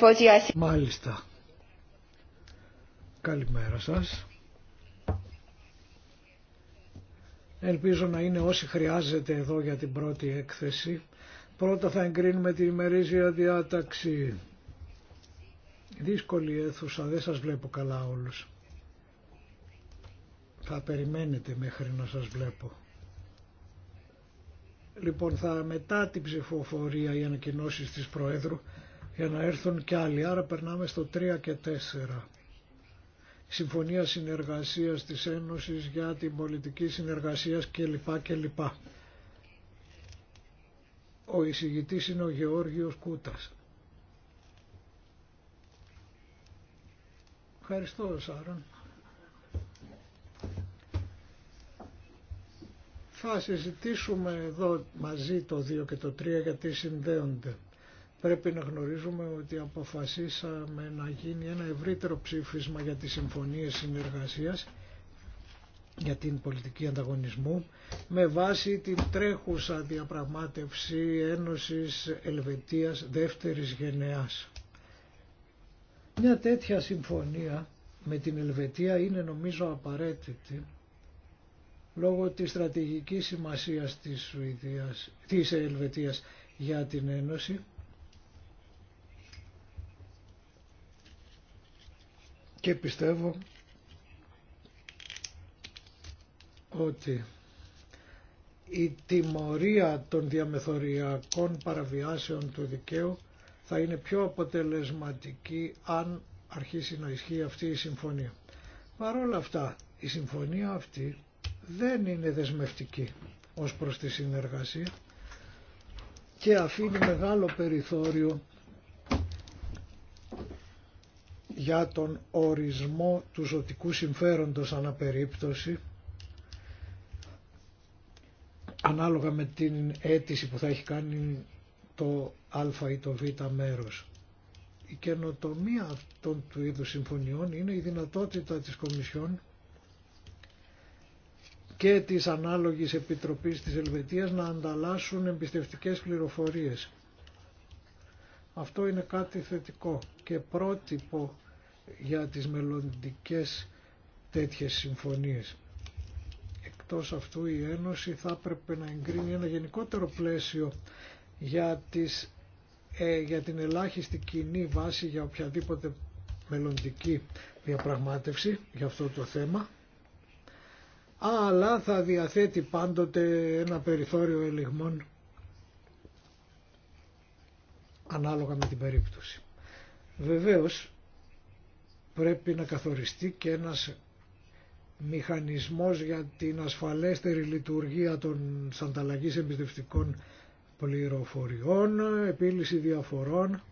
Uh, Μάλιστα. Καλημέρα σας. Ελπίζω να είναι όσοι χρειάζεται εδώ για την πρώτη έκθεση. Πρώτα θα εγκρίνουμε τη ημερήσια διάταξη. Δύσκολη αίθουσα, δεν σας βλέπω καλά όλους. Θα περιμένετε μέχρι να σας βλέπω. Λοιπόν, θα μετά την ψηφοφορία οι ανακοινώσει της Προέδρου για να έρθουν κι άλλοι. Άρα περνάμε στο 3 και 4. Συμφωνία συνεργασίας της Ένωσης για την πολιτική συνεργασία κλπ. κλπ. Ο εισηγητής είναι ο Γεώργιος Κούτας. Ευχαριστώ, Σάρων. Θα συζητήσουμε εδώ μαζί το 2 και το 3 γιατί συνδέονται. Πρέπει να γνωρίζουμε ότι αποφασίσαμε να γίνει ένα ευρύτερο ψήφισμα για τις συμφωνίες συνεργασίας για την πολιτική ανταγωνισμού με βάση την τρέχουσα διαπραγμάτευση Ένωσης Ελβετίας δεύτερης γενεάς. Μια τέτοια συμφωνία με την Ελβετία είναι νομίζω απαραίτητη λόγω της στρατηγικής σημασίας της, Σουηδίας, της Ελβετίας για την Ένωση και πιστεύω ότι η τιμωρία των διαμεθοριακών παραβιάσεων του δικαίου θα είναι πιο αποτελεσματική αν αρχίσει να ισχύει αυτή η συμφωνία. Παρ' όλα αυτά, η συμφωνία αυτή δεν είναι δεσμευτική ως προς τη συνεργασία και αφήνει μεγάλο περιθώριο για τον ορισμό του ζωτικού συμφέροντος αναπερίπτωση ανάλογα με την αίτηση που θα έχει κάνει το α ή το β μέρος. Η καινοτομία αυτών του είδους συμφωνιών είναι η δυνατότητα της Κομισιόν και της ανάλογης επιτροπής της Ελβετίας να ανταλλάσσουν εμπιστευτικές πληροφορίες. Αυτό είναι κάτι θετικό και πρότυπο για τις μελλοντικές τέτοιες συμφωνίες. Εκτός αυτού η Ένωση θα έπρεπε να εγκρίνει ένα γενικότερο πλαίσιο για, τις, ε, για την ελάχιστη κοινή βάση για οποιαδήποτε μελλοντική διαπραγμάτευση για αυτό το θέμα αλλά θα διαθέτει πάντοτε ένα περιθώριο ελιγμών ανάλογα με την περίπτωση. Βεβαίως πρέπει να καθοριστεί και ένας μηχανισμός για την ασφαλέστερη λειτουργία των ανταλλαγής εμπιστευτικών πληροφοριών, επίλυση διαφορών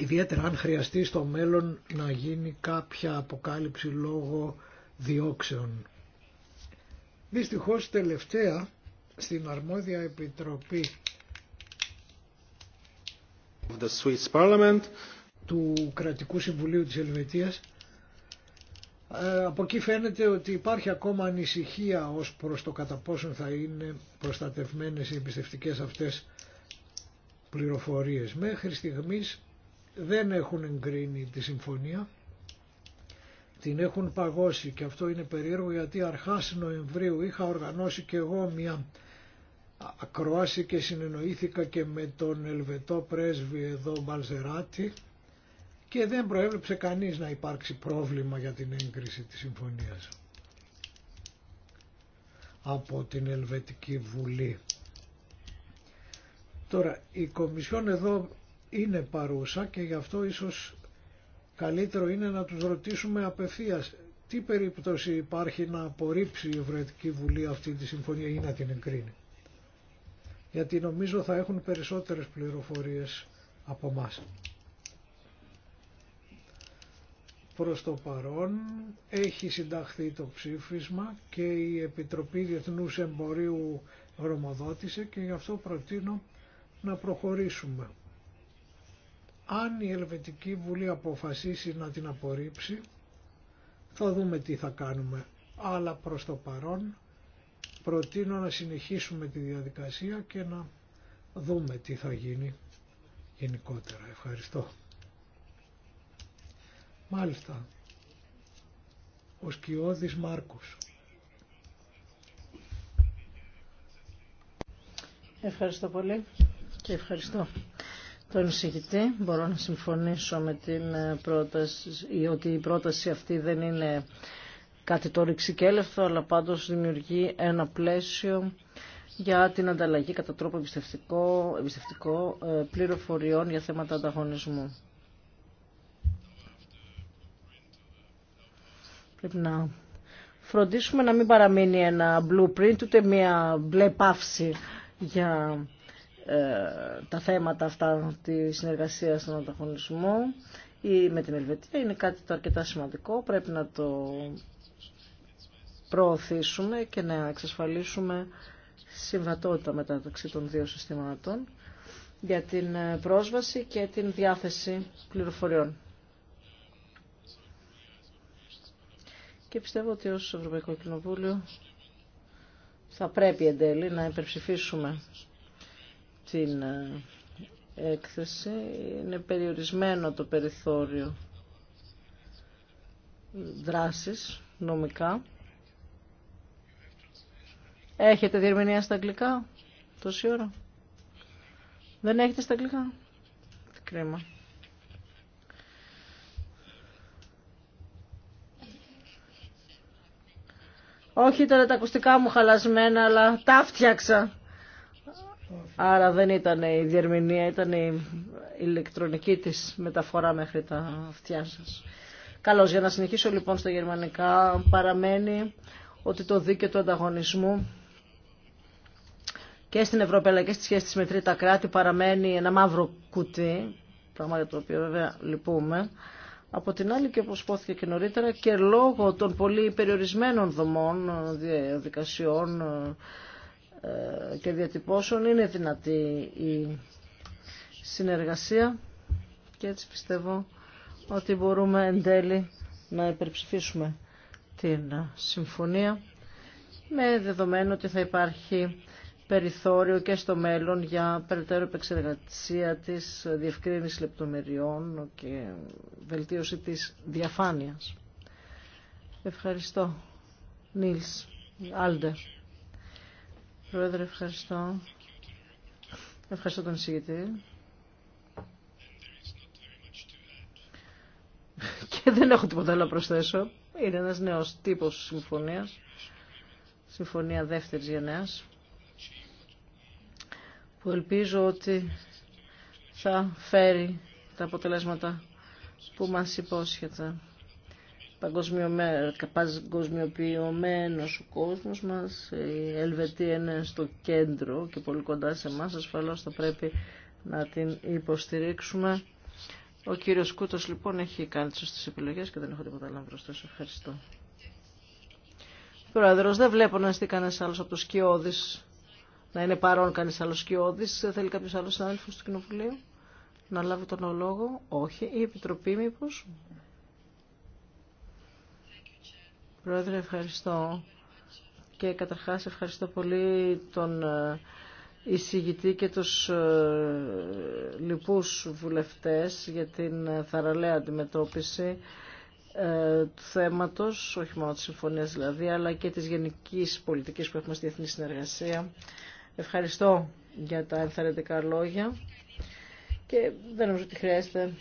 ιδιαίτερα αν χρειαστεί στο μέλλον να γίνει κάποια αποκάλυψη λόγω διώξεων. Δυστυχώς τελευταία στην αρμόδια επιτροπή The Swiss Parliament. του Κρατικού Συμβουλίου της Ελβετίας ε, από εκεί φαίνεται ότι υπάρχει ακόμα ανησυχία ως προς το κατά πόσον θα είναι προστατευμένες οι εμπιστευτικές αυτές πληροφορίες. Μέχρι στιγμής δεν έχουν εγκρίνει τη συμφωνία. Την έχουν παγώσει και αυτό είναι περίεργο γιατί αρχάς Νοεμβρίου είχα οργανώσει και εγώ μια ακροάση και συνεννοήθηκα και με τον Ελβετό πρέσβη εδώ Μπαλζεράτη και δεν προέβλεψε κανείς να υπάρξει πρόβλημα για την έγκριση της συμφωνίας από την Ελβετική Βουλή. Τώρα, η Κομισιόν εδώ είναι παρούσα και γι' αυτό ίσως καλύτερο είναι να τους ρωτήσουμε απευθείας τι περίπτωση υπάρχει να απορρίψει η Ευρωετική Βουλή αυτή τη συμφωνία ή να την εγκρίνει. Γιατί νομίζω θα έχουν περισσότερες πληροφορίες από μας. Προς το παρόν έχει συνταχθεί το ψήφισμα και η Επιτροπή Διεθνούς Εμπορίου γνωμοδότησε και γι' αυτό προτείνω να προχωρήσουμε. Αν η Ελβετική Βουλή αποφασίσει να την απορρίψει, θα δούμε τι θα κάνουμε. Αλλά προς το παρόν προτείνω να συνεχίσουμε τη διαδικασία και να δούμε τι θα γίνει γενικότερα. Ευχαριστώ. Μάλιστα, ο Σκιώδης Μάρκος. Ευχαριστώ πολύ και ευχαριστώ τον εισηγητή. Μπορώ να συμφωνήσω με την ε, πρόταση ότι η πρόταση αυτή δεν είναι κάτι το ρηξικέλευθο, αλλά πάντως δημιουργεί ένα πλαίσιο για την ανταλλαγή κατά τρόπο εμπιστευτικό, εμπιστευτικό ε, πληροφοριών για θέματα ανταγωνισμού. Πρέπει να φροντίσουμε να μην παραμείνει ένα blueprint, ούτε μία μπλε παύση για ε, τα θέματα αυτά τη συνεργασία στον ανταγωνισμό ή με την Ελβετία είναι κάτι το αρκετά σημαντικό. Πρέπει να το προωθήσουμε και να εξασφαλίσουμε συμβατότητα μεταξύ των δύο συστημάτων για την ε, πρόσβαση και την διάθεση πληροφοριών. Και πιστεύω ότι ως Ευρωπαϊκό Κοινοβούλιο θα πρέπει εν τέλει να υπερψηφίσουμε την ε, έκθεση. Είναι περιορισμένο το περιθώριο ε, δράσης νομικά. Έχετε διερμηνία στα αγγλικά τόση ώρα. Δεν έχετε στα αγγλικά. Κρίμα. Όχι, ήταν τα ακουστικά μου χαλασμένα, αλλά τα φτιάξα. Άρα δεν ήταν η διερμηνία, ήταν η ηλεκτρονική της μεταφορά μέχρι τα αυτιά σας. Καλώς, για να συνεχίσω λοιπόν στα γερμανικά, παραμένει ότι το δίκαιο του ανταγωνισμού και στην ευρωπαϊκή στη σχέση με τρίτα κράτη παραμένει ένα μαύρο κουτί, πράγμα για το οποίο βέβαια λυπούμε. Από την άλλη και όπως πόθηκε και νωρίτερα και λόγω των πολύ περιορισμένων δομών, διαδικασιών, ε, και διατυπώσεων είναι δυνατή η συνεργασία και έτσι πιστεύω ότι μπορούμε εν τέλει να υπερψηφίσουμε την συμφωνία με δεδομένο ότι θα υπάρχει περιθώριο και στο μέλλον για περαιτέρω επεξεργασία της διευκρίνησης λεπτομεριών και βελτίωση της διαφάνειας. Ευχαριστώ. Νίλς Άλντερ. Πρόεδρε, ευχαριστώ. Ευχαριστώ τον εισηγητή. Και δεν έχω τίποτα άλλο να προσθέσω. Είναι ένας νέος τύπος συμφωνίας. Συμφωνία δεύτερης γενναίας. Που ελπίζω ότι θα φέρει τα αποτελέσματα που μας υπόσχεται. Παγκοσμιοποιημένο ο κόσμο μα. η Ελβετία είναι στο κέντρο και πολύ κοντά σε εμά Ασφαλώ θα πρέπει να την υποστηρίξουμε. Ο κύριο Κούτο λοιπόν έχει κάνει τι σωστέ επιλογές και δεν έχω τίποτα άλλο να προσθέσω. Ευχαριστώ. Πρόεδρος, δεν βλέπω να είστε κανένα άλλο από το Σκιώδης, να είναι παρόν κανεί άλλο σκιώδη. Θέλει κάποιο άλλο συνάδελφο του Κοινοβουλίου να λάβει τον λόγο. Όχι. Η Επιτροπή μήπω. Πρόεδρε, ευχαριστώ. Και καταρχάς ευχαριστώ πολύ τον ε, εισηγητή και τους ε, λοιπούς βουλευτές για την ε, θαραλέα αντιμετώπιση του θέματος, όχι μόνο της συμφωνίας δηλαδή, αλλά και της γενικής πολιτικής που έχουμε στη διεθνή συνεργασία. Ευχαριστώ για τα ενθαρρυντικά λόγια και δεν νομίζω ότι χρειάζεται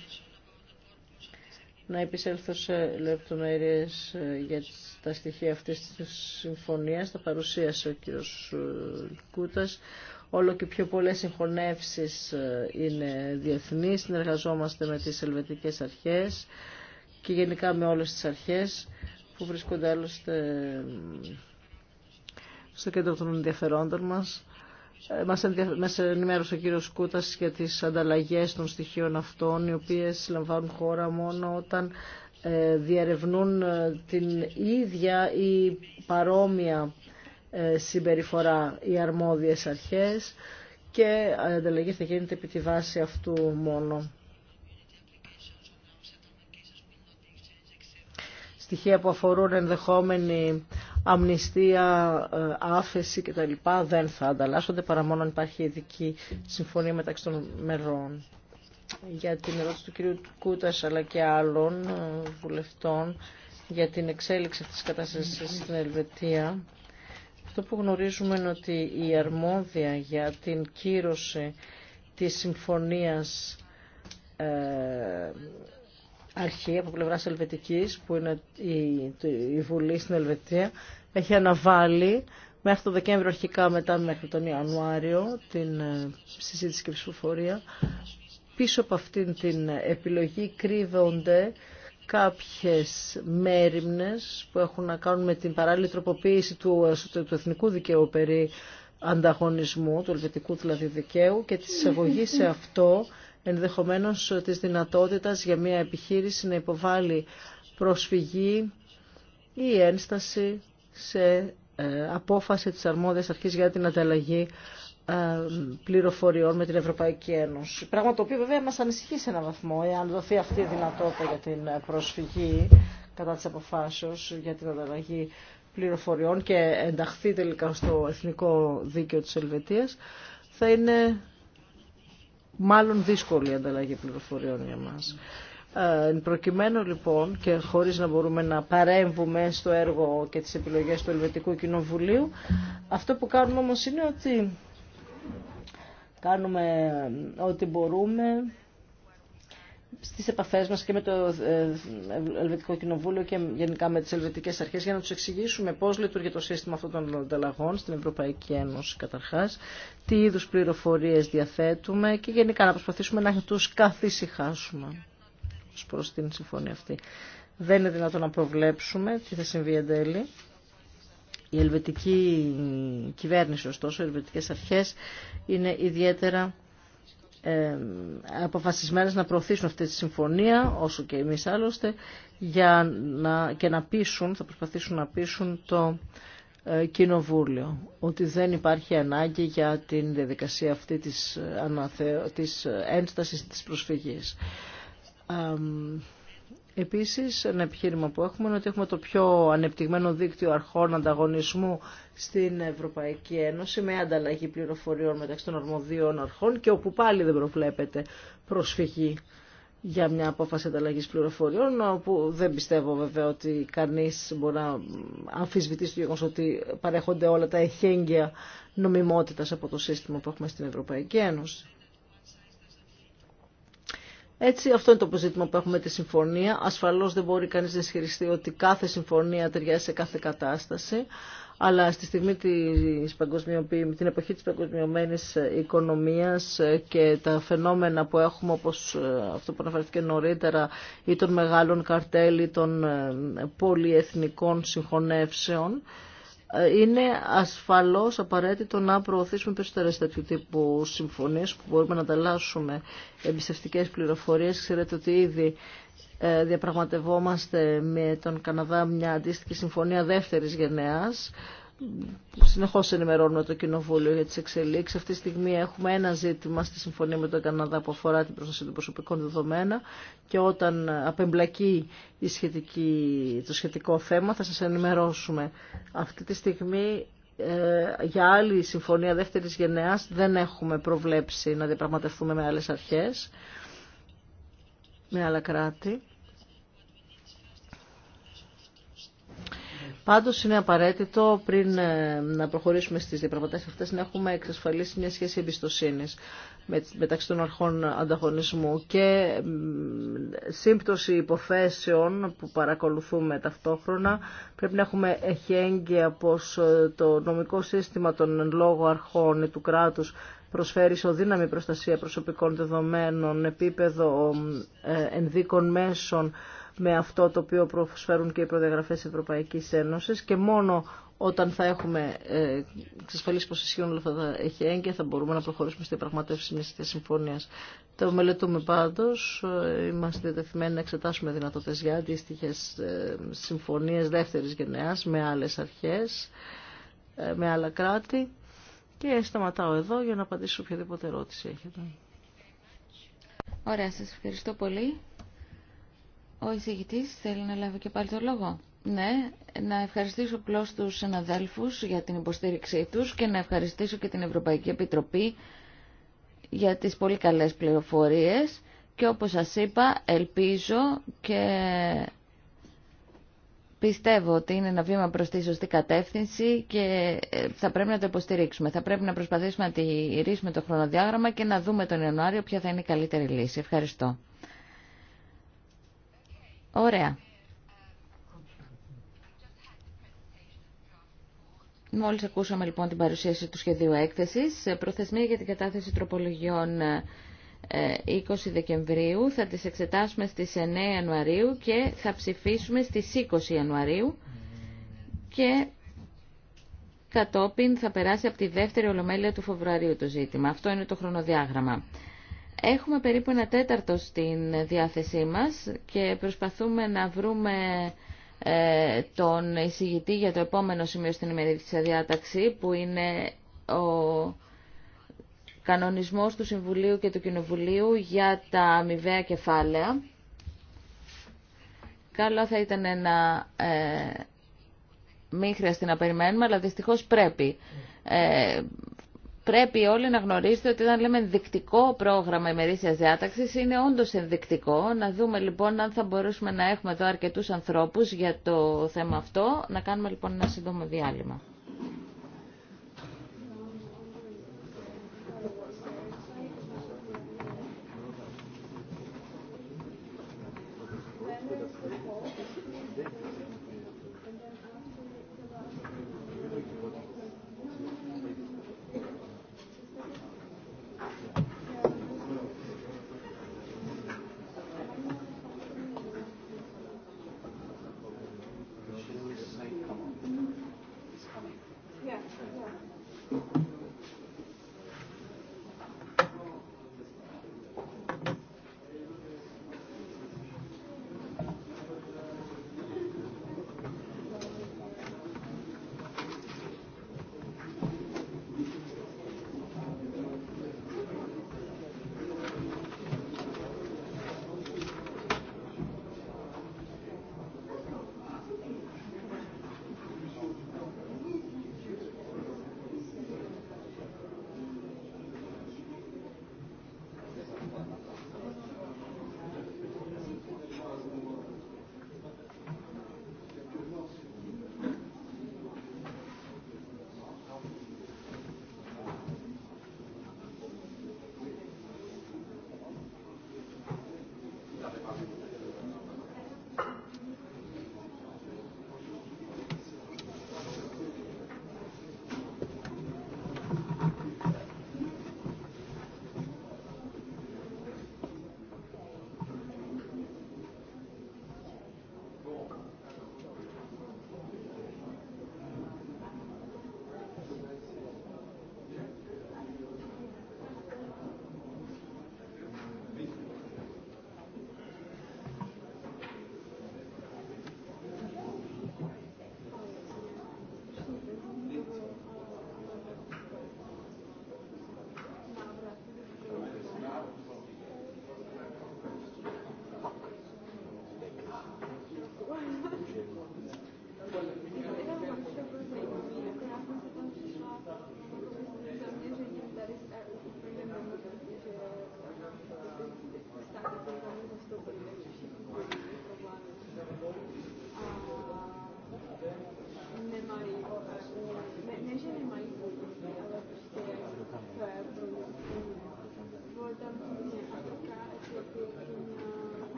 να επισέλθω σε λεπτομέρειες ε, για τα στοιχεία αυτής της συμφωνίας. Τα παρουσίασε ο κύριος ε, Κούτας. Όλο και πιο πολλές συγχωνεύσεις ε, είναι διεθνείς. Συνεργαζόμαστε με τις ελβετικές αρχές και γενικά με όλες τις αρχές που βρίσκονται άλλωστε στο κέντρο των ενδιαφερόντων μας μας, ενημέρωσε ο κύριος Κούτας για τις ανταλλαγές των στοιχείων αυτών, οι οποίες λαμβάνουν χώρα μόνο όταν ε, διερευνούν ε, την ίδια ή παρόμοια ε, συμπεριφορά οι αρμόδιες αρχές και η ανταλλαγή θα γίνεται επί τη βάση αυτού μόνο. Στοιχεία που αφορούν ενδεχόμενη αμνηστία, ε, άφεση κτλ. δεν θα ανταλλάσσονται παρά μόνο αν υπάρχει ειδική συμφωνία μεταξύ των μερών. Για την ερώτηση του κυρίου Κούτας αλλά και άλλων ε, βουλευτών για την εξέλιξη αυτής της κατάστασης στην Ελβετία. Αυτό που γνωρίζουμε είναι ότι η αρμόδια για την κύρωση της συμφωνίας ε, αρχή από πλευρά Ελβετικής, που είναι η Βουλή στην Ελβετία, έχει αναβάλει μέχρι τον Δεκέμβριο αρχικά, μετά μέχρι τον Ιανουάριο, την ε, συζήτηση και ψηφοφορία. Πίσω από αυτήν την επιλογή κρύβονται κάποιες μέρημνες που έχουν να κάνουν με την παράλληλη τροποποίηση του, ε, του εθνικού δικαίου περί ανταγωνισμού, του ελβετικού δηλαδή δικαίου και τη εισαγωγή σε αυτό ενδεχομένως της δυνατότητας για μια επιχείρηση να υποβάλει προσφυγή ή ένσταση σε ε, απόφαση της αρμόδιας αρχής για την ανταλλαγή ε, πληροφοριών με την Ευρωπαϊκή Ένωση. Πράγμα το οποίο βέβαια μας ανησυχεί σε έναν βαθμό, εάν δοθεί αυτή η δυνατότητα για την ε, προσφυγή κατά τις αποφάσεως για την ανταλλαγή πληροφοριών και ενταχθεί τελικά στο εθνικό δίκαιο της Ελβετίας, θα είναι μάλλον δύσκολη ανταλλαγή πληροφοριών για μας. Ε, προκειμένου λοιπόν και χωρίς να μπορούμε να παρέμβουμε στο έργο και τις επιλογές του Ελβετικού Κοινοβουλίου, αυτό που κάνουμε όμως είναι ότι κάνουμε ό,τι μπορούμε στις επαφές μας και με το ε, Ελβετικό Κοινοβούλιο και γενικά με τις Ελβετικές Αρχές για να τους εξηγήσουμε πώς λειτουργεί το σύστημα αυτών των ανταλλαγών στην Ευρωπαϊκή Ένωση καταρχάς, τι είδους πληροφορίες διαθέτουμε και γενικά να προσπαθήσουμε να τους καθησυχάσουμε ως προς την συμφωνία αυτή. Δεν είναι δυνατόν να προβλέψουμε τι θα συμβεί εν τέλει. Η ελβετική κυβέρνηση, ωστόσο, οι ελβετικές αρχές είναι ιδιαίτερα ε, αποφασισμένες να προωθήσουν αυτή τη συμφωνία, όσο και εμείς άλλωστε, για να, και να πείσουν, θα προσπαθήσουν να πείσουν το ε, Κοινοβούλιο, ότι δεν υπάρχει ανάγκη για την διαδικασία αυτή της, αναθε... της ένστασης της προσφυγής. Επίσης, ένα επιχείρημα που έχουμε είναι ότι έχουμε το πιο ανεπτυγμένο δίκτυο αρχών ανταγωνισμού στην Ευρωπαϊκή Ένωση με ανταλλαγή πληροφοριών μεταξύ των αρμοδίων αρχών και όπου πάλι δεν προβλέπεται προσφυγή για μια απόφαση ανταλλαγής πληροφοριών, όπου δεν πιστεύω βέβαια ότι κανείς μπορεί να αμφισβητήσει το γεγονός ότι παρέχονται όλα τα εχέγγυα νομιμότητας από το σύστημα που έχουμε στην Ευρωπαϊκή Ένωση. Έτσι, αυτό είναι το ζήτημα που έχουμε τη συμφωνία. Ασφαλώς δεν μπορεί κανείς να ισχυριστεί ότι κάθε συμφωνία ταιριάζει σε κάθε κατάσταση, αλλά στη στιγμή της την εποχή της παγκοσμιωμένης ε, οικονομίας ε, και τα φαινόμενα που έχουμε, όπως ε, αυτό που αναφέρθηκε νωρίτερα, ή των μεγάλων καρτέλ ή των πολυεθνικών συγχωνεύσεων, είναι ασφαλώς απαραίτητο να προωθήσουμε περισσότερες τέτοιου τύπου συμφωνίες που μπορούμε να ανταλλάσσουμε εμπιστευτικές πληροφορίες. Ξέρετε ότι ήδη ε, διαπραγματευόμαστε με τον Καναδά μια αντίστοιχη συμφωνία δεύτερης γενεάς συνεχώς ενημερώνουμε το Κοινοβούλιο για τις εξελίξεις. Αυτή τη στιγμή έχουμε ένα ζήτημα στη συμφωνία με τον Καναδά που αφορά την προστασία των προσωπικών δεδομένων και όταν απεμπλακεί το σχετικό θέμα θα σας ενημερώσουμε. Αυτή τη στιγμή ε, για άλλη συμφωνία δεύτερης γενεάς δεν έχουμε προβλέψει να διαπραγματευτούμε με άλλες αρχές, με άλλα κράτη. Πάντω είναι απαραίτητο πριν ε, να προχωρήσουμε στι διαπραγματεύσει αυτέ να έχουμε εξασφαλίσει μια σχέση εμπιστοσύνης μεταξύ των αρχών ανταγωνισμού και σύμπτωση υποθέσεων που παρακολουθούμε ταυτόχρονα πρέπει να έχουμε εχέγγυα πως ε, το νομικό σύστημα των λόγω αρχών του κράτου, προσφέρει ισοδύναμη προστασία προσωπικών δεδομένων, επίπεδο ε, ενδίκων μέσων, με αυτό το οποίο προσφέρουν και οι προδιαγραφές Ευρωπαϊκής Ένωσης και μόνο όταν θα έχουμε ε, εξασφαλίσει πως ισχύουν όλα αυτά τα εχέγγυα θα μπορούμε να προχωρήσουμε στη πραγματεύση μιας της συμφωνίας. Το μελετούμε πάντως, ε, είμαστε διατεθειμένοι να εξετάσουμε δυνατότητες για αντίστοιχε ε, συμφωνίες δεύτερης γενεάς με άλλες αρχές, με άλλα κράτη και σταματάω εδώ για να απαντήσω οποιαδήποτε ερώτηση έχετε. Ωραία, σας ευχαριστώ πολύ. Ο εισηγητής θέλει να λάβει και πάλι το λόγο. Ναι, να ευχαριστήσω απλώ τους συναδέλφους για την υποστήριξή τους και να ευχαριστήσω και την Ευρωπαϊκή Επιτροπή για τις πολύ καλές πληροφορίες και όπως σας είπα ελπίζω και πιστεύω ότι είναι ένα βήμα προς τη σωστή κατεύθυνση και ε, θα πρέπει να το υποστηρίξουμε. Θα πρέπει να προσπαθήσουμε να ρίσουμε το χρονοδιάγραμμα και να δούμε τον Ιανουάριο ποια θα είναι η καλύτερη λύση. Ευχαριστώ. Ωραία. Μόλις ακούσαμε λοιπόν την παρουσίαση του σχεδίου έκθεσης, ε, προθεσμία για την κατάθεση τροπολογιών 20 ε, ε, Δεκεμβρίου, θα τις εξετάσουμε στις 9 Ιανουαρίου και θα ψηφίσουμε στις 20 Ιανουαρίου και κατόπιν θα περάσει από τη δεύτερη ολομέλεια του Φεβρουαρίου το ζήτημα. Αυτό είναι το χρονοδιάγραμμα. Έχουμε περίπου ένα τέταρτο στην διάθεσή μας και προσπαθούμε να βρούμε ε, τον εισηγητή για το επόμενο σημείο στην της διάταξη που είναι ο κανονισμός του Συμβουλίου και του Κοινοβουλίου για τα αμοιβαία κεφάλαια. Καλό θα ήταν να ε, μην χρειαστεί να περιμένουμε, αλλά δυστυχώς πρέπει. Ε, πρέπει όλοι να γνωρίζετε ότι όταν λέμε ενδεικτικό πρόγραμμα ημερήσια διάταξη είναι όντω ενδεικτικό. Να δούμε λοιπόν αν θα μπορούσαμε να έχουμε εδώ αρκετού ανθρώπου για το θέμα αυτό. Να κάνουμε λοιπόν ένα σύντομο διάλειμμα.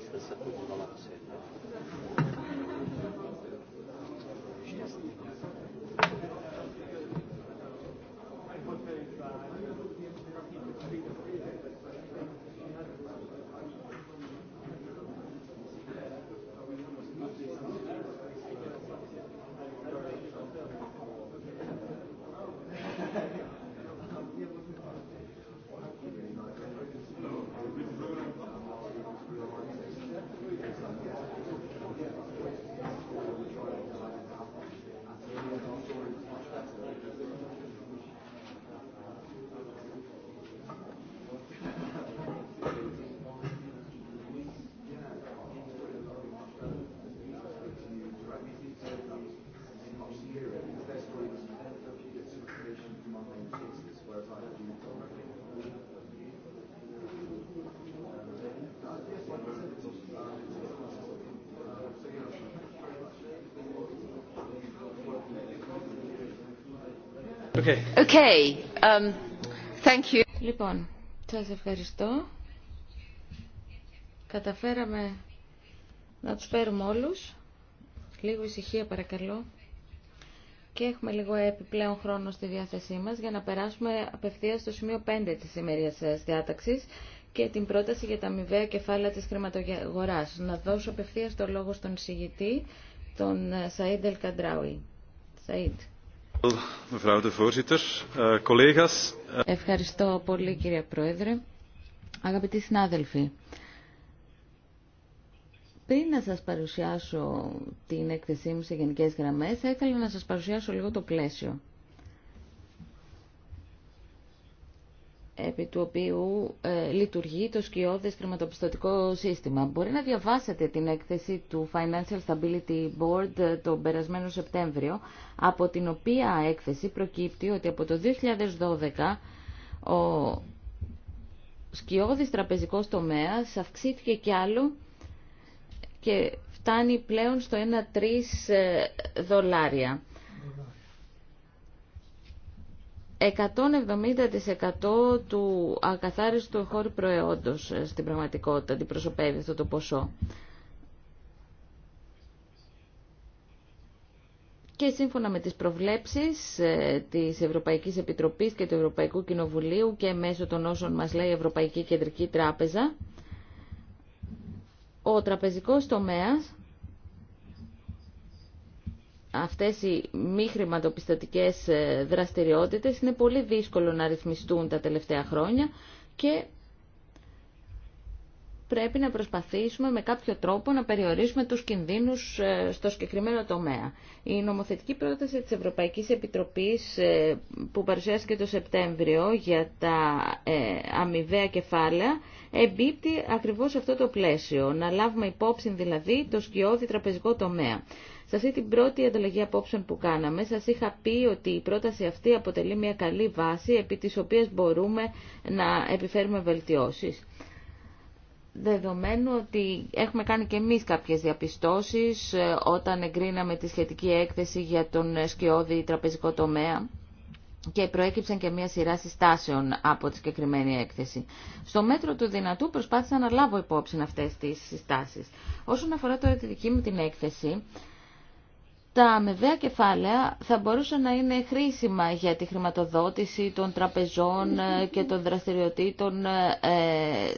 Stessa cosa Um, λοιπόν, σας ευχαριστώ. Καταφέραμε να τους φέρουμε όλους. Λίγο ησυχία παρακαλώ. Και έχουμε λίγο επιπλέον χρόνο στη διάθεσή μας για να περάσουμε απευθείας στο σημείο 5 της ημερίας διάταξης και την πρόταση για τα αμοιβαία κεφάλαια της χρηματογοράς. Να δώσω απευθείας το λόγο στον συγητή, τον Σαΐντ Ελκαντράουι. Σαΐντ. Eh, Ευχαριστώ πολύ κύριε Πρόεδρε. Αγαπητοί συνάδελφοι, πριν να σας παρουσιάσω την έκθεσή μου σε γενικές γραμμές, θα ήθελα να σας παρουσιάσω λίγο το πλαίσιο. επί του οποίου ε, λειτουργεί το σκιώδες χρηματοπιστωτικό σύστημα. Μπορεί να διαβάσετε την έκθεση του Financial Stability Board ε, τον περασμένο Σεπτέμβριο, από την οποία έκθεση προκύπτει ότι από το 2012 ο σκιώδης τραπεζικός τομέας αυξήθηκε κι άλλο και φτάνει πλέον στο 1-3 ε, δολάρια. 170% του ακαθάριστου χώρου προϊόντος ε, στην πραγματικότητα αντιπροσωπεύει αυτό το ποσό. Και σύμφωνα με τις προβλέψεις ε, της Ευρωπαϊκής Επιτροπής και του Ευρωπαϊκού Κοινοβουλίου και μέσω των όσων μας λέει η Ευρωπαϊκή Κεντρική Τράπεζα, ο τραπεζικός τομέας αυτές οι μη χρηματοπιστωτικές ε, δραστηριότητες είναι πολύ δύσκολο να ρυθμιστούν τα τελευταία χρόνια και πρέπει να προσπαθήσουμε με κάποιο τρόπο να περιορίσουμε τους κινδύνους ε, στο συγκεκριμένο τομέα. Η νομοθετική πρόταση της Ευρωπαϊκής Επιτροπής ε, που παρουσιάστηκε το Σεπτέμβριο για τα αμοιβαία κεφάλαια εμπίπτει ακριβώς αυτό το πλαίσιο, να λάβουμε υπόψη δηλαδή το σκιώδη τραπεζικό τομέα. Σε αυτή την πρώτη ανταλλαγή απόψεων που κάναμε, σας είχα πει ότι η πρόταση αυτή αποτελεί μια καλή βάση επί της οποίας μπορούμε να επιφέρουμε βελτιώσεις δεδομένου ότι έχουμε κάνει και εμείς κάποιες διαπιστώσεις ε, όταν εγκρίναμε τη σχετική έκθεση για τον σκιώδη τραπεζικό τομέα και προέκυψαν και μια σειρά συστάσεων από τη συγκεκριμένη έκθεση. Στο μέτρο του δυνατού προσπάθησα να λάβω υπόψη αυτές τις συστάσεις. Όσον αφορά τώρα τη δική μου την έκθεση, τα αμοιβαία κεφάλαια θα μπορούσαν να είναι χρήσιμα για τη χρηματοδότηση των τραπεζών ε, και των δραστηριοτήτων ε,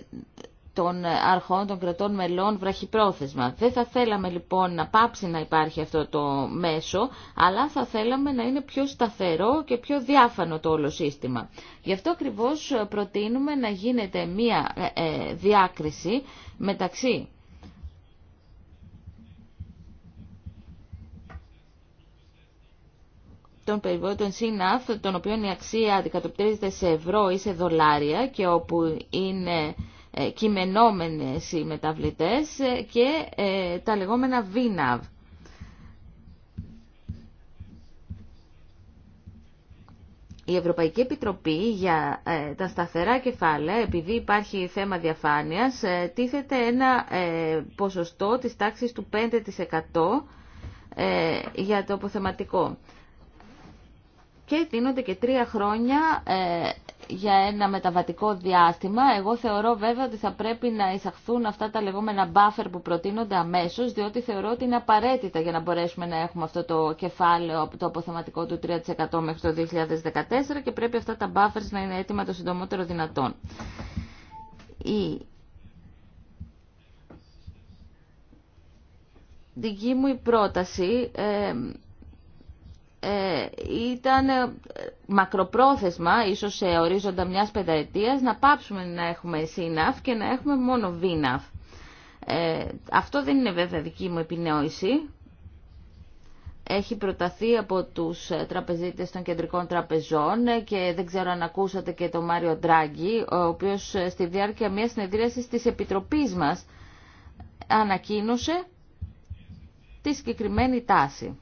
των αρχών των κρατών μελών βραχυπρόθεσμα. Δεν θα θέλαμε λοιπόν να πάψει να υπάρχει αυτό το μέσο, αλλά θα θέλαμε να είναι πιο σταθερό και πιο διάφανο το όλο σύστημα. Γι' αυτό ακριβώς προτείνουμε να γίνεται μία ε, διάκριση μεταξύ των περιβόητων ΣΥΝΑΦ, των οποίων η αξία αντικατοπτρίζεται σε ευρώ ή σε δολάρια και όπου είναι ε, κειμενόμενες οι μεταβλητές ε, και ε, τα λεγόμενα ΒΙΝΑΒ. Η Ευρωπαϊκή Επιτροπή για τα σταθερά κεφάλαια, επειδή υπάρχει θέμα διαφάνειας, τίθεται ένα ποσοστό της τάξης του 5% για το αποθεματικό και δίνονται και τρία χρόνια ε, για ένα μεταβατικό διάστημα. Εγώ θεωρώ βέβαια ότι θα πρέπει να εισαχθούν αυτά τα λεγόμενα buffer που προτείνονται αμέσω, διότι θεωρώ ότι είναι απαραίτητα για να μπορέσουμε να έχουμε αυτό το κεφάλαιο, το αποθεματικό του 3% μέχρι το 2014 και πρέπει αυτά τα buffers να είναι έτοιμα το συντομότερο δυνατόν. Η δική μου η πρόταση... Ε, ε, ήταν ε, μακροπρόθεσμα, ίσως σε ορίζοντα μιας πενταετίας, να πάψουμε να έχουμε ΣΥΝΑΦ και να έχουμε μόνο ΒΙΝΑΦ. Ε, αυτό δεν είναι βέβαια δική μου επινόηση. Έχει προταθεί από τους τραπεζίτες των κεντρικών τραπεζών και δεν ξέρω αν ακούσατε και τον Μάριο Ντράγκη, ο οποίος στη διάρκεια μιας συνεδρίασης της Επιτροπής μας ανακοίνωσε τη συγκεκριμένη τάση.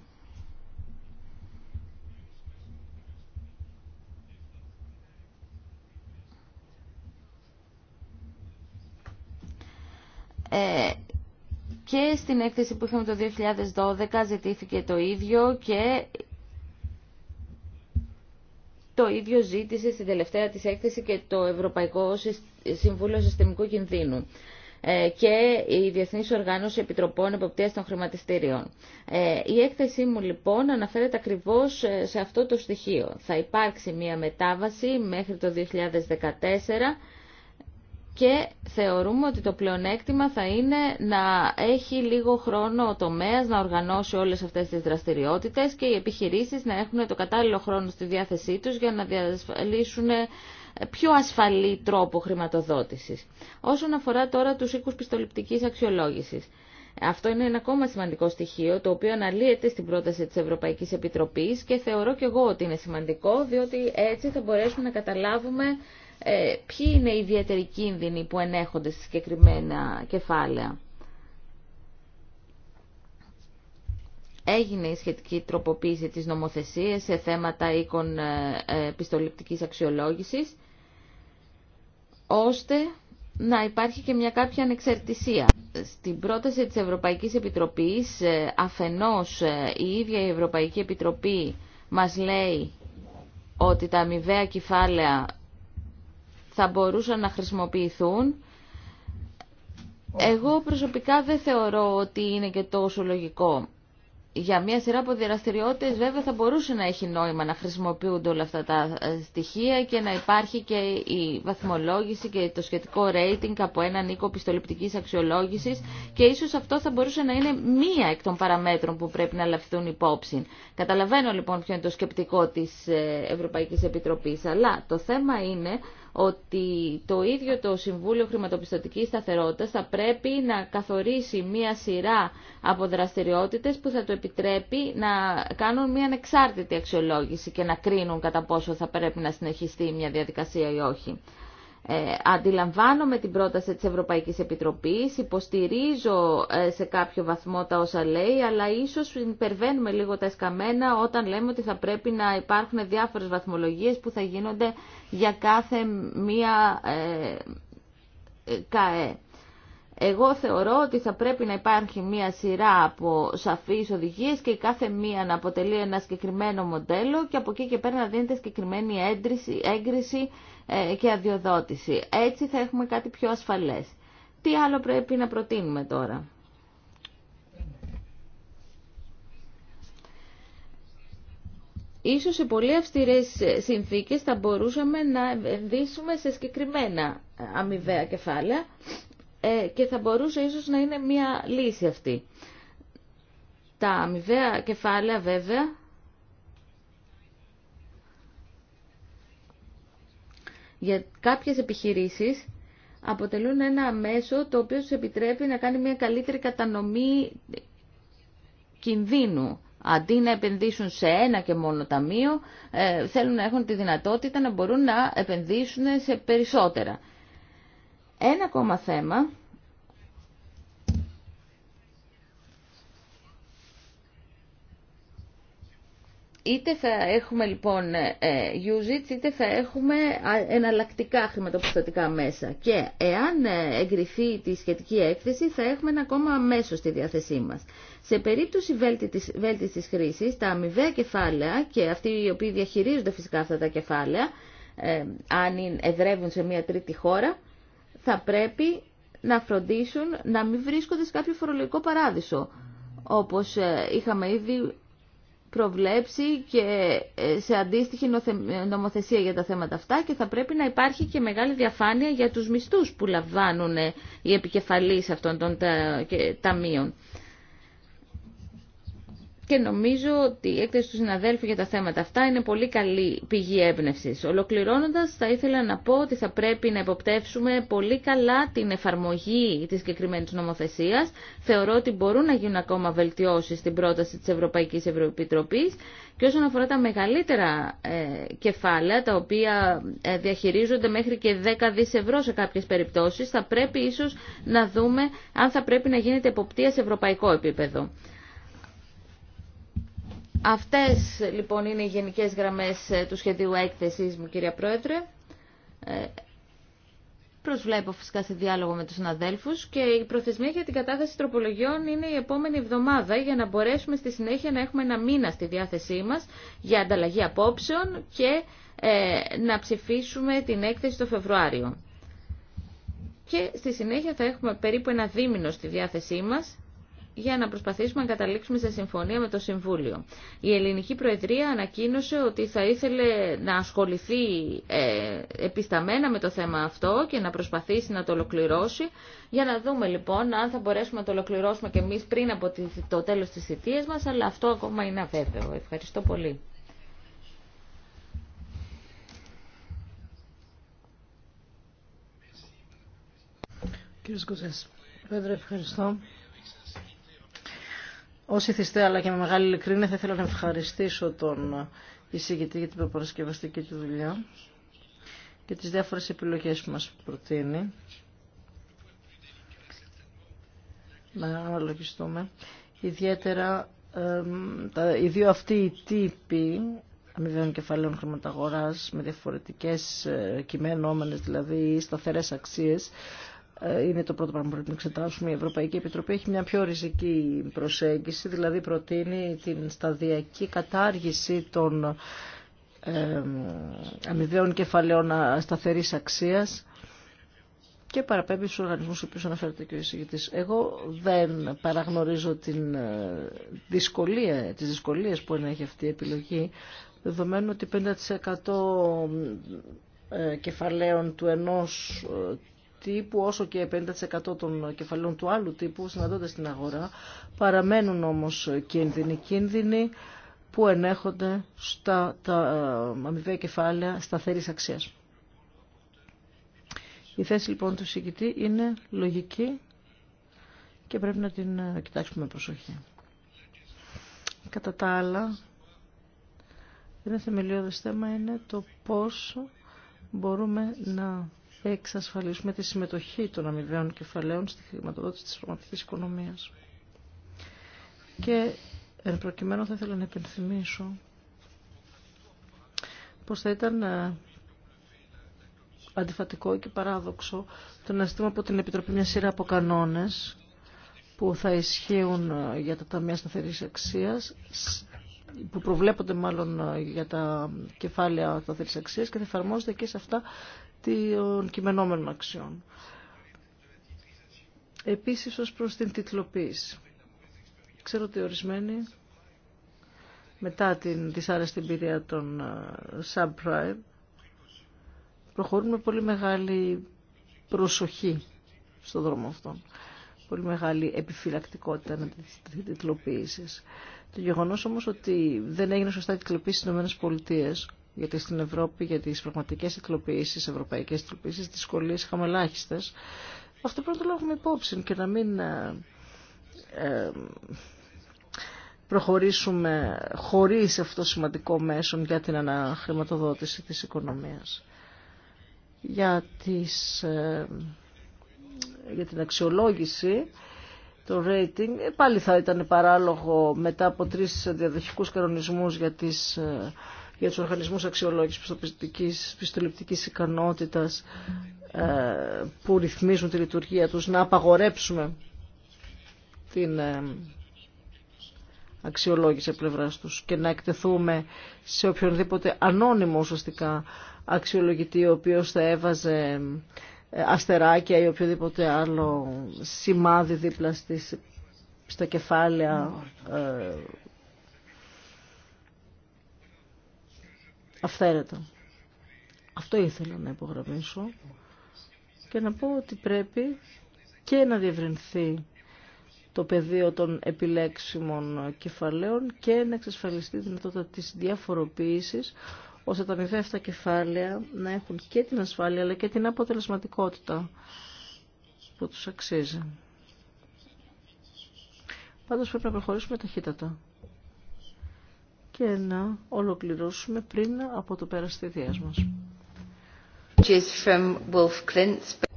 Ε, και στην έκθεση που είχαμε το 2012 ζητήθηκε το ίδιο και το ίδιο ζήτησε στην τελευταία της έκθεση και το Ευρωπαϊκό Συμβούλιο Συστημικού Κινδύνου ε, και η Διεθνής Οργάνωση Επιτροπών Εποπτείας των Χρηματιστήριων. Ε, η έκθεσή μου λοιπόν αναφέρεται ακριβώς σε αυτό το στοιχείο. Θα υπάρξει μια μετάβαση μέχρι το 2014 και θεωρούμε ότι το πλεονέκτημα θα είναι να έχει λίγο χρόνο ο τομέας να οργανώσει όλες αυτές τις δραστηριότητες και οι επιχειρήσεις να έχουν το κατάλληλο χρόνο στη διάθεσή τους για να διασφαλίσουν πιο ασφαλή τρόπο χρηματοδότησης. Όσον αφορά τώρα τους οίκους πιστοληπτικής αξιολόγησης. Αυτό είναι ένα ακόμα σημαντικό στοιχείο, το οποίο αναλύεται στην πρόταση της Ευρωπαϊκής Επιτροπής και θεωρώ και εγώ ότι είναι σημαντικό, διότι έτσι θα μπορέσουμε να καταλάβουμε ε, ποιοι είναι οι ιδιαίτεροι κίνδυνοι που ενέχονται σε συγκεκριμένα κεφάλαια. Έγινε η σχετική τροποποίηση της νομοθεσίας σε θέματα οίκων ε, ε, πιστοληπτικής αξιολόγησης, ώστε να υπάρχει και μια κάποια ανεξαρτησία. Στην πρόταση της Ευρωπαϊκής Επιτροπής, αφενός η ίδια η Ευρωπαϊκή Επιτροπή μας λέει ότι τα αμοιβαία κεφάλαια θα μπορούσαν να χρησιμοποιηθούν. Εγώ προσωπικά δεν θεωρώ ότι είναι και τόσο λογικό. Για μια σειρά από διαδραστηριότητε, βέβαια θα μπορούσε να έχει νόημα να χρησιμοποιούνται όλα αυτά τα ε, στοιχεία και να υπάρχει και η βαθμολόγηση και το σχετικό rating από έναν οίκο πιστοληπτικής αξιολόγηση και ίσως αυτό θα μπορούσε να είναι μία εκ των παραμέτρων που πρέπει να λαφθούν υπόψη. Καταλαβαίνω λοιπόν ποιο είναι το σκεπτικό της ε, Ευρωπαϊκής Επιτροπής, αλλά το θέμα είναι ότι το ίδιο το Συμβούλιο Χρηματοπιστωτικής Σταθερότητας θα πρέπει να καθορίσει μία σειρά από δραστηριότητες που θα το επιτρέπει να κάνουν μία ανεξάρτητη αξιολόγηση και να κρίνουν κατά πόσο θα πρέπει να συνεχιστεί μια διαδικασία ή όχι. Ε, αντιλαμβάνομαι την πρόταση της Ευρωπαϊκής Επιτροπής, υποστηρίζω ε, σε κάποιο βαθμό τα όσα λέει, αλλά ίσως υπερβαίνουμε λίγο τα εσκαμμένα όταν λέμε ότι θα πρέπει να υπάρχουν διάφορες βαθμολογίες που θα γίνονται για κάθε μία ε, ε, ΚΑΕ. Εγώ θεωρώ ότι θα πρέπει να υπάρχει μία σειρά από σαφείς οδηγίες και η κάθε μία να αποτελεί ένα συγκεκριμένο μοντέλο και από εκεί και πέρα να δίνεται συγκεκριμένη έγκριση ε, και αδειοδότηση. Έτσι θα έχουμε κάτι πιο ασφαλές. Τι άλλο πρέπει να προτείνουμε τώρα. Ίσως σε πολύ αυστηρές συνθήκες θα μπορούσαμε να ενδύσουμε σε συγκεκριμένα αμοιβαία κεφάλαια ε, και θα μπορούσε ίσως να είναι μια λύση αυτή. Τα αμοιβαία κεφάλαια βέβαια για κάποιες επιχειρήσεις αποτελούν ένα μέσο το οποίο τους επιτρέπει να κάνει μια καλύτερη κατανομή κινδύνου. Αντί να επενδύσουν σε ένα και μόνο ταμείο, ε, θέλουν να έχουν τη δυνατότητα να μπορούν να επενδύσουν σε περισσότερα. Ένα ακόμα θέμα Είτε θα έχουμε λοιπόν ε, ε, usage, είτε θα έχουμε εναλλακτικά χρηματοπιστωτικά μέσα. Και εάν ε, εγκριθεί τη σχετική έκθεση, θα έχουμε ένα ακόμα μέσο στη διάθεσή μας. Σε περίπτωση βέλτιση βέλτιστης χρήσης, τα αμοιβαία κεφάλαια και αυτοί οι οποίοι διαχειρίζονται φυσικά αυτά τα κεφάλαια, αν εδρεύουν σε μια τρίτη χώρα, θα πρέπει να φροντίσουν να μην βρίσκονται σε κάποιο φορολογικό παράδεισο. Όπως είχαμε ήδη προβλέψει και ε, σε αντίστοιχη νομοθεσία για τα θέματα αυτά και θα πρέπει να υπάρχει και μεγάλη διαφάνεια για τους μισθούς που λαμβάνουν ε, οι επικεφαλείς αυτών των ταμείων και νομίζω ότι η έκθεση του συναδέλφου για τα θέματα αυτά είναι πολύ καλή πηγή έμπνευση. Ολοκληρώνοντα, θα ήθελα να πω ότι θα πρέπει να υποπτεύσουμε πολύ καλά την εφαρμογή τη συγκεκριμένη νομοθεσία. Θεωρώ ότι μπορούν να γίνουν ακόμα βελτιώσει στην πρόταση τη Ευρωπαϊκή Ευρωεπιτροπή. Και όσον αφορά τα μεγαλύτερα ε, κεφάλαια, τα οποία ε, διαχειρίζονται μέχρι και 10 δις ευρώ σε κάποιε περιπτώσει, θα πρέπει ίσω να δούμε αν θα πρέπει να γίνεται εποπτεία σε ευρωπαϊκό επίπεδο. Αυτές λοιπόν είναι οι γενικές γραμμές ε, του σχεδίου έκθεσης μου κυρία Πρόεδρε. Ε, προσβλέπω φυσικά σε διάλογο με τους συναδέλφους και η προθεσμία για την κατάθεση τροπολογιών είναι η επόμενη εβδομάδα για να μπορέσουμε στη συνέχεια να έχουμε ένα μήνα στη διάθεσή μας για ανταλλαγή απόψεων και ε, να ψηφίσουμε την έκθεση το Φεβρουάριο. Και στη συνέχεια θα έχουμε περίπου ένα δίμηνο στη διάθεσή μας για να προσπαθήσουμε να καταλήξουμε σε συμφωνία με το Συμβούλιο. Η Ελληνική Προεδρία ανακοίνωσε ότι θα ήθελε να ασχοληθεί ε, επισταμένα με το θέμα αυτό και να προσπαθήσει να το ολοκληρώσει. Για να δούμε λοιπόν αν θα μπορέσουμε να το ολοκληρώσουμε και εμείς πριν από το τέλος της θητείας μας, αλλά αυτό ακόμα είναι αβέβαιο. Ευχαριστώ πολύ. Κύριε Σκουζές, Πρόεδρε, ευχαριστώ. Ως ηθιστέ αλλά και με μεγάλη ειλικρίνεια θα ήθελα να ευχαριστήσω τον εισηγητή για την προπαρασκευαστική του δουλειά και τις διάφορες επιλογές που μας προτείνει. Να αναλογιστούμε. Ιδιαίτερα ε, τα, οι δύο αυτοί οι τύποι αμοιβαίων κεφαλαίων χρηματαγοράς με διαφορετικές ε, δηλαδή σταθερές αξίες είναι το πρώτο πράγμα που πρέπει να εξετάσουμε. Η Ευρωπαϊκή Επιτροπή έχει μια πιο ριζική προσέγγιση, δηλαδή προτείνει την σταδιακή κατάργηση των ε, αμοιβαίων κεφαλαίων σταθερή αξίας και παραπέμπει στους οργανισμούς οποίους αναφέρεται και ο εισηγητή. Εγώ δεν παραγνωρίζω την ε, δυσκολία, τις δυσκολίες που έχει αυτή η επιλογή, δεδομένου ότι 50% ε, κεφαλαίων του ενός ε, τύπου όσο και 50% των κεφαλαίων του άλλου τύπου συναντώνται στην αγορά. Παραμένουν όμως κίνδυνοι κίνδυνοι που ενέχονται στα τα ε, αμοιβαία κεφάλαια σταθερής αξίας. Η θέση λοιπόν του συγκητή είναι λογική και πρέπει να την ε, κοιτάξουμε με προσοχή. Κατά τα άλλα, ένα θεμελιώδες θέμα είναι το πώς μπορούμε να εξασφαλίσουμε τη συμμετοχή των αμοιβαίων κεφαλαίων στη χρηματοδότηση της πραγματικής οικονομίας. Και εν προκειμένου θα ήθελα να επενθυμίσω πως θα ήταν ε, αντιφατικό και παράδοξο το να ζητήσουμε από την Επιτροπή μια σειρά από κανόνες που θα ισχύουν ε, για τα ταμεία σταθερής αξία, που προβλέπονται μάλλον ε, για τα κεφάλαια σταθερής αξίας και θα εφαρμόζονται και σε αυτά των κειμενόμενων αξιών. Επίσης ως προς την τιτλοποίηση. Ξέρω ότι ορισμένοι μετά την δυσάρεστη εμπειρία των ε, subprime προχωρούν με πολύ μεγάλη προσοχή στον δρόμο αυτόν. Πολύ μεγάλη επιφυλακτικότητα να τη τιτλοποίηση. Το γεγονός, όμως, ότι δεν έγινε σωστά η τιτλοποίηση στι ΗΠΑ γιατί στην Ευρώπη για τις πραγματικές εκλοποιήσεις, ευρωπαϊκές εκλοποιήσεις, δυσκολίες είχαμε ελάχιστες. Αυτό πρέπει να το λάβουμε υπόψη και να μην ε, ε, προχωρήσουμε χωρίς αυτό σημαντικό μέσο για την αναχρηματοδότηση της οικονομίας. Για, τις, ε, για την αξιολόγηση, το rating, πάλι θα ήταν παράλογο μετά από τρεις διαδοχικούς κανονισμούς για τις για τους οργανισμούς αξιολόγησης πιστοληπτικής ικανότητας ε, που ρυθμίζουν τη λειτουργία τους να απαγορέψουμε την ε, αξιολόγηση πλευρά τους και να εκτεθούμε σε οποιονδήποτε ανώνυμο ουσιαστικά αξιολογητή ο οποίος θα έβαζε ε, αστεράκια ή οποιοδήποτε άλλο σημάδι δίπλα στις, στα κεφάλαια αυθαίρετα. Αυτό ήθελα να υπογραμμίσω και να πω ότι πρέπει και να διευρυνθεί το πεδίο των επιλέξιμων κεφαλαίων και να εξασφαλιστεί η δυνατότητα της διαφοροποίησης ώστε τα μηδέα αυτά κεφάλαια να έχουν και την ασφάλεια αλλά και την αποτελεσματικότητα που τους αξίζει. Πάντως πρέπει να προχωρήσουμε ταχύτατα και να ολοκληρώσουμε πριν από το πέρας της θείας μας.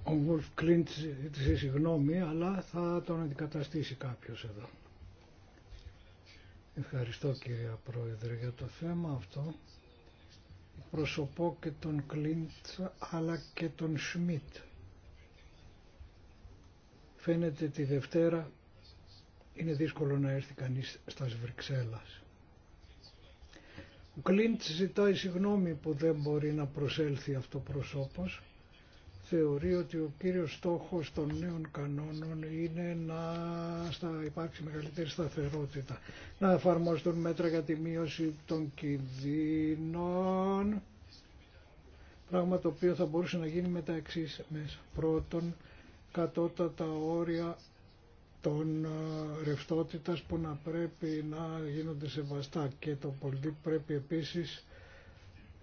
Ο Wolf Klintz ζήτησε συγγνώμη, αλλά θα τον αντικαταστήσει κάποιος εδώ. Ευχαριστώ κύριε Πρόεδρε για το θέμα αυτό. Προσωπώ και τον Κλίντ αλλά και τον Σμιτ. Φαίνεται τη Δευτέρα είναι δύσκολο να έρθει κανείς στα Βρυξέλλας. Ο Κλίντ ζητάει συγγνώμη που δεν μπορεί να προσέλθει αυτό προσώπος. Θεωρεί ότι ο κύριος στόχος των νέων κανόνων είναι να στα υπάρξει μεγαλύτερη σταθερότητα. Να εφαρμόσουν μέτρα για τη μείωση των κινδύνων. Πράγμα το οποίο θα μπορούσε να γίνει με τα εξής μέσα. Πρώτον, κατώτατα όρια των ρευστότητας που να πρέπει να γίνονται σεβαστά και το πολιτή πρέπει επίσης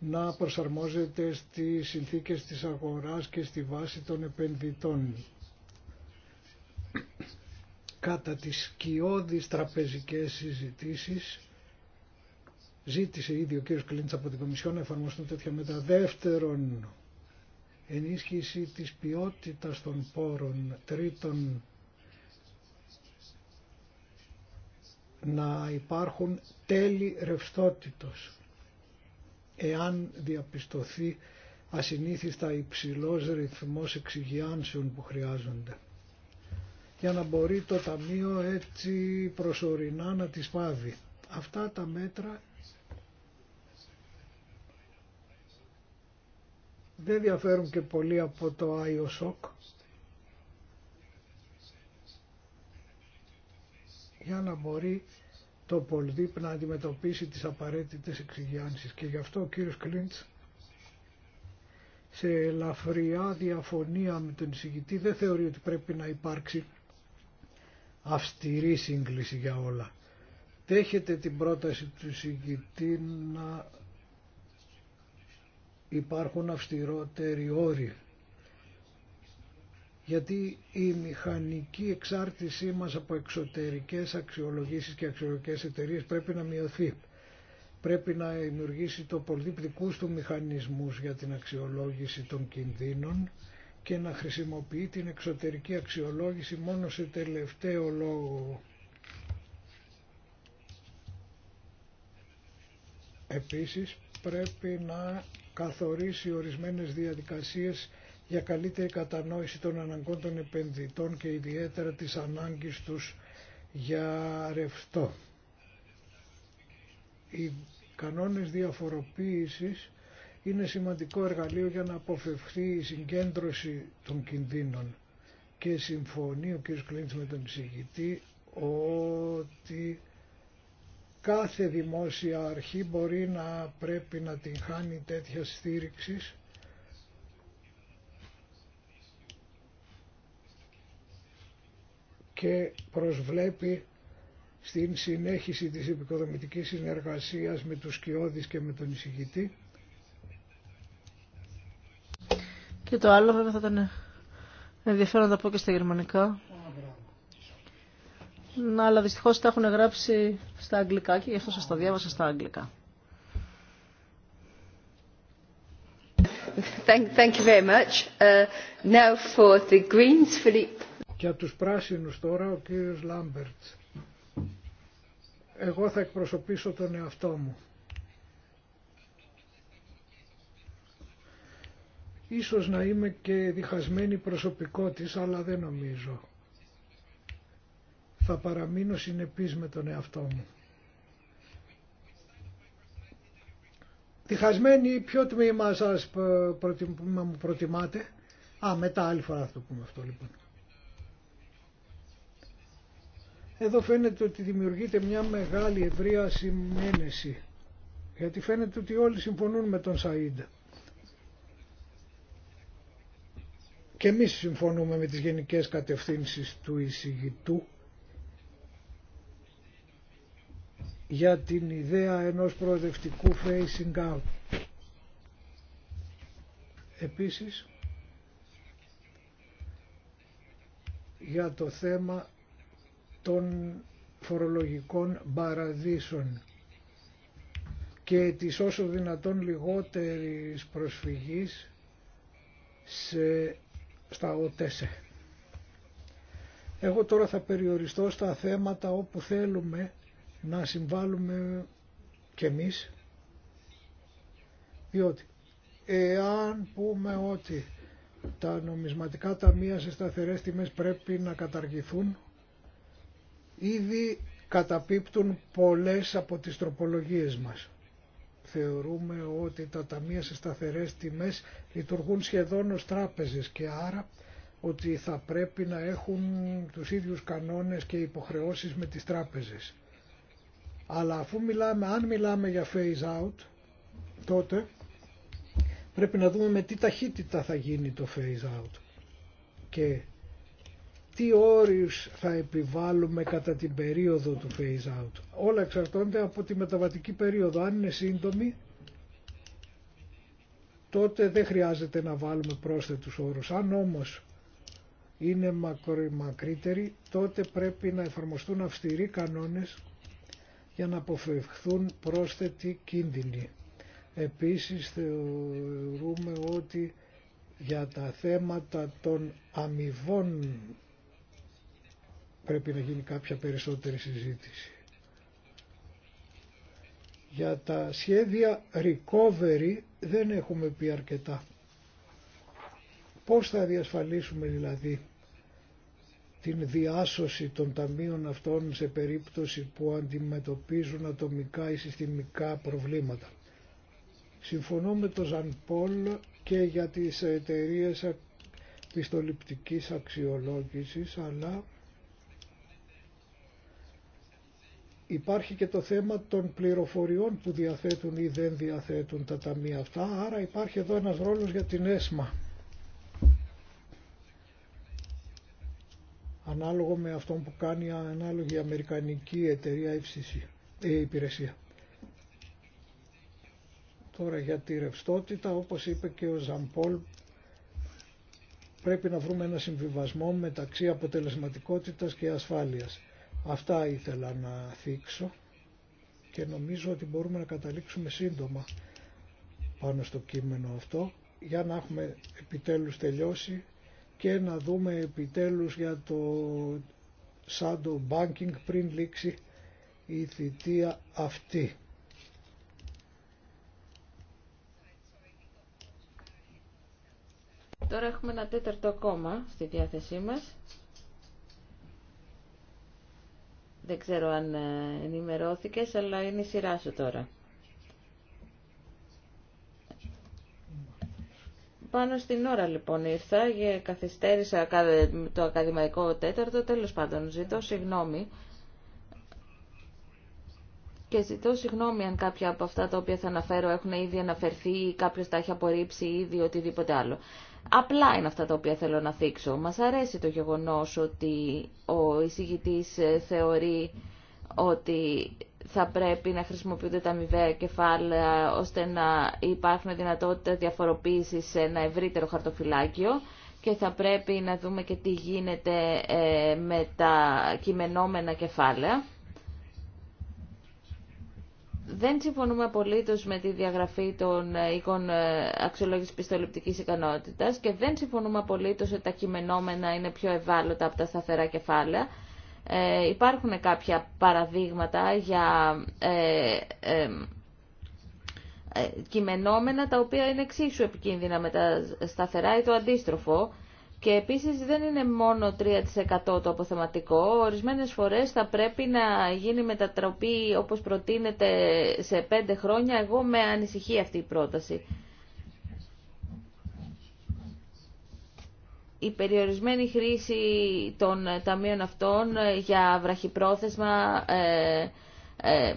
να προσαρμόζεται στις συνθήκες της αγοράς και στη βάση των επενδυτών. Κατά τις σκιώδεις τραπεζικές συζητήσεις ζήτησε ήδη ο κ. Κλίντς από την Κομισιόν να εφαρμοστούν τέτοια μέτρα. Δεύτερον, ενίσχυση της ποιότητας των πόρων. Τρίτον, να υπάρχουν τέλη ρευστότητος εάν διαπιστωθεί ασυνήθιστα υψηλός ρυθμός εξυγιάνσεων που χρειάζονται για να μπορεί το Ταμείο έτσι προσωρινά να τις πάβει. Αυτά τα μέτρα δεν διαφέρουν και πολύ από το ΆΙΟΣΟΚ. για να μπορεί το Πολδίπ να αντιμετωπίσει τις απαραίτητες εξηγιάνσεις. Και γι' αυτό ο κύριος Κλίντς σε ελαφριά διαφωνία με τον εισηγητή δεν θεωρεί ότι πρέπει να υπάρξει αυστηρή σύγκληση για όλα. Δέχεται την πρόταση του εισηγητή να υπάρχουν αυστηρότεροι όροι γιατί η μηχανική εξάρτησή μας από εξωτερικές αξιολογήσεις και αξιολογικές εταιρείες πρέπει να μειωθεί. Πρέπει να δημιουργήσει το πολυπτικού του μηχανισμούς για την αξιολόγηση των κινδύνων και να χρησιμοποιεί την εξωτερική αξιολόγηση μόνο σε τελευταίο λόγο. Επίσης πρέπει να καθορίσει ορισμένες διαδικασίες για καλύτερη κατανόηση των αναγκών των επενδυτών και ιδιαίτερα της ανάγκης τους για ρευστό. Οι κανόνες διαφοροποίησης είναι σημαντικό εργαλείο για να αποφευχθεί η συγκέντρωση των κινδύνων και συμφωνεί ο κ. Κλίντς με τον εισηγητή ότι κάθε δημόσια αρχή μπορεί να πρέπει να την χάνει τέτοια στήριξης και προσβλέπει στην συνέχιση της επικοδομητικής συνεργασίας με τους Σκιώδης και με τον εισηγητή. Και το άλλο βέβαια θα ήταν ενδιαφέρον να τα πω και στα γερμανικά. Να, αλλά δυστυχώς τα έχουν γράψει στα αγγλικά και γι' αυτό σας τα διάβασα στα αγγλικά. Thank, you very much. Uh, now for the Greens, Philippe για τους πράσινους τώρα ο κύριος Λάμπερτ. Εγώ θα εκπροσωπήσω τον εαυτό μου. Ίσως να είμαι και διχασμένη προσωπικότης, αλλά δεν νομίζω. Θα παραμείνω συνεπής με τον εαυτό μου. Διχασμένη, ποιο τμήμα σας προτιμ, μου προτιμάτε. Α, μετά άλλη φορά θα το πούμε αυτό λοιπόν. Εδώ φαίνεται ότι δημιουργείται μια μεγάλη ευρεία συνένεση. Γιατί φαίνεται ότι όλοι συμφωνούν με τον Σαΐντ. Και εμείς συμφωνούμε με τις γενικές κατευθύνσεις του εισηγητού για την ιδέα ενός προοδευτικού facing out. Επίσης, για το θέμα των φορολογικών παραδείσων και τις όσο δυνατόν λιγότερης προσφυγής σε, στα ΟΤΕΣΕ. Εγώ τώρα θα περιοριστώ στα θέματα όπου θέλουμε να συμβάλλουμε και εμείς, διότι εάν πούμε ότι τα νομισματικά ταμεία σε σταθερές τιμές πρέπει να καταργηθούν, Ήδη καταπίπτουν πολλές από τις τροπολογίες μας. Θεωρούμε ότι τα ταμεία σε σταθερές τιμές λειτουργούν σχεδόν ως τράπεζες και άρα ότι θα πρέπει να έχουν τους ίδιους κανόνες και υποχρεώσεις με τις τράπεζες. Αλλά αφού μιλάμε, αν μιλάμε για phase out, τότε πρέπει να δούμε με τι ταχύτητα θα γίνει το phase out. Και τι όριους θα επιβάλλουμε κατά την περίοδο του phase out. Όλα εξαρτώνται από τη μεταβατική περίοδο. Αν είναι σύντομη, τότε δεν χρειάζεται να βάλουμε πρόσθετους όρους. Αν όμως είναι μακρύτερη, τότε πρέπει να εφαρμοστούν αυστηροί κανόνες για να αποφευχθούν πρόσθετοι κίνδυνοι. Επίσης θεωρούμε ότι για τα θέματα των αμοιβών πρέπει να γίνει κάποια περισσότερη συζήτηση. Για τα σχέδια recovery δεν έχουμε πει αρκετά. Πώς θα διασφαλίσουμε δηλαδή την διάσωση των ταμείων αυτών σε περίπτωση που αντιμετωπίζουν ατομικά ή συστημικά προβλήματα. Συμφωνώ με τον Ζαν Πολ και για τις εταιρείε πιστοληπτικής αξιολόγησης, αλλά Υπάρχει και το θέμα των πληροφοριών που διαθέτουν ή δεν διαθέτουν τα ταμεία αυτά, άρα υπάρχει εδώ ένας ρόλος για την ΕΣΜΑ. Ανάλογο με αυτό που κάνει ανάλογη αμερικανική εταιρεία FCC, ε, υπηρεσία. Τώρα για τη ρευστότητα, όπως είπε και ο Ζαμπόλ, πρέπει να βρούμε ένα συμβιβασμό μεταξύ αποτελεσματικότητας και ασφάλειας. Αυτά ήθελα να θίξω και νομίζω ότι μπορούμε να καταλήξουμε σύντομα πάνω στο κείμενο αυτό για να έχουμε επιτέλους τελειώσει και να δούμε επιτέλους για το shadow banking πριν λήξει η θητεία αυτή. Τώρα έχουμε ένα τέταρτο κόμμα στη διάθεσή μας. Δεν ξέρω αν ε, ενημερώθηκες, αλλά είναι η σειρά σου τώρα. Πάνω στην ώρα λοιπόν ήρθα και καθυστέρησα το ακαδημαϊκό τέταρτο, τέλος πάντων ζητώ συγγνώμη. Και ζητώ συγγνώμη αν κάποια από αυτά τα οποία θα αναφέρω έχουν ήδη αναφερθεί ή κάποιο τα έχει απορρίψει ήδη οτιδήποτε άλλο. Απλά είναι αυτά τα οποία θέλω να θίξω. Μας αρέσει το γεγονός ότι ο εισηγητής ε, θεωρεί ότι θα πρέπει να χρησιμοποιούνται τα αμοιβαία κεφάλαια ώστε να υπάρχουν δυνατότητα διαφοροποίησης σε ένα ευρύτερο χαρτοφυλάκιο και θα πρέπει να δούμε και τι γίνεται ε, με τα κειμενόμενα κεφάλαια δεν συμφωνούμε απολύτω με τη διαγραφή των ε, οίκων ε, αξιολόγηση πιστοληπτική ικανότητα και δεν συμφωνούμε απολύτω ότι τα κειμενόμενα είναι πιο ευάλωτα από τα σταθερά κεφάλαια. Ε, υπάρχουν κάποια παραδείγματα για ε, ε, ε κειμενόμενα τα οποία είναι εξίσου επικίνδυνα με τα σταθερά ή το αντίστροφο. Και επίση δεν είναι μόνο 3% το αποθεματικό. Ορισμένε φορέ θα πρέπει να γίνει μετατροπή όπως προτείνεται σε 5 χρόνια. Εγώ με ανησυχεί αυτή η πρόταση. η περιορισμένη χρήση των ταμείων αυτών για βραχυπρόθεσμα ε, ε,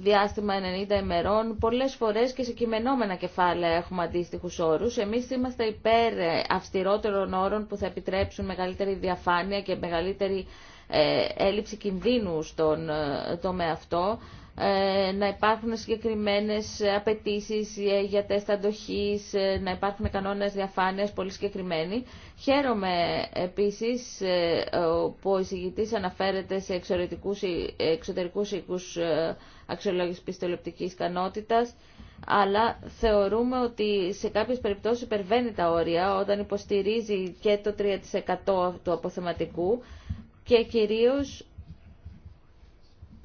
διάστημα 90 ημερών, πολλέ φορέ και σε κειμενόμενα κεφάλαια έχουμε αντίστοιχου όρου. Εμεί είμαστε υπέρ αυστηρότερων όρων που θα επιτρέψουν μεγαλύτερη διαφάνεια και μεγαλύτερη ε, έλλειψη κινδύνου στον ε, τομέα αυτό, να υπάρχουν συγκεκριμένε απαιτήσει για τεστ ε, να υπάρχουν ε, κανόνε διαφάνεια πολύ συγκεκριμένοι. Χαίρομαι επίσης που ο εισηγητή αναφέρεται σε εξωτερικούς ε, αξιολόγηση πιστολεπτικής ικανότητα, αλλά θεωρούμε ότι σε κάποιες περιπτώσεις υπερβαίνει τα όρια όταν υποστηρίζει και το 3% του αποθεματικού και κυρίως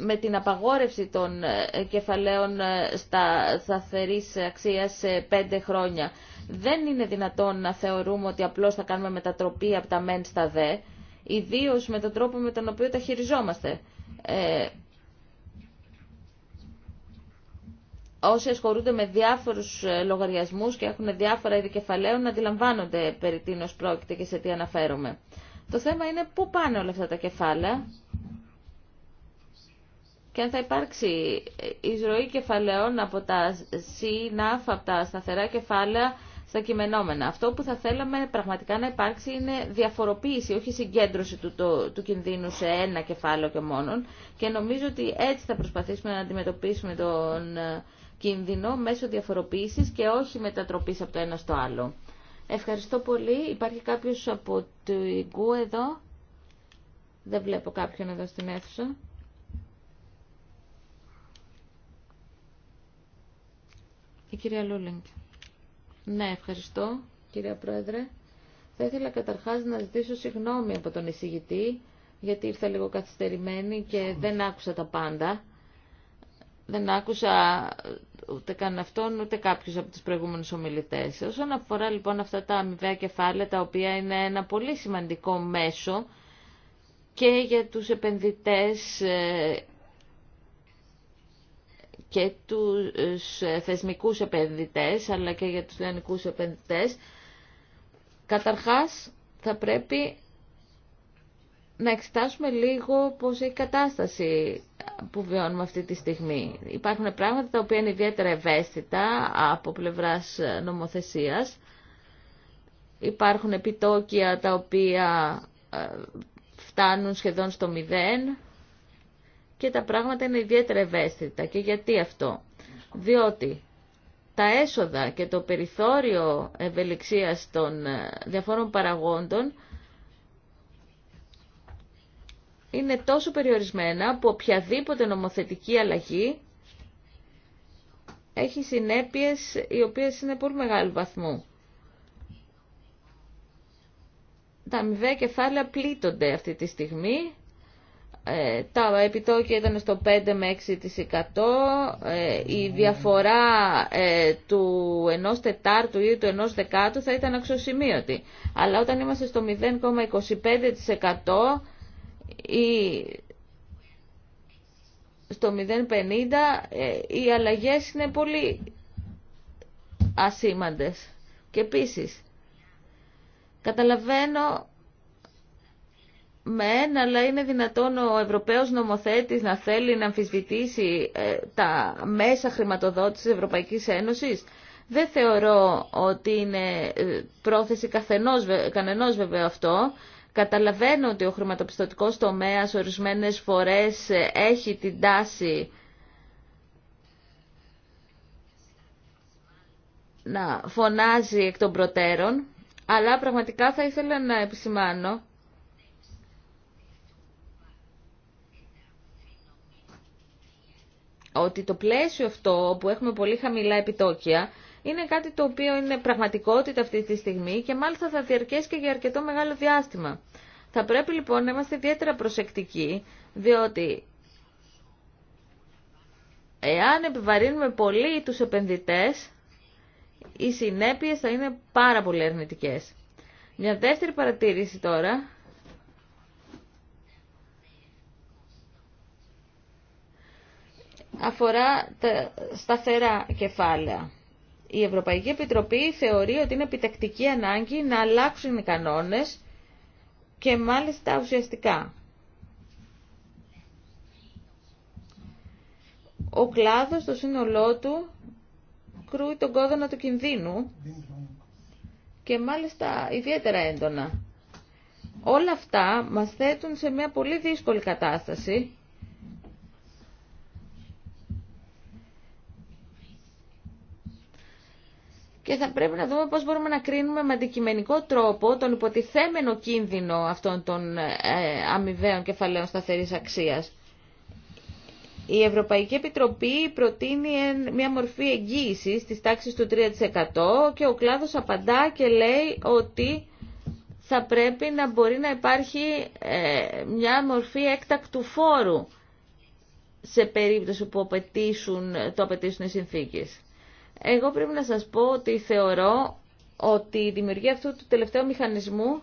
με την απαγόρευση των ε, κεφαλαίων ε, στα σταθερής αξίας σε πέντε χρόνια. Δεν είναι δυνατόν να θεωρούμε ότι απλώς θα κάνουμε μετατροπή από τα μεν στα δε, ιδίως με τον τρόπο με τον οποίο τα χειριζόμαστε. Ε, όσοι ασχολούνται με διάφορους ε, λογαριασμούς και έχουν διάφορα κεφαλαίων να αντιλαμβάνονται περί τίνος πρόκειται και σε τι αναφέρομαι. Το θέμα είναι πού πάνε όλα αυτά τα κεφάλαια και αν θα υπάρξει εισρωή κεφαλαίων από τα ΣΥΝΑΦ, από τα σταθερά κεφάλαια στα κειμενόμενα. Αυτό που θα θέλαμε πραγματικά να υπάρξει είναι διαφοροποίηση, όχι συγκέντρωση του, του κινδύνου σε ένα κεφάλαιο και μόνον. Και νομίζω ότι έτσι θα προσπαθήσουμε να αντιμετωπίσουμε τον ε, κίνδυνο μέσω διαφοροποίησης και όχι μετατροπής από το ένα στο άλλο. Ευχαριστώ πολύ. Υπάρχει κάποιος από το Ιγκού εδώ. Δεν βλέπω κάποιον εδώ στην αίθουσα. Η κυρία Λούλινγκ. Ναι, ευχαριστώ κυρία Πρόεδρε. Θα ήθελα καταρχάς να ζητήσω συγγνώμη από τον εισηγητή, γιατί ήρθα λίγο καθυστερημένη και δεν άκουσα τα πάντα. Δεν άκουσα ούτε καν αυτόν ούτε κάποιος από τους προηγούμενους ομιλητές. Όσον αφορά λοιπόν αυτά τα αμοιβαία κεφάλαια τα οποία είναι ένα πολύ σημαντικό μέσο και για τους επενδυτές ε, και τους ε, θεσμικούς επενδυτές αλλά και για τους λιανικούς επενδυτές καταρχάς θα πρέπει να εξετάσουμε λίγο πώς έχει η κατάσταση που βιώνουμε αυτή τη στιγμή. Υπάρχουν πράγματα τα οποία είναι ιδιαίτερα ευαίσθητα από πλευράς νομοθεσίας. Υπάρχουν επιτόκια τα οποία ε, φτάνουν σχεδόν στο μηδέν και τα πράγματα είναι ιδιαίτερα ευαίσθητα. Και γιατί αυτό. Διότι τα έσοδα και το περιθώριο ευελιξίας των ε, διαφόρων παραγόντων είναι τόσο περιορισμένα που οποιαδήποτε νομοθετική αλλαγή έχει συνέπειες οι οποίες είναι πολύ μεγάλου βαθμού. Τα αμοιβαία κεφάλαια πλήττονται αυτή τη στιγμή. Ε, τα επιτόκια ήταν στο 5 με 6%. Ε, η διαφορά ε, του ενός τετάρτου ή του ενός δεκάτου θα ήταν αξιοσημείωτη. Αλλά όταν είμαστε στο 0,25% ή στο 050 ε, οι αλλαγές είναι πολύ ασήμαντες. Και επίσης, καταλαβαίνω ένα αλλά είναι δυνατόν ο Ευρωπαίος νομοθέτης να θέλει να αμφισβητήσει ε, τα μέσα χρηματοδότησης της Ευρωπαϊκής Ένωσης. Δεν θεωρώ ότι είναι ε, πρόθεση καθενός, κανενός βέβαια αυτό. Καταλαβαίνω ότι ο χρηματοπιστωτικός τομέας ορισμένες φορές ε, έχει την τάση να φωνάζει εκ των προτέρων, αλλά πραγματικά θα ήθελα να επισημάνω ότι το πλαίσιο αυτό που έχουμε πολύ χαμηλά επιτόκια είναι κάτι το οποίο είναι πραγματικότητα αυτή τη στιγμή και μάλιστα θα διαρκέσει και για αρκετό μεγάλο διάστημα. Θα πρέπει λοιπόν να είμαστε ιδιαίτερα προσεκτικοί, διότι εάν επιβαρύνουμε πολύ τους επενδυτές, οι συνέπειες θα είναι πάρα πολύ αρνητικές. Μια δεύτερη παρατήρηση τώρα. αφορά τα σταθερά κεφάλαια η Ευρωπαϊκή Επιτροπή θεωρεί ότι είναι επιτακτική ανάγκη να αλλάξουν οι κανόνες και μάλιστα ουσιαστικά. Ο κλάδος στο σύνολό του κρούει τον κόδωνα του κινδύνου και μάλιστα ιδιαίτερα έντονα. Όλα αυτά μας θέτουν σε μια πολύ δύσκολη κατάσταση και θα πρέπει να δούμε πώς μπορούμε να κρίνουμε με αντικειμενικό τρόπο τον υποτιθέμενο κίνδυνο αυτών των ε, αμοιβαίων κεφαλαίων σταθερής αξίας. Η Ευρωπαϊκή Επιτροπή προτείνει μια μορφή εγγύησης της τάξης του 3% και ο κλάδος απαντά και λέει ότι θα πρέπει να μπορεί να υπάρχει ε, μια μορφή έκτακτου φόρου σε περίπτωση που το απαιτήσουν οι συνθήκες. Εγώ πρέπει να σας πω ότι θεωρώ ότι η δημιουργία αυτού του τελευταίου μηχανισμού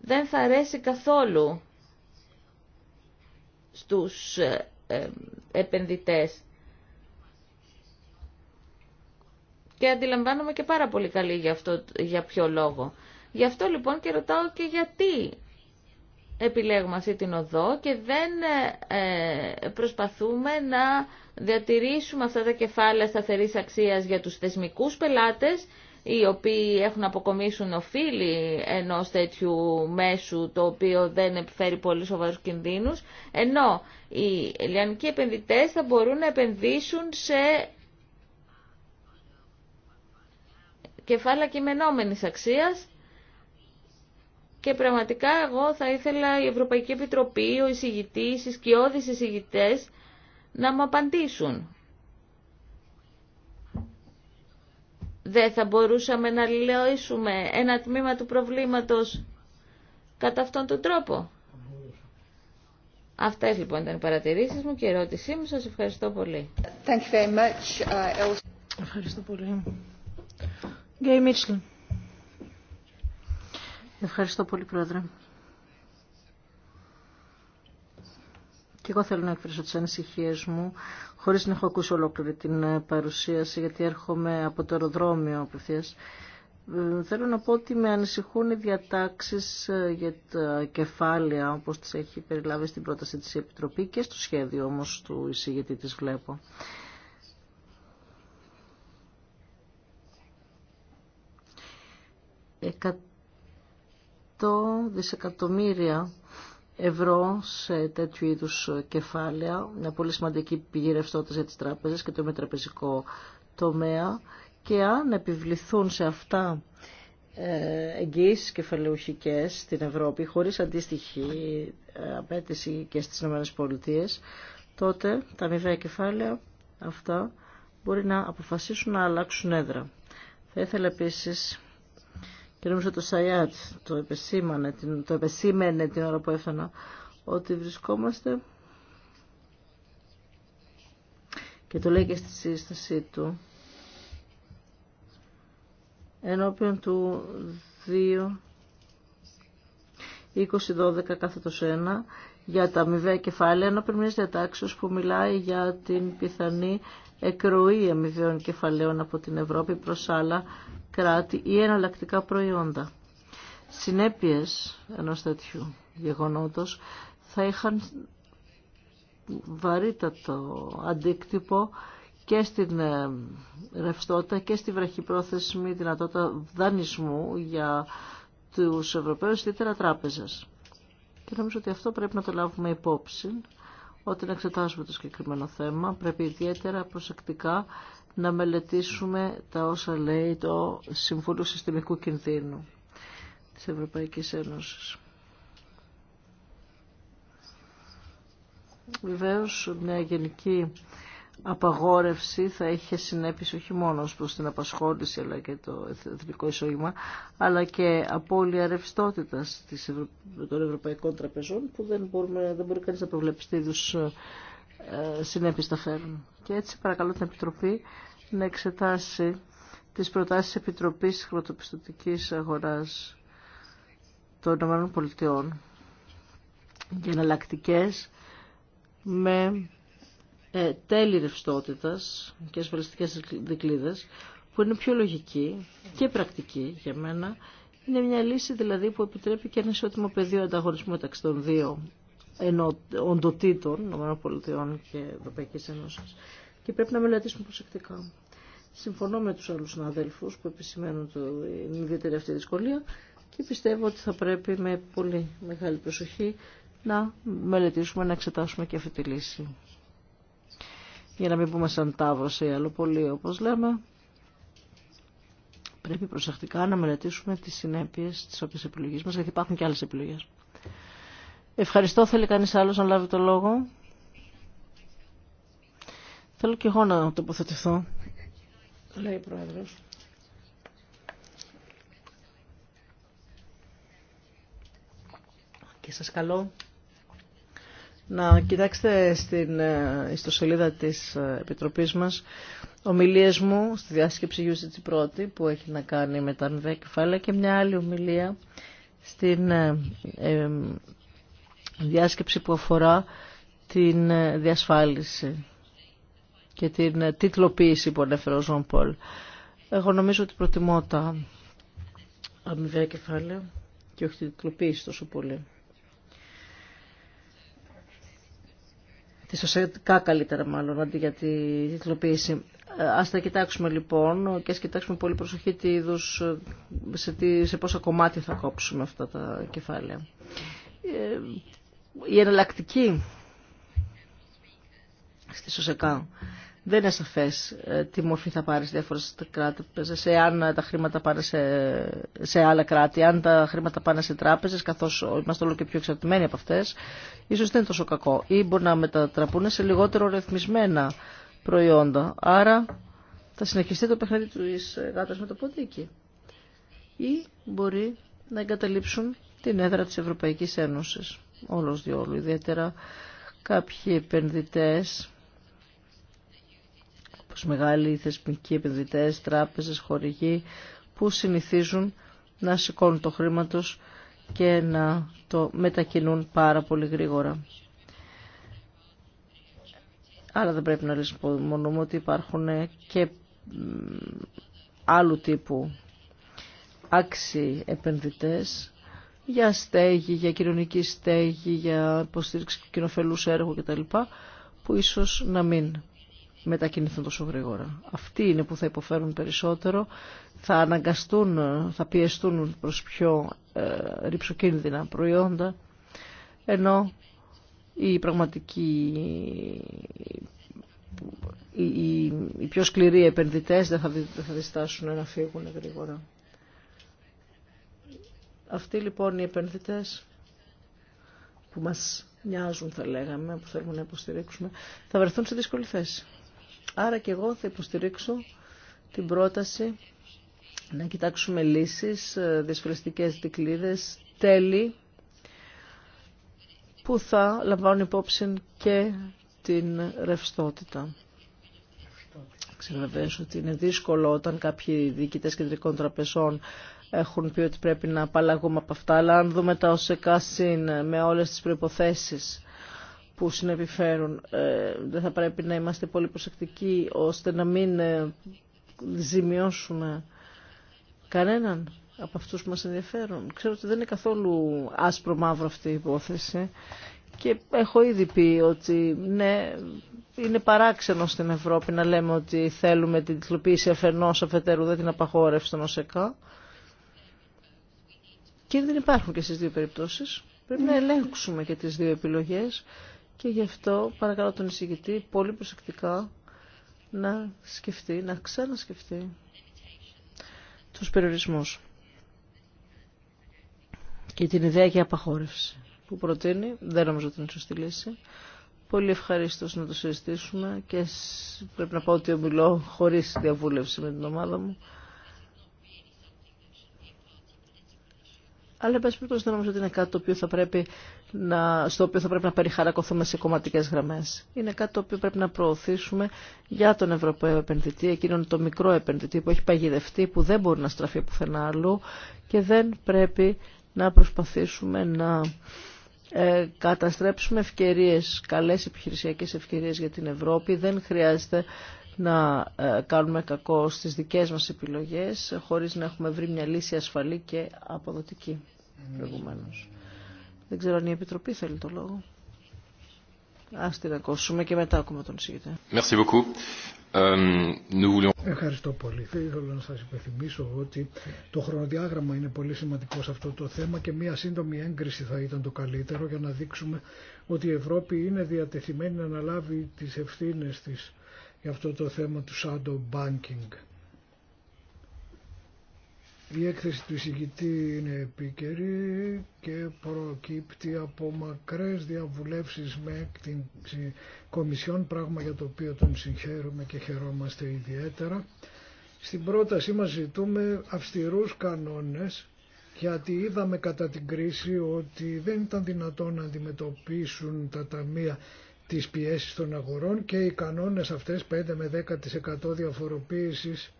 δεν θα αρέσει καθόλου στους ε, ε, επενδυτές. Και αντιλαμβάνομαι και πάρα πολύ καλή για, αυτό, για ποιο λόγο. Γι' αυτό λοιπόν και ρωτάω και γιατί επιλέγουμε αυτή την οδό και δεν ε, ε, προσπαθούμε να διατηρήσουμε αυτά τα κεφάλαια σταθερής αξίας για τους θεσμικούς πελάτες οι οποίοι έχουν αποκομίσουν οφείλη ενός τέτοιου μέσου το οποίο δεν επιφέρει πολύ σοβαρούς κινδύνους, ενώ οι ελληνικοί επενδυτές θα μπορούν να επενδύσουν σε κεφάλαια κειμενόμενης αξίας και πραγματικά εγώ θα ήθελα η Ευρωπαϊκή Επιτροπή, ο εισηγητή, οι σκιώδεις εισηγητέ να μου απαντήσουν. Δεν θα μπορούσαμε να λύσουμε ένα τμήμα του προβλήματος κατά αυτόν τον τρόπο. Αυτές λοιπόν ήταν οι παρατηρήσεις μου και η ερώτησή μου. Σας ευχαριστώ πολύ. Uh, ευχαριστώ πολύ. Ευχαριστώ πολύ, Πρόεδρε. Και εγώ θέλω να εκφράσω τι ανησυχίε μου, χωρί να έχω ακούσει ολόκληρη την ε, παρουσίαση, γιατί έρχομαι από το αεροδρόμιο απευθεία. Ε, θέλω να πω ότι με ανησυχούν οι διατάξεις ε, για τα κεφάλαια όπως τις έχει περιλάβει στην πρόταση της Επιτροπή και στο σχέδιο όμως του εισηγητή της βλέπω. Εκατό δισεκατομμύρια ευρώ σε τέτοιου είδους κεφάλαια, μια πολύ σημαντική πηγή ρευστότητας για τις τράπεζες και το μετραπεζικό τομέα και αν επιβληθούν σε αυτά ε, εγγύησεις κεφαλαιοχικές στην Ευρώπη χωρίς αντίστοιχη ε, απέτηση και στις ΗΠΑ τότε τα αμοιβαία κεφάλαια αυτά μπορεί να αποφασίσουν να αλλάξουν έδρα. Θα ήθελα επίσης και νομίζω το Σαϊάτ το επεσήμανε, το την ώρα που έφτανα, ότι βρισκόμαστε και το λέει και στη σύστασή του ενώπιον του 2 2012 κάθετος 1 για τα αμοιβαία κεφάλαια ενώπιον μιας διατάξεως που μιλάει για την πιθανή εκροή αμοιβαίων κεφαλαίων από την Ευρώπη προς άλλα κράτη ή εναλλακτικά προϊόντα. Συνέπειες ενός τέτοιου γεγονότος θα είχαν βαρύτατο αντίκτυπο και στην ε, ρευστότητα και στη βραχυπρόθεσμη δυνατότητα δανεισμού για τους Ευρωπαίους ιδιαίτερα Τράπεζα. Και νομίζω ότι αυτό πρέπει να το λάβουμε υπόψη όταν εξετάζουμε το συγκεκριμένο θέμα. Πρέπει ιδιαίτερα προσεκτικά να μελετήσουμε τα όσα λέει το Συμβούλιο Συστημικού Κινδύνου της Ευρωπαϊκής Ένωσης. Βεβαίως, μια γενική απαγόρευση θα είχε συνέπειση όχι μόνο προ την απασχόληση αλλά και το εθνικό εισόδημα, αλλά και απώλεια ρευστότητα των ευρωπαϊκών τραπεζών που δεν, μπορούμε, δεν μπορεί κανείς να προβλέψει τι είδους ε, συνέπειες θα φέρουν. Και έτσι παρακαλώ την Επιτροπή να εξετάσει τις προτάσεις Επιτροπής Χρηματοπιστωτικής Αγοράς των Πολιτειών για εναλλακτικέ με ε, τέλη ρευστότητα και ασφαλιστικέ δικλείδε, που είναι πιο λογική και πρακτική για μένα. Είναι μια λύση δηλαδή που επιτρέπει και ένα ισότιμο πεδίο ανταγωνισμού μεταξύ των δύο ενώ, οντοτήτων, ΗΠΑ και ΕΕ και πρέπει να μελετήσουμε προσεκτικά. Συμφωνώ με τους άλλους συναδέλφους που επισημαίνουν την ιδιαίτερη αυτή δυσκολία και πιστεύω ότι θα πρέπει με πολύ μεγάλη προσοχή να μελετήσουμε, να εξετάσουμε και αυτή τη λύση. Για να μην πούμε σαν τάβρος ή άλλο πολύ όπως λέμε, πρέπει προσεκτικά να μελετήσουμε τις συνέπειες της όποιας επιλογής μας, γιατί υπάρχουν και άλλες επιλογές. Ευχαριστώ. Θέλει κανείς άλλος να λάβει το λόγο. Θέλω και εγώ να τοποθετηθώ, λέει η Πρόεδρος. Και σας καλώ να κοιτάξετε στην ε, ιστοσελίδα της ε, Επιτροπής μας ομιλίες μου στη διάσκεψη γιου τη πρώτη που έχει να κάνει με τα κεφάλαια και μια άλλη ομιλία στην ε, διάσκεψη που αφορά την διασφάλιση και την ε, τίτλοποίηση που ανέφερε ο Ζων Πολ. Εγώ νομίζω ότι προτιμώ τα αμοιβαία κεφάλαια και όχι την τίτλοποίηση τόσο πολύ. Τη σωσιακά καλύτερα μάλλον, αντί για τη τίτλοποίηση. Ε, ας τα κοιτάξουμε λοιπόν και ας κοιτάξουμε πολύ προσοχή τι είδους, ε, σε, σε πόσα κομμάτια θα κόψουμε αυτά τα κεφάλαια. Η εναλλακτική στη ΣΟΣΕΚΑ δεν είναι σαφέ ε, τι μορφή θα πάρει σε διάφορε κράτηπε, εάν τα χρήματα πάνε σε, άλλα κράτη, αν τα χρήματα πάνε σε τράπεζε, καθώ είμαστε όλο και πιο εξαρτημένοι από αυτέ, ίσω δεν είναι τόσο κακό. Ή μπορεί να μετατραπούν σε λιγότερο ρυθμισμένα προϊόντα. Άρα θα συνεχιστεί το παιχνίδι του γάτα με το ποντίκι. Ή μπορεί να εγκαταλείψουν την έδρα τη Ευρωπαϊκή Ένωση. Όλο διόλου. Ιδιαίτερα κάποιοι επενδυτέ μεγάλοι θεσμικοί επενδυτές, τράπεζες, χορηγοί που συνηθίζουν να σηκώνουν το χρήμα τους και να το μετακινούν πάρα πολύ γρήγορα. Άρα δεν πρέπει να μόνο ότι υπάρχουν και άλλου τύπου άξιοι επενδυτές για στέγη, για κοινωνική στέγη, για υποστήριξη κοινοφελούς έργου κτλ. που ίσως να μην μετακινηθούν τόσο γρήγορα. Αυτοί είναι που θα υποφέρουν περισσότερο, θα αναγκαστούν, θα πιεστούν προς πιο ε, ρηψοκίνδυνα προϊόντα, ενώ οι, οι, οι, πιο σκληροί επενδυτές δεν θα, θα διστάσουν να φύγουν γρήγορα. Αυτοί λοιπόν οι επενδυτές που μας μοιάζουν θα λέγαμε, που θέλουμε να υποστηρίξουμε, θα βρεθούν σε δύσκολη θέση. Άρα και εγώ θα υποστηρίξω την πρόταση να κοιτάξουμε λύσεις, ε, δυσφαλιστικές δικλίδες, τέλη που θα λαμβάνουν υπόψη και την ρευστότητα. Ξέρω ότι είναι δύσκολο όταν κάποιοι διοικητές κεντρικών τραπεζών έχουν πει ότι πρέπει να απαλλαγούμε από αυτά, αλλά αν δούμε τα ΟΣΕΚΑ ΣΥΝ με όλες τις προϋποθέσεις που συνεπιφέρουν. Ε, δεν θα πρέπει να είμαστε πολύ προσεκτικοί ώστε να μην ε, ζημιώσουμε κανέναν από αυτούς που μας ενδιαφέρουν. Ξέρω ότι δεν είναι καθόλου άσπρο μαύρο αυτή η υπόθεση και έχω ήδη πει ότι ναι, είναι παράξενο στην Ευρώπη να λέμε ότι θέλουμε την τυπλοποίηση αφενός αφετέρου, δεν την απαγόρευση των ΟΣΕΚΑ. Και δεν υπάρχουν και στις δύο περιπτώσεις. Πρέπει να ελέγξουμε και τις δύο επιλογές και γι' αυτό παρακαλώ τον εισηγητή πολύ προσεκτικά να σκεφτεί, να ξανασκεφτεί τους περιορισμούς και την ιδέα για απαχώρευση που προτείνει. Δεν νομίζω ότι είναι σωστή λύση. Πολύ ευχαρίστω να το συζητήσουμε και πρέπει να πω ότι ομιλώ χωρί διαβούλευση με την ομάδα μου. Αλλά, εν πάση δεν νομίζω ότι είναι κάτι το οποίο θα πρέπει να, στο οποίο θα πρέπει να περιχαρακωθούμε σε κομματικές γραμμές. Είναι κάτι το οποίο πρέπει να προωθήσουμε για τον Ευρωπαίο επενδυτή, εκείνον το μικρό επενδυτή που έχει παγιδευτεί, που δεν μπορεί να στραφεί πουθενά αλλού και δεν πρέπει να προσπαθήσουμε να ε, καταστρέψουμε ευκαιρίες, καλές επιχειρησιακές ευκαιρίες για την Ευρώπη. Δεν χρειάζεται να ε, κάνουμε κακό στις δικές μας επιλογές χωρίς να έχουμε βρει μια λύση ασφαλή και αποδοτική προηγουμένως. Δεν ξέρω αν η Επιτροπή θέλει το λόγο. Ας την ακούσουμε και μετά ακούμε τον Σίγητα. Ε, Ευχαριστώ πολύ. Θέλω να σας υπενθυμίσω ότι το χρονοδιάγραμμα είναι πολύ σημαντικό σε αυτό το θέμα και μια σύντομη έγκριση θα ήταν το καλύτερο για να δείξουμε ότι η Ευρώπη είναι διατεθειμένη να αναλάβει τις ευθύνες της για αυτό το θέμα του shadow banking. Η έκθεση του εισηγητή είναι επίκαιρη και προκύπτει από μακρές διαβουλεύσεις με την Κομισιόν, πράγμα για το οποίο τον συγχαίρουμε και χαιρόμαστε ιδιαίτερα. Στην πρότασή μας ζητούμε αυστηρούς κανόνες, γιατί είδαμε κατά την κρίση ότι δεν ήταν δυνατόν να αντιμετωπίσουν τα ταμεία της πιέσεις των αγορών και οι κανόνες αυτές 5 με 10% διαφοροποίησης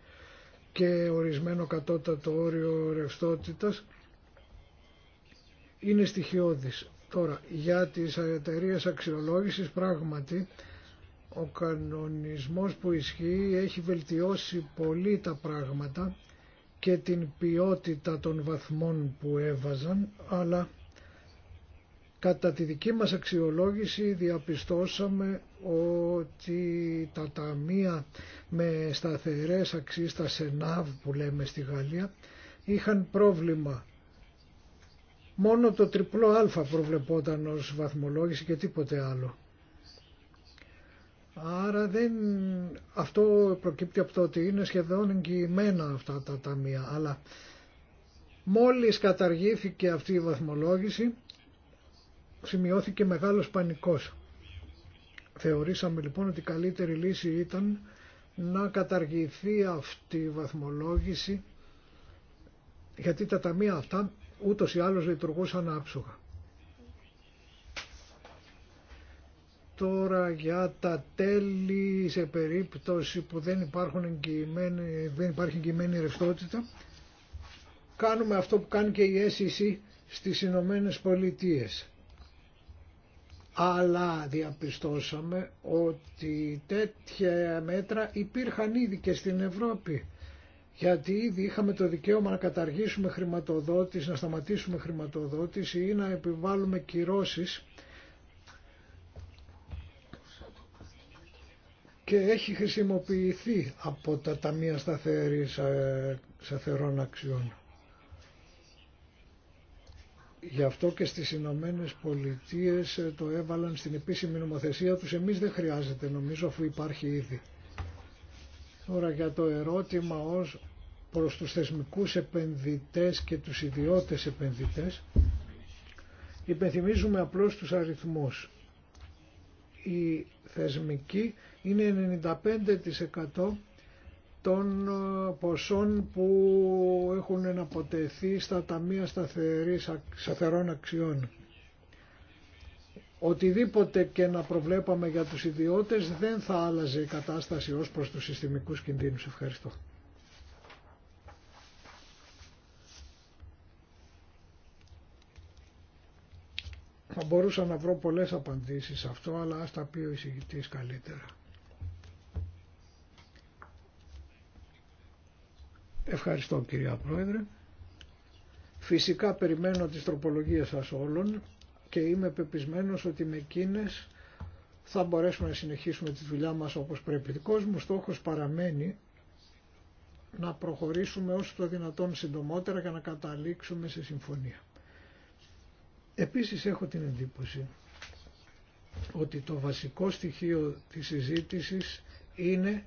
και ορισμένο κατώτατο όριο ρευστότητας είναι στοιχειώδης. Τώρα, για τις εταιρείε αξιολόγησης πράγματι ο κανονισμός που ισχύει έχει βελτιώσει πολύ τα πράγματα και την ποιότητα των βαθμών που έβαζαν, αλλά Κατά τη δική μας αξιολόγηση διαπιστώσαμε ότι τα ταμεία με σταθερές αξίες, τα ΣΕΝΑΒ που λέμε στη Γαλλία, είχαν πρόβλημα. Μόνο το τριπλό α προβλεπόταν ως βαθμολόγηση και τίποτε άλλο. Άρα δεν... αυτό προκύπτει από το ότι είναι σχεδόν εγγυημένα αυτά τα ταμεία, αλλά μόλις καταργήθηκε αυτή η βαθμολόγηση, σημειώθηκε μεγάλος πανικός. Θεωρήσαμε λοιπόν ότι η καλύτερη λύση ήταν να καταργηθεί αυτή η βαθμολόγηση γιατί τα ταμεία αυτά ούτως ή άλλως λειτουργούσαν άψογα. Τώρα για τα τέλη σε περίπτωση που δεν, υπάρχουν δεν υπάρχει εγγυημένη ρευστότητα κάνουμε αυτό που κάνει και η SEC στις Ηνωμένε Πολιτείες αλλά διαπιστώσαμε ότι τέτοια μέτρα υπήρχαν ήδη και στην Ευρώπη γιατί ήδη είχαμε το δικαίωμα να καταργήσουμε χρηματοδότηση, να σταματήσουμε χρηματοδότηση ή να επιβάλλουμε κυρώσεις και έχει χρησιμοποιηθεί από τα Ταμεία σταθερής, ε, Σταθερών Αξιών. Γι' αυτό και στις Ηνωμένε Πολιτείε ε, το έβαλαν στην επίσημη νομοθεσία τους. Εμείς δεν χρειάζεται νομίζω αφού υπάρχει ήδη. Τώρα για το ερώτημα ως προς τους θεσμικούς επενδυτές και τους ιδιώτες επενδυτές υπενθυμίζουμε απλώς τους αριθμούς. Η θεσμική είναι 95% των ε, ποσών που έχουν εναποτεθεί στα ταμεία σταθερών αξιών. Οτιδήποτε και να προβλέπαμε για τους ιδιώτες δεν θα άλλαζε η κατάσταση ως προς τους συστημικούς κινδύνους. Ευχαριστώ. Θα μπορούσα να βρω πολλές απαντήσεις σε αυτό, αλλά ας τα πει ο καλύτερα. Ευχαριστώ κυρία Πρόεδρε. Φυσικά περιμένω τις τροπολογίες σας όλων και είμαι πεπισμένος ότι με εκείνε θα μπορέσουμε να συνεχίσουμε τη δουλειά μας όπως πρέπει. Ο μου στόχος παραμένει να προχωρήσουμε όσο το δυνατόν συντομότερα για να καταλήξουμε σε συμφωνία. Επίσης έχω την εντύπωση ότι το βασικό στοιχείο της συζήτησης είναι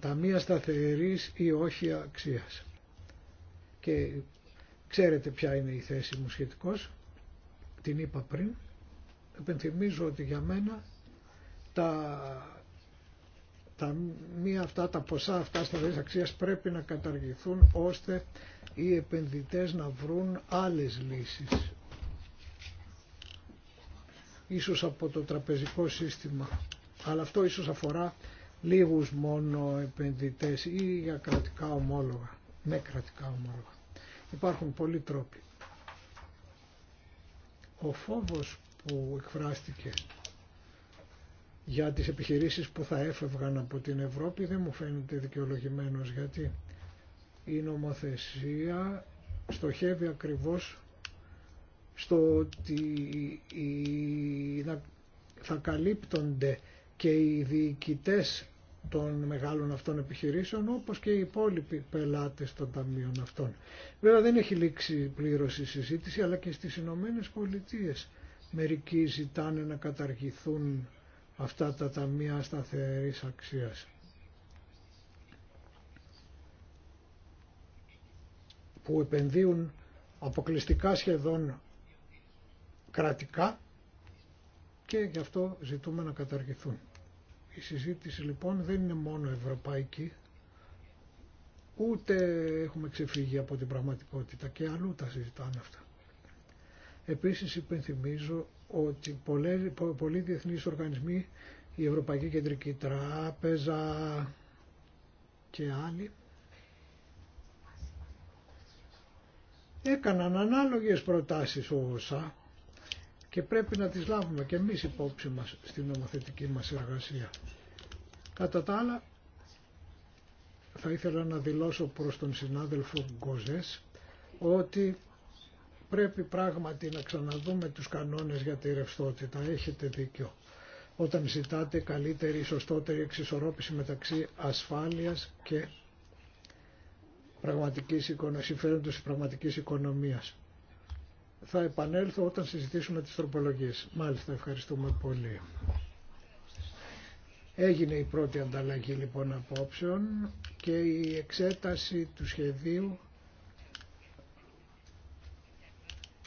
τα μία σταθερής ή όχι αξίας. Και ξέρετε ποια είναι η θέση μου σχετικώς, την είπα πριν. Επενθυμίζω ότι για μένα τα, τα μία αυτά, τα ποσά αυτά σταθερής αξίας πρέπει να καταργηθούν ώστε οι επενδυτές να βρουν άλλες λύσεις. Ίσως από το τραπεζικό σύστημα. Αλλά αυτό ίσως αφορά λίγους μόνο επενδυτές ή για κρατικά ομόλογα, με κρατικά ομόλογα. Υπάρχουν πολλοί τρόποι. Ο φόβος που εκφράστηκε για τις επιχειρήσεις που θα έφευγαν από την Ευρώπη δεν μου φαίνεται δικαιολογημένος γιατί η νομοθεσία στοχεύει ακριβώς στο ότι θα καλύπτονται και οι διοικητές των μεγάλων αυτών επιχειρήσεων όπως και οι υπόλοιποι πελάτες των ταμείων αυτών. Βέβαια δεν έχει λήξει πλήρως η συζήτηση αλλά και στις Ηνωμένε Πολιτείε. Μερικοί ζητάνε να καταργηθούν αυτά τα ταμεία σταθερής αξίας. που επενδύουν αποκλειστικά σχεδόν κρατικά και γι' αυτό ζητούμε να καταργηθούν. Η συζήτηση λοιπόν δεν είναι μόνο ευρωπαϊκή, ούτε έχουμε ξεφύγει από την πραγματικότητα και αλλού τα συζητάνε αυτά. Επίσης υπενθυμίζω ότι πολλοί διεθνείς οργανισμοί, η Ευρωπαϊκή Κεντρική Τράπεζα και άλλοι, έκαναν ανάλογες προτάσεις όσα και πρέπει να τις λάβουμε και εμείς υπόψη μας στην νομοθετική μας εργασία. Κατά τα άλλα, θα ήθελα να δηλώσω προς τον συνάδελφο Γκοζές ότι πρέπει πράγματι να ξαναδούμε τους κανόνες για τη ρευστότητα. Έχετε δίκιο. Όταν ζητάτε καλύτερη, σωστότερη εξισορρόπηση μεταξύ ασφάλειας και πραγματικής συμφέροντος της πραγματικής οικονομίας θα επανέλθω όταν συζητήσουμε τις τροπολογίες. Μάλιστα, ευχαριστούμε πολύ. Έγινε η πρώτη ανταλλαγή λοιπόν απόψεων και η εξέταση του σχεδίου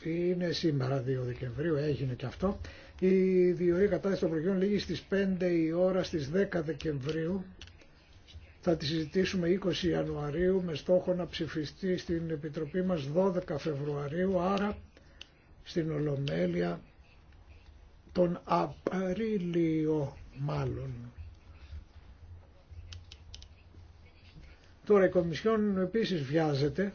είναι σήμερα 2 Δεκεμβρίου, έγινε και αυτό. Η διορία κατάσταση των προγειών λήγει στις 5 η ώρα στις 10 Δεκεμβρίου. Θα τη συζητήσουμε 20 Ιανουαρίου με στόχο να ψηφιστεί στην Επιτροπή μας 12 Φεβρουαρίου, άρα στην Ολομέλεια τον Απρίλιο μάλλον. Τώρα η Κομισιόν επίσης βιάζεται,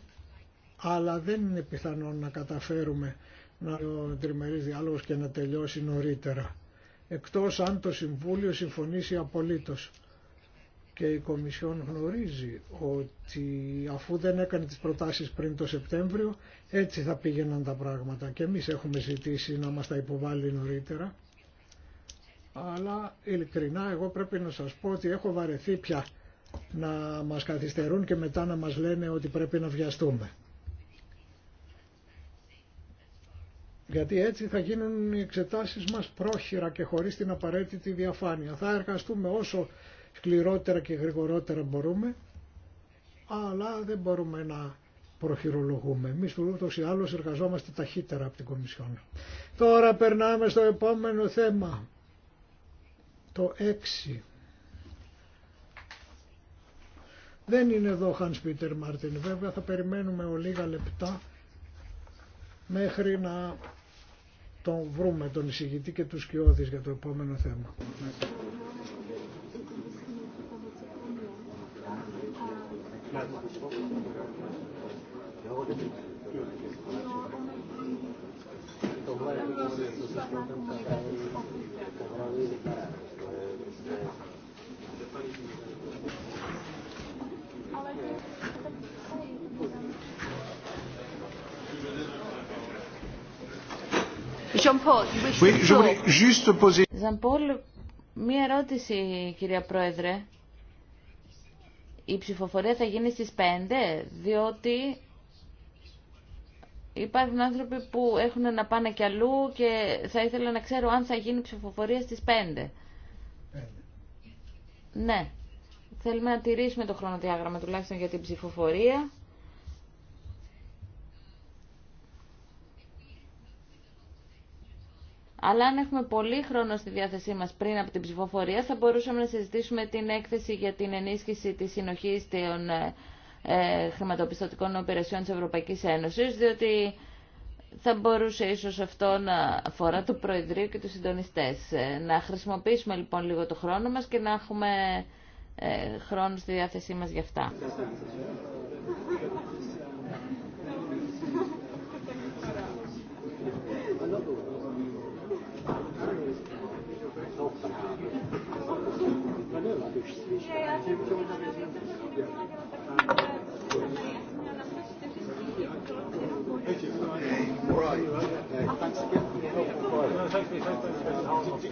αλλά δεν είναι πιθανόν να καταφέρουμε να ο τριμερής διάλογος και να τελειώσει νωρίτερα. Εκτός αν το Συμβούλιο συμφωνήσει απολύτως και η Κομισιόν γνωρίζει ότι αφού δεν έκανε τις προτάσεις πριν το Σεπτέμβριο έτσι θα πήγαιναν τα πράγματα και εμείς έχουμε ζητήσει να μας τα υποβάλει νωρίτερα αλλά ειλικρινά εγώ πρέπει να σας πω ότι έχω βαρεθεί πια να μας καθυστερούν και μετά να μας λένε ότι πρέπει να βιαστούμε. Γιατί έτσι θα γίνουν οι εξετάσεις μας πρόχειρα και χωρίς την απαραίτητη διαφάνεια. Θα εργαστούμε όσο σκληρότερα και γρηγορότερα μπορούμε, αλλά δεν μπορούμε να προχειρολογούμε. Εμείς ούτως ή άλλως εργαζόμαστε ταχύτερα από την Κομισιόν. Τώρα περνάμε στο επόμενο θέμα. Το 6. Δεν είναι εδώ ο Hans Peter Martin. Βέβαια θα περιμένουμε ο λίγα λεπτά μέχρι να τον βρούμε τον εισηγητή και τους σκιώδεις για το επόμενο θέμα. Jean-Paul, juste poser... Jean-Paul, question, ερώτηση, κυρία Πρόεδρε η ψηφοφορία θα γίνει στις 5, διότι υπάρχουν άνθρωποι που έχουν να πάνε κι αλλού και θα ήθελα να ξέρω αν θα γίνει ψηφοφορία στις 5. 5. Ναι. Θέλουμε να τηρήσουμε το χρονοδιάγραμμα τουλάχιστον για την ψηφοφορία. Αλλά αν έχουμε πολύ χρόνο στη διάθεσή μας πριν από την ψηφοφορία θα μπορούσαμε να συζητήσουμε την έκθεση για την ενίσχυση της συνοχής των ε, ε, χρηματοπιστωτικών υπηρεσιών της Ευρωπαϊκής Ένωσης, διότι θα μπορούσε ίσως αυτό να αφορά το Προεδρείο και τους συντονιστές. Ε, να χρησιμοποιήσουμε λοιπόν λίγο το χρόνο μας και να έχουμε χρόνο στη διάθεσή μας για αυτά.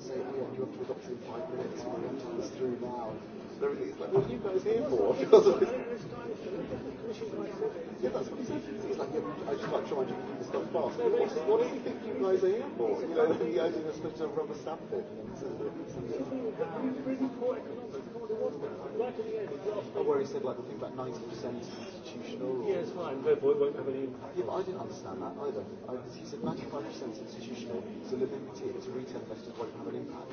and say, hey, I'm going to adopt you in five minutes, and we have to do this through now. Like, what are you guys here for? yeah, that's what he said. He's like, yeah, I just like trying to do this stuff fast. What what do you think you guys are here for? You know, the idea of a rubber stamp it. And it's, it's, Don't worry, he said like I about 90% institutional. Or... Yeah, it's fine. Therefore, it won't have any impact. Yeah, but I didn't understand that either. I, he said 95% institutional, so the limited to retail investors won't have an impact.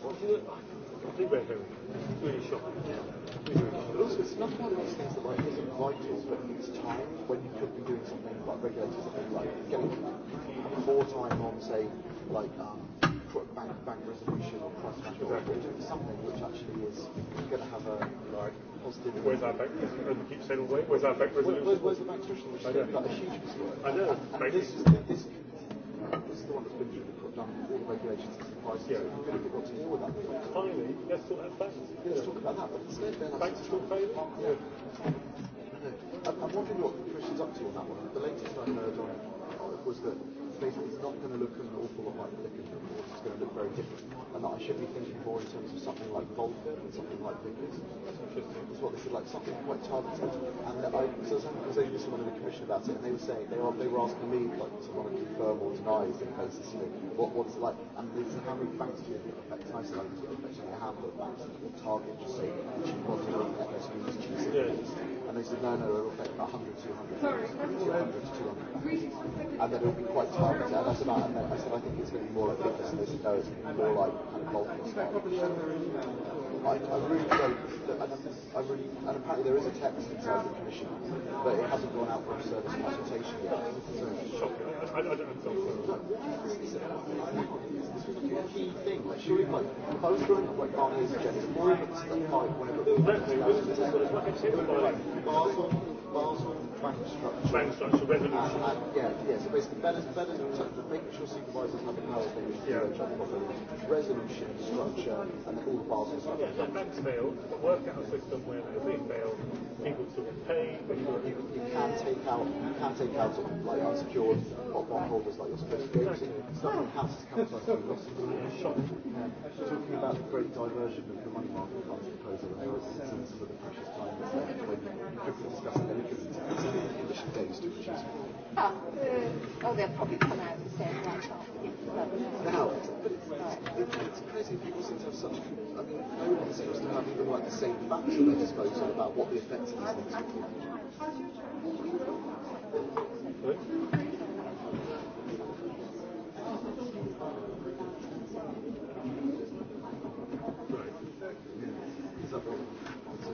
Well, I think we're very, really shocking. But also, it's not one of those things that like isn't vital, but it's time when you could be doing something like regulators, like getting more time on, say, like um, put bank, bank resolution or price resolution, something which actually is going to have a like, positive Where's our bank resolution? keep saying away. Where's our bank resolution? where's the bank resolution? Which is a huge buzzword. I know. And, and this, is the, this, this is the one that's been really put down all the regulations and prices. Yeah. We're going to got to deal with that. Finally, let's talk about that. Yeah, let's talk about that. But instead, then, banks still failing? Yeah. yeah. I'm wondering what the Commission's up to on that one. The latest I heard on was that space it's not going to look an awful lot like Vickers It's going to look very different. And that I should be thinking more in terms of something like Volker and something like Vickers. That's what they said like, something quite targeted. And I, so I was saying to someone in the commission about it, and they were saying, they, they were asking me like, to want to confirm or deny the cases, you know, what, what's it like. And they said, how many banks do you think affect have the a handful of banks that target, just say, which is what you FSB makes it, no, no, it'll affect about 100, 200, 200, 200. And then it'll be quite targeted. And I said, I, and I, said, I think it's going to be more like this. And they said, no, it's going to be more like kind of bulk. I I really don't that and really and apparently there is a text inside the commission, but it hasn't gone out for service consultation yet. I don't Key thing, like we it's Basel planning structure. Planning structure, resolution. Uh, yeah, yeah, so basically better, better in terms of making sure supervisors have a power thing, wish to yeah. properly, resolution, structure, and all the parties. Yeah, let banks fail, work out a system where if they fail, people to pay. But you, you, you can take out, you can take out sort of like unsecured bond holders like you're supposed to be able do. Stuff houses comes up with lots of shock. Talking about the great diversion of the money market funds proposal, there how in terms of the precious time Oh, they'll probably come out Now, it's crazy people seem have such. I mean, no one seems to the same factual disposal about what the effects of Is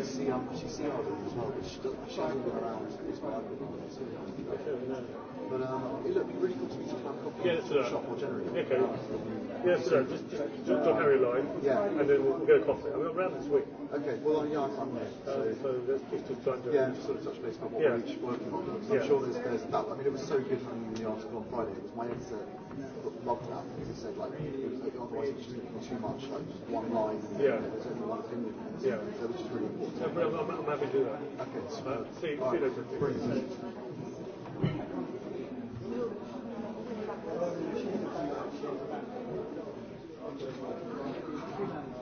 see Okay. Yes, sir. Just just line. Yeah. And then we'll get a coffee. around this week. Okay, well yeah, I'm there. So so just to sort of touch base on what we're each working on. I'm sure there's there's I mean it was so good from the article on Friday, it was my up too much one line yeah. So which is really important. Okay. So,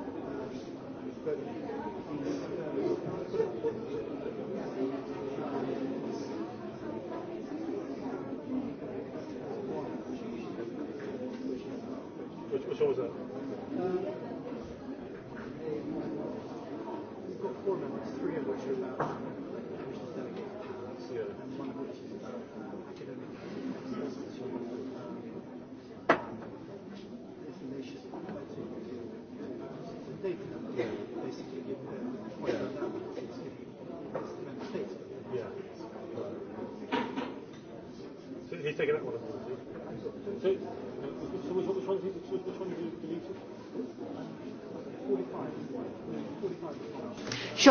but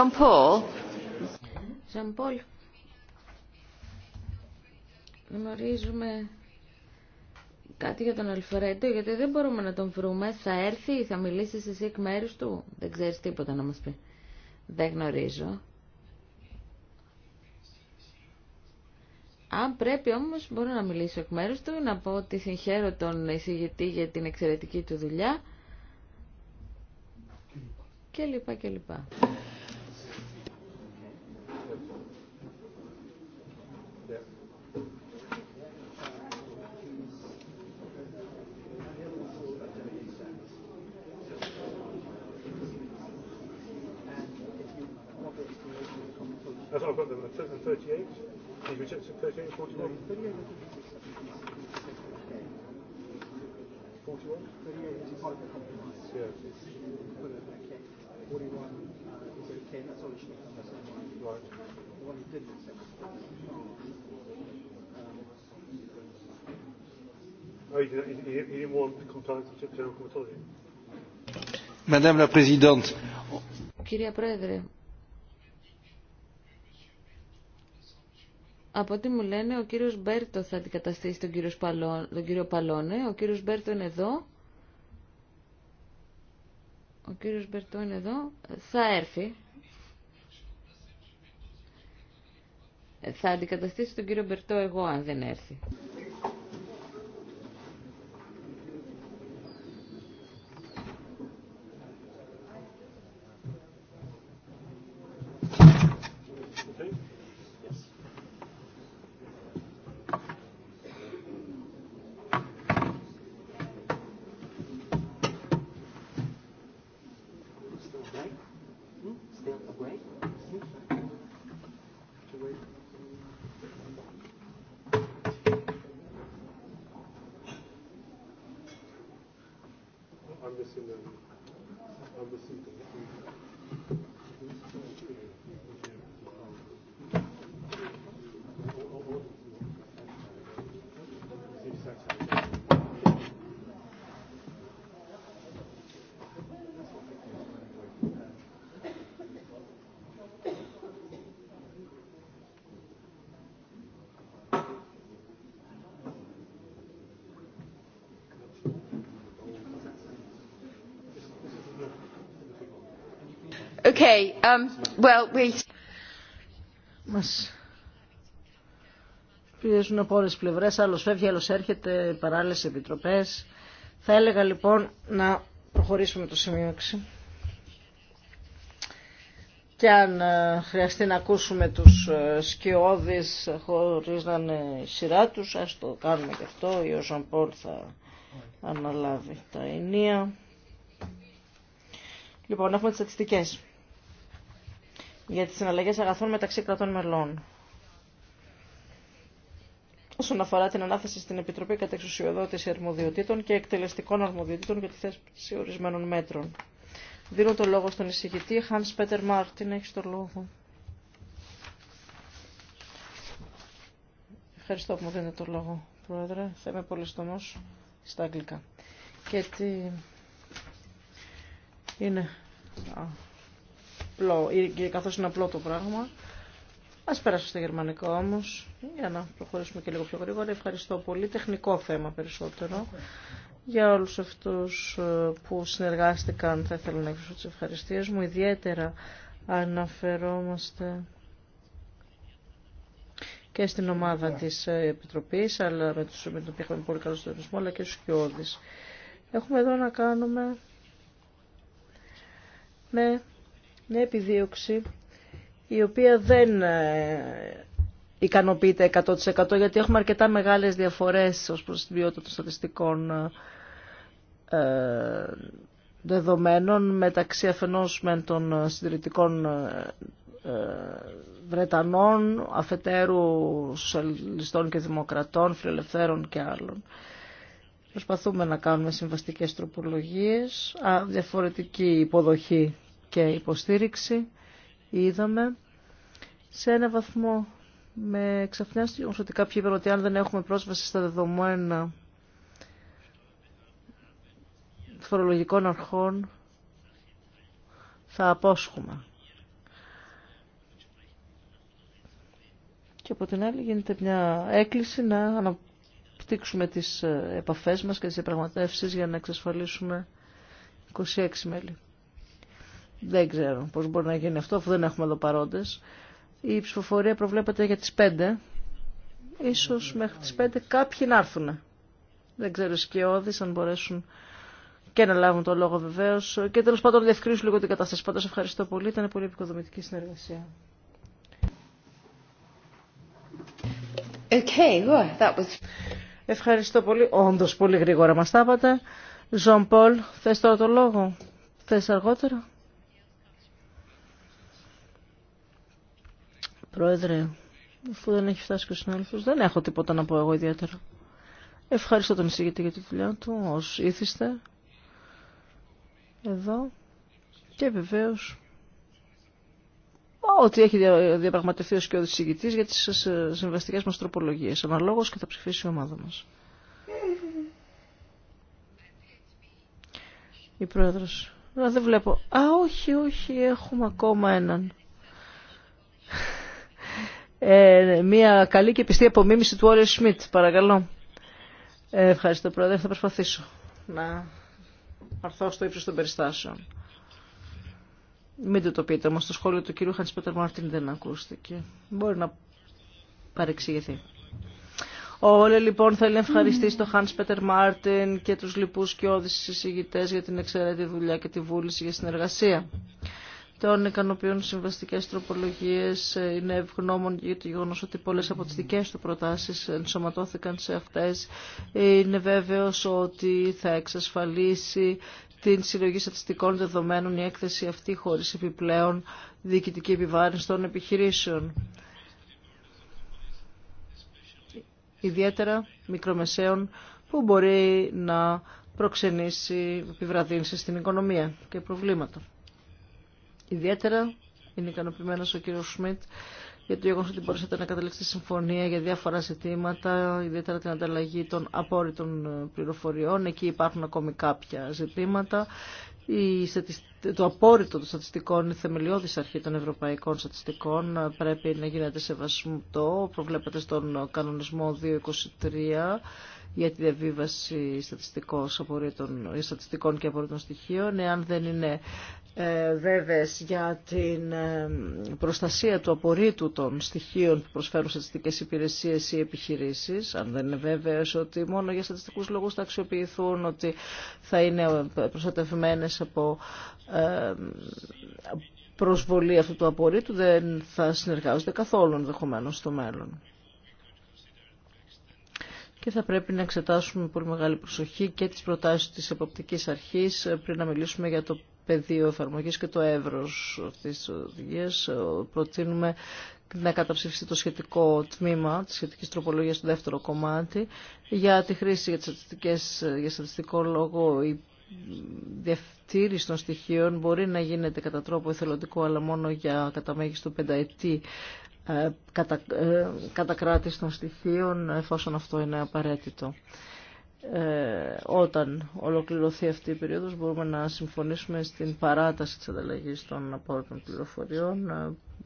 Jean Paul. Γνωρίζουμε κάτι για τον Αλφρέντο, γιατί δεν μπορούμε να τον βρούμε. Θα έρθει ή θα μιλήσει εσύ εκ μέρους του. Δεν ξέρει τίποτα να μα πει. Δεν γνωρίζω. Αν πρέπει όμως μπορώ να μιλήσω εκ μέρους του, να πω ότι συγχαίρω τον εισηγητή για την εξαιρετική του δουλειά και λοιπά και λοιπά. Oh, Κυρία Πρόεδρε, από ό,τι μου λένε ο κύριος Μπέρτο θα αντικαταστήσει τον κύριο, Παλό, τον κύριο Παλώνε. Ο κύριος Μπέρτο είναι εδώ. Ο κύριος Μπερτό είναι εδώ. Θα έρθει. Θα αντικαταστήσω τον κύριο Μπερτό εγώ αν δεν έρθει. Um, πιέζουν από όλες τις πλευρές, άλλος φεύγει, άλλος έρχεται, παράλληλες επιτροπές. Θα έλεγα λοιπόν να προχωρήσουμε το σημείο 6. Και αν ε, χρειαστεί να ακούσουμε τους ε, σκιώδεις χωρίς να είναι σειρά τους, ας το κάνουμε και αυτό, ή ο Ζαν θα αναλάβει τα ενία. Λοιπόν, έχουμε τι. στατιστικές για τις συναλλαγές αγαθών μεταξύ κρατών μελών. Όσον αφορά την ανάθεση στην Επιτροπή κατά εξουσιοδότηση αρμοδιοτήτων και εκτελεστικών αρμοδιοτήτων για τη θέση ορισμένων μέτρων. Δίνω το λόγο στον εισηγητή. Hans Peter Martin, έχει το λόγο. Ευχαριστώ που μου δίνετε το λόγο, Πρόεδρε. Θα είμαι πολύ στομό στα αγγλικά. Και τι... Είναι απλό, καθώς είναι απλό το πράγμα. Ας περάσω στο γερμανικό, όμως, για να προχωρήσουμε και λίγο πιο γρήγορα. Ευχαριστώ πολύ. Τεχνικό θέμα περισσότερο. Για όλους αυτούς ε, που συνεργάστηκαν θα ήθελα να έχω τις ευχαριστίες μου. Ιδιαίτερα αναφερόμαστε και στην ομάδα της ε, Επιτροπής, αλλά με, τους, με τον είχαμε πολύ καλό συντονισμό, αλλά και στους κοιόδης. Έχουμε εδώ να κάνουμε με μια επιδίωξη η οποία δεν ε, ικανοποιείται 100% γιατί έχουμε αρκετά μεγάλες διαφορές ως προς την ποιότητα των στατιστικών ε, ε, δεδομένων μεταξύ αφενός με των συντηρητικών Βρετανών, αφετέρου σοσιαλιστών και δημοκρατών, φιλελευθέρων και άλλων. Προσπαθούμε να κάνουμε συμβαστικές τροπολογίες, α, διαφορετική υποδοχή και υποστήριξη είδαμε σε ένα βαθμό με ξαφνιάστηκε όμως ότι κάποιοι είπαν ότι αν δεν έχουμε πρόσβαση στα δεδομένα φορολογικών αρχών θα απόσχουμε. Και από την άλλη γίνεται μια έκκληση να αναπτύξουμε τις επαφές μας και τις διαπραγματεύσεις για να εξασφαλίσουμε 26 μέλη. Δεν ξέρω πώς μπορεί να γίνει αυτό, αφού δεν έχουμε εδώ παρόντες. Η ψηφοφορία προβλέπεται για τις 5. Ίσως μέχρι τις 5 κάποιοι να έρθουν. Δεν ξέρω σκιώδεις αν μπορέσουν και να λάβουν το λόγο βεβαίω. Και τέλο πάντων, διευκρίνω λίγο την κατάσταση. Πάντως, ευχαριστώ πολύ. Ήταν πολύ επικοδομητική συνεργασία. Okay, that was... Ευχαριστώ πολύ. Όντω, πολύ γρήγορα μας τα είπατε. Ζων Πολ, θες τώρα το λόγο. Θε αργότερα. Πρόεδρε, αφού δεν έχει φτάσει και ο συνάδελφος, δεν έχω τίποτα να πω εγώ ιδιαίτερα. Ευχαριστώ τον εισηγητή για τη δουλειά του, ως ήθιστε. Εδώ. Και βεβαίως ό,τι έχει διαπραγματευτεί ο σκιώδης για τις ε, συμβαστικέ μα τροπολογίε, αναλόγω και θα ψηφίσει η ομάδα μας. Η πρόεδρος. δεν βλέπω. Α, όχι, όχι, έχουμε ακόμα έναν ε, μια καλή και πιστή απομίμηση του Όριου Σμιτ. Παρακαλώ. Ε, ευχαριστώ Πρόεδρε. Θα προσπαθήσω να αρθώ στο ύψο των περιστάσεων. Μην το το πείτε όμως. Το σχόλιο του κυρίου Πέτερ Μαρτίν δεν ακούστηκε. Μπορεί να παρεξηγηθεί. Όλοι λοιπόν θέλει να ευχαριστήσει τον Χάνς Πέτερ Μάρτιν και τους λοιπούς και όδης εισηγητές για την εξαιρετική δουλειά και τη βούληση για συνεργασία. Τον ικανοποιούν συμβαστικέ τροπολογίε. Ε, είναι ευγνώμων για το γεγονό ότι πολλέ από τι δικέ του προτάσει ενσωματώθηκαν σε αυτέ. Είναι βέβαιο ότι θα εξασφαλίσει την συλλογή στατιστικών δεδομένων η έκθεση αυτή χωρί επιπλέον διοικητική επιβάρυνση των επιχειρήσεων. Ιδιαίτερα μικρομεσαίων που μπορεί να προξενήσει επιβραδύνσεις στην οικονομία και προβλήματα. Ιδιαίτερα είναι ικανοποιημένο ο κύριο Σμιτ για το γεγονό ότι μπορούσατε να καταλήξετε συμφωνία για διάφορα ζητήματα, ιδιαίτερα την ανταλλαγή των απόρριτων πληροφοριών. Εκεί υπάρχουν ακόμη κάποια ζητήματα. Το απόρριτο των στατιστικών, η θεμελιώδης αρχή των ευρωπαϊκών στατιστικών πρέπει να γίνεται σεβασμό, Προβλέπεται στον κανονισμό 223 για τη διαβίβαση ε, στατιστικών και απορρίτων στοιχείων, εάν δεν είναι ε, βέβαιες για την ε, προστασία του απορρίτου των στοιχείων που προσφέρουν στατιστικές υπηρεσίες ή επιχειρήσεις, αν δεν είναι βέβαιες ότι μόνο για στατιστικούς λόγους θα αξιοποιηθούν, ότι θα είναι προστατευμένες από προσβολή αυτού του απορρίτου, δεν θα συνεργάζονται καθόλου ενδεχομένω στο μέλλον και θα πρέπει να εξετάσουμε πολύ μεγάλη προσοχή και τις προτάσεις της εποπτικής αρχής ε, πριν να μιλήσουμε για το πεδίο εφαρμογής και το εύρος αυτής της οδηγίας. Ε, προτείνουμε να καταψηφιστεί το σχετικό τμήμα της σχετικής τροπολογίας στο δεύτερο κομμάτι για τη χρήση για, τις ε, για στατιστικό λόγο διαφτήρηση των στοιχείων μπορεί να γίνεται κατά τρόπο εθελοντικό, αλλά μόνο για κατά μέγιστο πενταετή ε, κατα, ε, κατακράτηση των στοιχείων, εφόσον αυτό είναι απαραίτητο. Ε, όταν ολοκληρωθεί αυτή η περίοδος μπορούμε να συμφωνήσουμε στην παράταση της ανταλλαγής των απόρριτων πληροφοριών.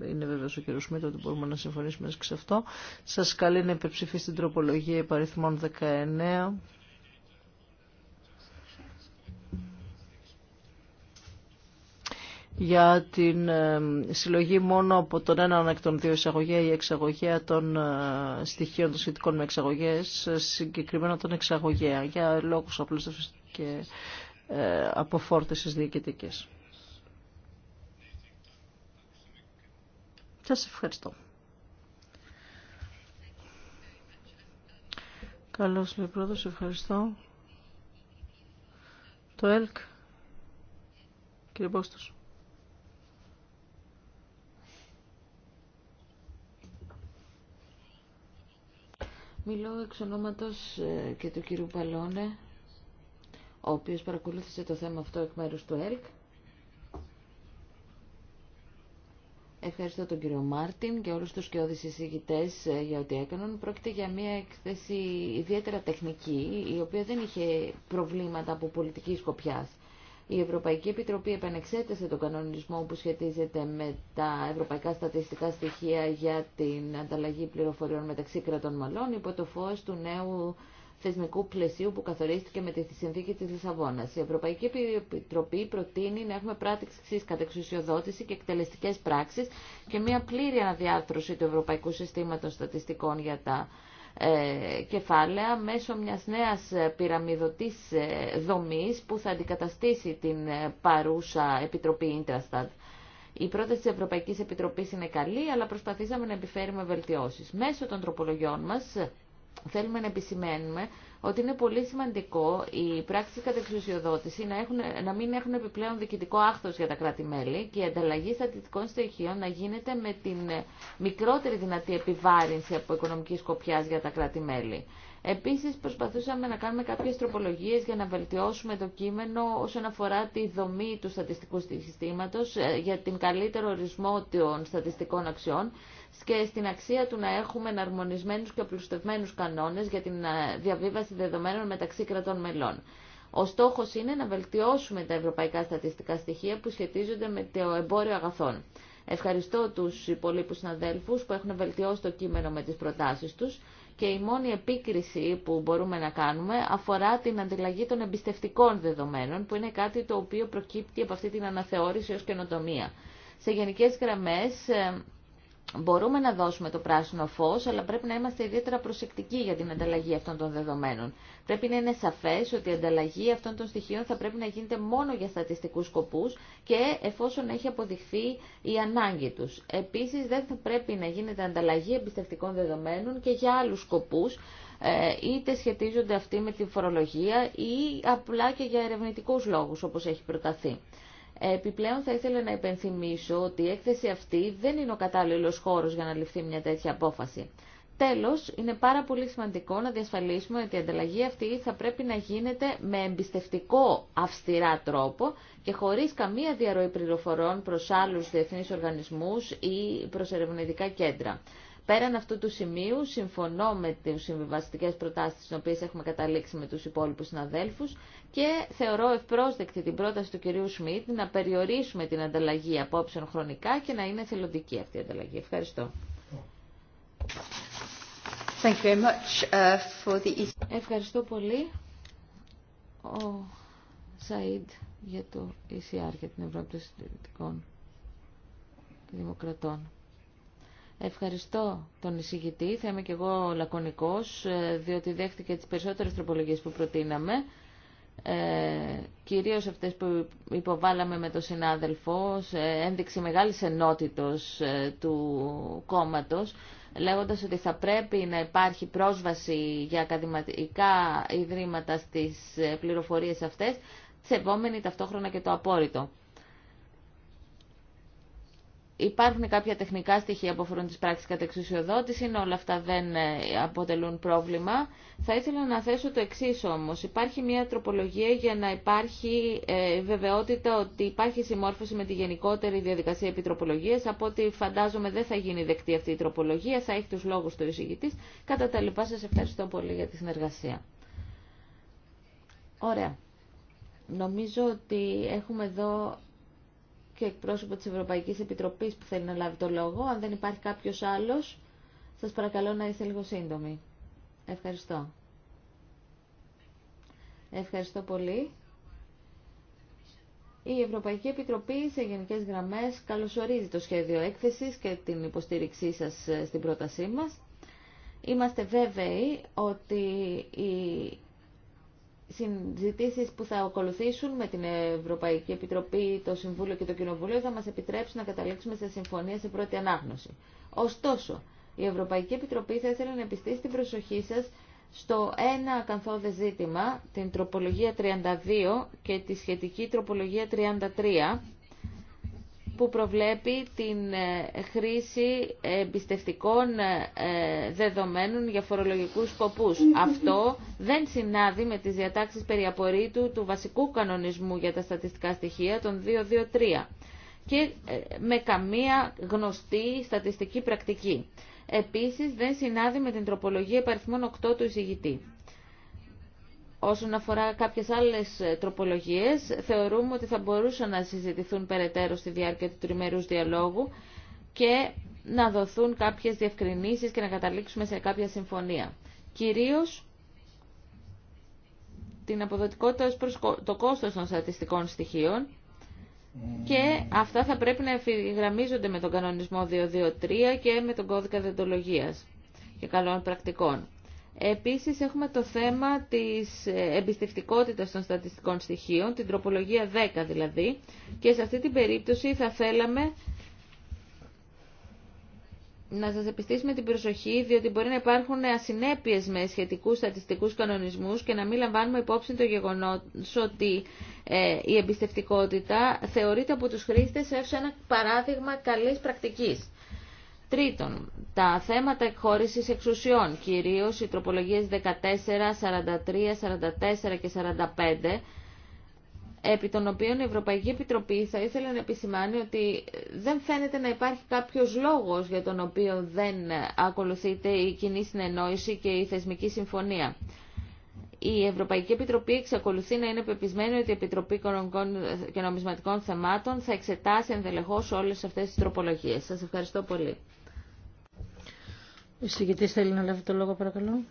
Είναι βέβαια ο κ. Σμίτ ότι μπορούμε να συμφωνήσουμε σε αυτό. Σας καλεί να υπερψηφίσει την τροπολογία υπαριθμών 19 για την ε, συλλογή μόνο από τον έναν εκ των δύο εισαγωγέα ή εξαγωγέα των ε, στοιχείων των σχετικών με εξαγωγές, ε, συγκεκριμένα τον εξαγωγέα, για λόγους απλούστευσης και αποφόρτησης διοικητικής. Σας ευχαριστώ. Καλώς λέει πρώτος ευχαριστώ. Το ΕΛΚ, κύριε Πόστος. Μιλώ εξ ονόματος ε, και του κύριου Παλώνε, ο οποίος παρακολούθησε το θέμα αυτό εκ μέρους του ΕΛΚ. Ευχαριστώ τον κύριο Μάρτιν και όλους τους σκιώδεις εισηγητές ε, για ό,τι έκαναν. Πρόκειται για μια εκθέση ιδιαίτερα τεχνική, η οποία δεν είχε προβλήματα από πολιτική σκοπιάς. Η Ευρωπαϊκή Επιτροπή επανεξέτασε τον κανονισμό που σχετίζεται με τα ευρωπαϊκά στατιστικά στοιχεία για την ανταλλαγή πληροφοριών μεταξύ κρατών μελών υπό το φως του νέου θεσμικού πλαισίου που καθορίστηκε με τη συνθήκη της Λισαβόνας. Η Ευρωπαϊκή Επιτροπή προτείνει να έχουμε πράξη κατεξουσιοδότηση και εκτελεστικές πράξεις και μια πλήρη αναδιάρθρωση του Ευρωπαϊκού Συστήματος Στατιστικών για τα ε, κεφάλαια μέσω μιας νέας ε, δομής που θα αντικαταστήσει την ε, παρούσα Επιτροπή Ίντραστατ. Η πρόταση της Ευρωπαϊκής Επιτροπής είναι καλή, αλλά προσπαθήσαμε να επιφέρουμε βελτιώσεις. Μέσω των τροπολογιών μας θέλουμε να επισημαίνουμε ότι είναι πολύ σημαντικό οι πράξει κατεξουσιοδότηση να, έχουν, να μην έχουν επιπλέον διοικητικό άχθο για τα κράτη-μέλη και η ανταλλαγή στατιστικών στοιχείων να γίνεται με την μικρότερη δυνατή επιβάρυνση από οικονομική σκοπιά για τα κράτη-μέλη. Επίση, προσπαθούσαμε να κάνουμε κάποιε τροπολογίε για να βελτιώσουμε το κείμενο όσον αφορά τη δομή του στατιστικού συστήματο ε, για την καλύτερο ορισμό των στατιστικών αξιών και στην αξία του να έχουμε εναρμονισμένους και απλουστευμένους κανόνες για την ε, διαβίβαση δεδομένων μεταξύ κρατών μελών. Ο στόχος είναι να βελτιώσουμε τα ευρωπαϊκά στατιστικά στοιχεία που σχετίζονται με το εμπόριο αγαθών. Ευχαριστώ τους υπολείπους συναδέλφους που έχουν βελτιώσει το κείμενο με τις προτάσεις τους και η μόνη επίκριση που μπορούμε να κάνουμε αφορά την αντιλαγή των εμπιστευτικών δεδομένων που είναι κάτι το οποίο προκύπτει από αυτή την αναθεώρηση ως καινοτομία. Σε γενικές γραμμές ε, μπορούμε να δώσουμε το πράσινο φως, αλλά πρέπει να είμαστε ιδιαίτερα προσεκτικοί για την ανταλλαγή αυτών των δεδομένων. Πρέπει να είναι σαφές ότι η ανταλλαγή αυτών των στοιχείων θα πρέπει να γίνεται μόνο για στατιστικούς σκοπούς και εφόσον έχει αποδειχθεί η ανάγκη τους. Επίσης δεν θα πρέπει να γίνεται ανταλλαγή εμπιστευτικών δεδομένων και για άλλους σκοπούς, ε, είτε σχετίζονται αυτοί με την φορολογία ή απλά και για ερευνητικούς λόγους όπως έχει προταθεί. Επιπλέον θα ήθελα να υπενθυμίσω ότι η έκθεση αυτή δεν είναι ο κατάλληλος χώρος για να ληφθεί μια τέτοια απόφαση. Τέλος, είναι πάρα πολύ σημαντικό να διασφαλίσουμε ότι η ανταλλαγή αυτή θα πρέπει να γίνεται με εμπιστευτικό αυστηρά τρόπο και χωρίς καμία διαρροή πληροφορών προς άλλους διεθνείς οργανισμούς ή προ ερευνητικά κέντρα. Πέραν αυτού του σημείου, συμφωνώ με τι συμβιβαστικές προτάσει τι οποίε έχουμε καταλήξει με του υπόλοιπου συναδέλφου και θεωρώ ευπρόσδεκτη την πρόταση του κυρίου Σμιτ να περιορίσουμε την ανταλλαγή απόψεων χρονικά και να είναι θελοντική αυτή η ανταλλαγή. Ευχαριστώ. Thank you very much uh, for the... Ευχαριστώ πολύ ο Σαΐντ για το ECR για την Ευρώπη των Συντηρητικών Δημοκρατών. Ευχαριστώ τον εισηγητή. Θα είμαι και εγώ λακωνικός, ε, διότι δέχτηκε τις περισσότερες τροπολογίες που προτείναμε. Ε, κυρίως αυτές που υποβάλαμε με τον συνάδελφο, ένδειξη μεγάλη ενότητος ε, του κόμματος, λέγοντας ότι θα πρέπει να υπάρχει πρόσβαση για ακαδηματικά ιδρύματα στις ε, πληροφορίες αυτές, σεβόμενοι ταυτόχρονα και το απόρριτο. Υπάρχουν κάποια τεχνικά στοιχεία που αφορούν τις πράξεις κατά εξουσιοδότηση, όλα αυτά δεν ε, αποτελούν πρόβλημα. Θα ήθελα να θέσω το εξή όμως. Υπάρχει μια τροπολογία για να υπάρχει ε, βεβαιότητα ότι υπάρχει συμμόρφωση με τη γενικότερη διαδικασία επιτροπολογίας, από ότι φαντάζομαι δεν θα γίνει δεκτή αυτή η τροπολογία, θα έχει τους λόγους του εισηγητής. Κατά τα λοιπά σας ευχαριστώ πολύ για τη συνεργασία. Ωραία. Νομίζω ότι έχουμε εδώ κάποιο εκπρόσωπο της Ευρωπαϊκής Επιτροπής που θέλει να λάβει το λόγο. Αν δεν υπάρχει κάποιος άλλος, σας παρακαλώ να είστε λίγο σύντομοι. Ευχαριστώ. Ευχαριστώ πολύ. Η Ευρωπαϊκή Επιτροπή σε γενικές γραμμές καλωσορίζει το σχέδιο έκθεσης και την υποστήριξή σας ε, στην πρότασή μας. Είμαστε βέβαιοι ότι η συζητήσεις που θα ακολουθήσουν με την Ευρωπαϊκή Επιτροπή, το Συμβούλιο και το Κοινοβούλιο θα μας επιτρέψουν να καταλήξουμε σε συμφωνία σε πρώτη ανάγνωση. Ωστόσο, η Ευρωπαϊκή Επιτροπή θα ήθελε να επιστήσει την προσοχή σας στο ένα ακαθόδε ζήτημα, την τροπολογία 32 και τη σχετική τροπολογία 33, που προβλέπει την ε, χρήση εμπιστευτικών ε, δεδομένων για φορολογικούς σκοπούς. Αυτό δεν συνάδει με τις διατάξεις περιαπορήτου του βασικού κανονισμού για τα στατιστικά στοιχεία, των 223, και ε, με καμία γνωστή στατιστική πρακτική. Επίσης, δεν συνάδει με την τροπολογία υπαριθμών 8 του εισηγητή. Όσον αφορά κάποιες άλλες ε, τροπολογίες, θεωρούμε ότι θα μπορούσαν να συζητηθούν περαιτέρω στη διάρκεια του τριμερούς διαλόγου και να δοθούν κάποιες διευκρινήσεις και να καταλήξουμε σε κάποια συμφωνία. Κυρίως την αποδοτικότητα προς το κόστος των στατιστικών στοιχείων και αυτά θα πρέπει να εφηγραμμίζονται με τον κανονισμό 223 και με τον κώδικα δεντολογίας και καλών πρακτικών. Επίσης έχουμε το θέμα της εμπιστευτικότητας των στατιστικών στοιχείων, την τροπολογία 10 δηλαδή, και σε αυτή την περίπτωση θα θέλαμε να σας επιστήσουμε την προσοχή, διότι μπορεί να υπάρχουν ασυνέπειες με σχετικούς στατιστικούς κανονισμούς και να μην λαμβάνουμε υπόψη το γεγονός ότι ε, η εμπιστευτικότητα θεωρείται από τους χρήστες έως ένα παράδειγμα καλής πρακτικής. Τρίτον, τα θέματα εκχώρησης εξουσιών, κυρίως οι τροπολογίες 14, 43, 44 και 45, επί των οποίων η Ευρωπαϊκή Επιτροπή θα ήθελε να επισημάνει ότι δεν φαίνεται να υπάρχει κάποιος λόγος για τον οποίο δεν ακολουθείται η κοινή συνεννόηση και η θεσμική συμφωνία η Ευρωπαϊκή Επιτροπή εξακολουθεί να είναι πεπισμένη ότι η Επιτροπή Οικονομικών και Νομισματικών Θεμάτων θα εξετάσει ενδελεχώς όλες αυτές τις τροπολογίες. Σας ευχαριστώ πολύ. Ο συγκεκριτής θέλει να λάβει το λόγο παρακαλώ.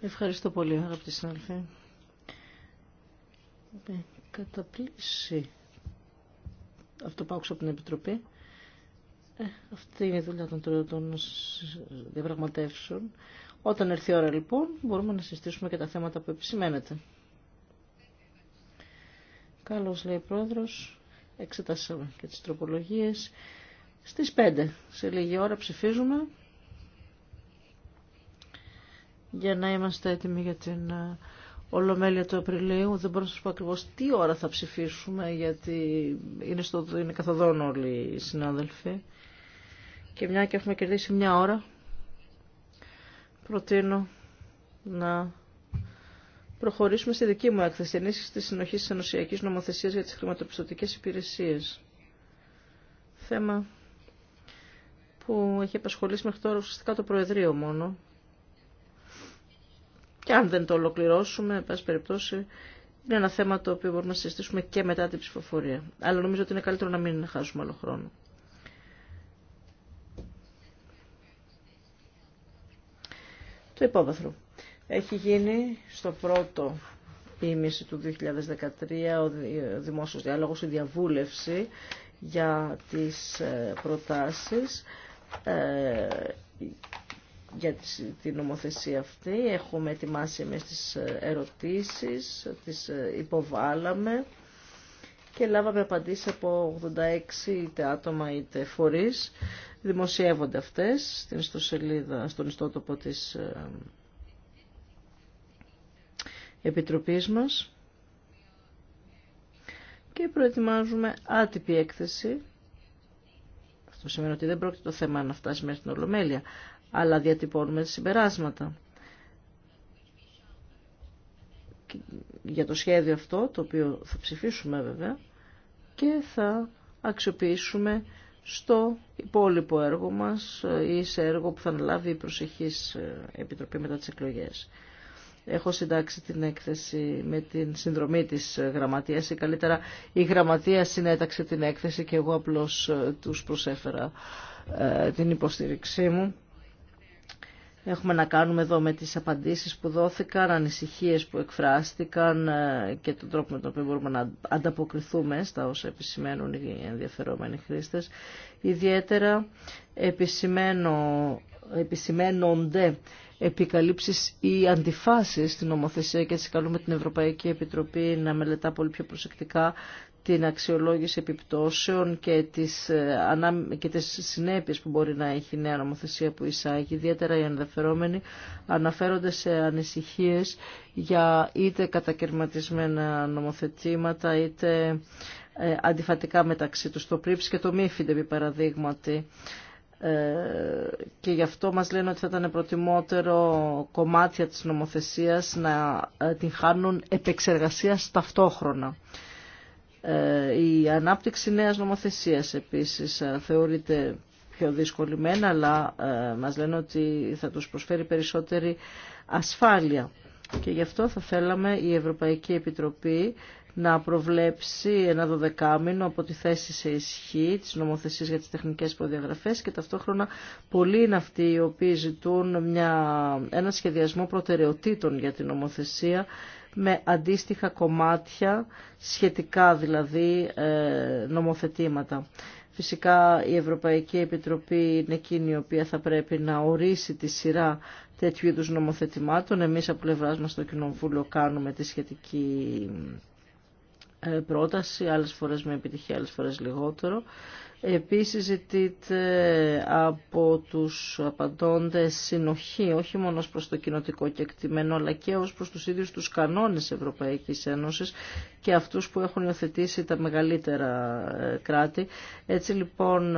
Ευχαριστώ πολύ αγαπητοί συνάδελφοι. Ε, καταπλήσει αυτό που άκουσα από την Επιτροπή. Ε, αυτή είναι η δουλειά των, των διαπραγματεύσεων. Όταν έρθει η ώρα λοιπόν μπορούμε να συζητήσουμε και τα θέματα που επισημαίνεται. Καλώ λέει ο Πρόεδρος, εξετάσαμε και τις τροπολογίες. Στις 5 σε λίγη ώρα ψηφίζουμε για να είμαστε έτοιμοι για την ε, Ολομέλεια του Απριλίου. Δεν μπορώ να σας πω ακριβώς τι ώρα θα ψηφίσουμε γιατί είναι, στο, είναι καθοδόν όλοι οι συνάδελφοι. Και μια και έχουμε κερδίσει μια ώρα, προτείνω να προχωρήσουμε στη δική μου έκθεση ενίσχυση της συνοχής της ενωσιακής νομοθεσίας για τις χρηματοπιστωτικές υπηρεσίες. Θέμα που έχει απασχολήσει μέχρι τώρα ουσιαστικά το Προεδρείο μόνο. Και αν δεν το ολοκληρώσουμε, εν πάση περιπτώσει, είναι ένα θέμα το οποίο μπορούμε να συζητήσουμε και μετά την ψηφοφορία. Αλλά νομίζω ότι είναι καλύτερο να μην χάσουμε άλλο χρόνο. του υπόβαθρου. Έχει γίνει στο πρώτο ήμιση του 2013 ο δημόσιος διάλογος, η διαβούλευση για τις ε, προτάσεις ε, για την νομοθεσία αυτή. Έχουμε ετοιμάσει εμείς τις ε, ερωτήσεις, τις υποβάλαμε και λάβαμε απαντήσεις από 86 είτε άτομα είτε φορείς Δημοσιεύονται αυτές στην ιστοσελίδα, στον ιστότοπο της ε, Επιτροπής μας και προετοιμάζουμε άτυπη έκθεση. Αυτό σημαίνει ότι δεν πρόκειται το θέμα να φτάσει μέχρι την Ολομέλεια, αλλά διατυπώνουμε συμπεράσματα. για το σχέδιο αυτό, το οποίο θα ψηφίσουμε βέβαια, και θα αξιοποιήσουμε στο υπόλοιπο έργο μας ή σε έργο που θα αναλάβει η προσεχής ε, Επιτροπή μετά τις εκλογές. Έχω συντάξει την έκθεση με την συνδρομή της ε, γραμματείας ή καλύτερα η γραμματεία συνέταξε την έκθεση και εγώ απλώς ε, τους προσέφερα την υποστήριξή μου. Έχουμε να κάνουμε εδώ με τις απαντήσεις που δόθηκαν, ανησυχίες που εκφράστηκαν ε, και τον τρόπο με τον οποίο μπορούμε να ανταποκριθούμε στα όσα επισημαίνουν οι ενδιαφερόμενοι χρήστες. Ιδιαίτερα επισημένο, επισημένονται επικαλύψεις ή αντιφάσεις στην νομοθεσία και έτσι καλούμε την Ευρωπαϊκή Επιτροπή να μελετά πολύ πιο προσεκτικά την αξιολόγηση επιπτώσεων και τις, ε, και συνέπειες που μπορεί να έχει η νέα νομοθεσία που εισάγει. Ιδιαίτερα οι ενδεφερόμενοι αναφέρονται σε ανησυχίες για είτε κατακαιρματισμένα νομοθετήματα, είτε ε, αντιφατικά μεταξύ τους. Το πρίψ και το μύφιντε επί παραδείγματι. Ε, και γι' αυτό μας λένε ότι θα ήταν προτιμότερο κομμάτια της νομοθεσίας να την χάνουν επεξεργασία ταυτόχρονα. Ε, η ανάπτυξη νέας νομοθεσίας επίσης ε, θεωρείται πιο δυσκολημένα, αλλά ε, μας λένε ότι θα τους προσφέρει περισσότερη ασφάλεια. Και γι' αυτό θα θέλαμε η Ευρωπαϊκή Επιτροπή να προβλέψει ένα δωδεκάμινο από τη θέση σε ισχύ της νομοθεσίας για τις τεχνικές προδιαγραφές και ταυτόχρονα πολλοί είναι αυτοί οι οποίοι ζητούν μια, ένα σχεδιασμό προτεραιοτήτων για την νομοθεσία με αντίστοιχα κομμάτια, σχετικά δηλαδή ε, νομοθετήματα. Φυσικά η Ευρωπαϊκή Επιτροπή είναι εκείνη η οποία θα πρέπει να ορίσει τη σειρά τέτοιου είδου νομοθετημάτων. Εμείς από πλευρά μας στο Κοινοβούλιο κάνουμε τη σχετική ε, πρόταση, άλλες φορές με επιτυχία, άλλες φορές λιγότερο. Επίσης ζητείται από τους απαντώντες συνοχή, όχι μόνο προς το κοινοτικό κεκτημένο, αλλά και ως προς τους ίδιους τους κανόνες Ευρωπαϊκής Ένωσης και αυτούς που έχουν υιοθετήσει τα μεγαλύτερα ε, κράτη. Έτσι λοιπόν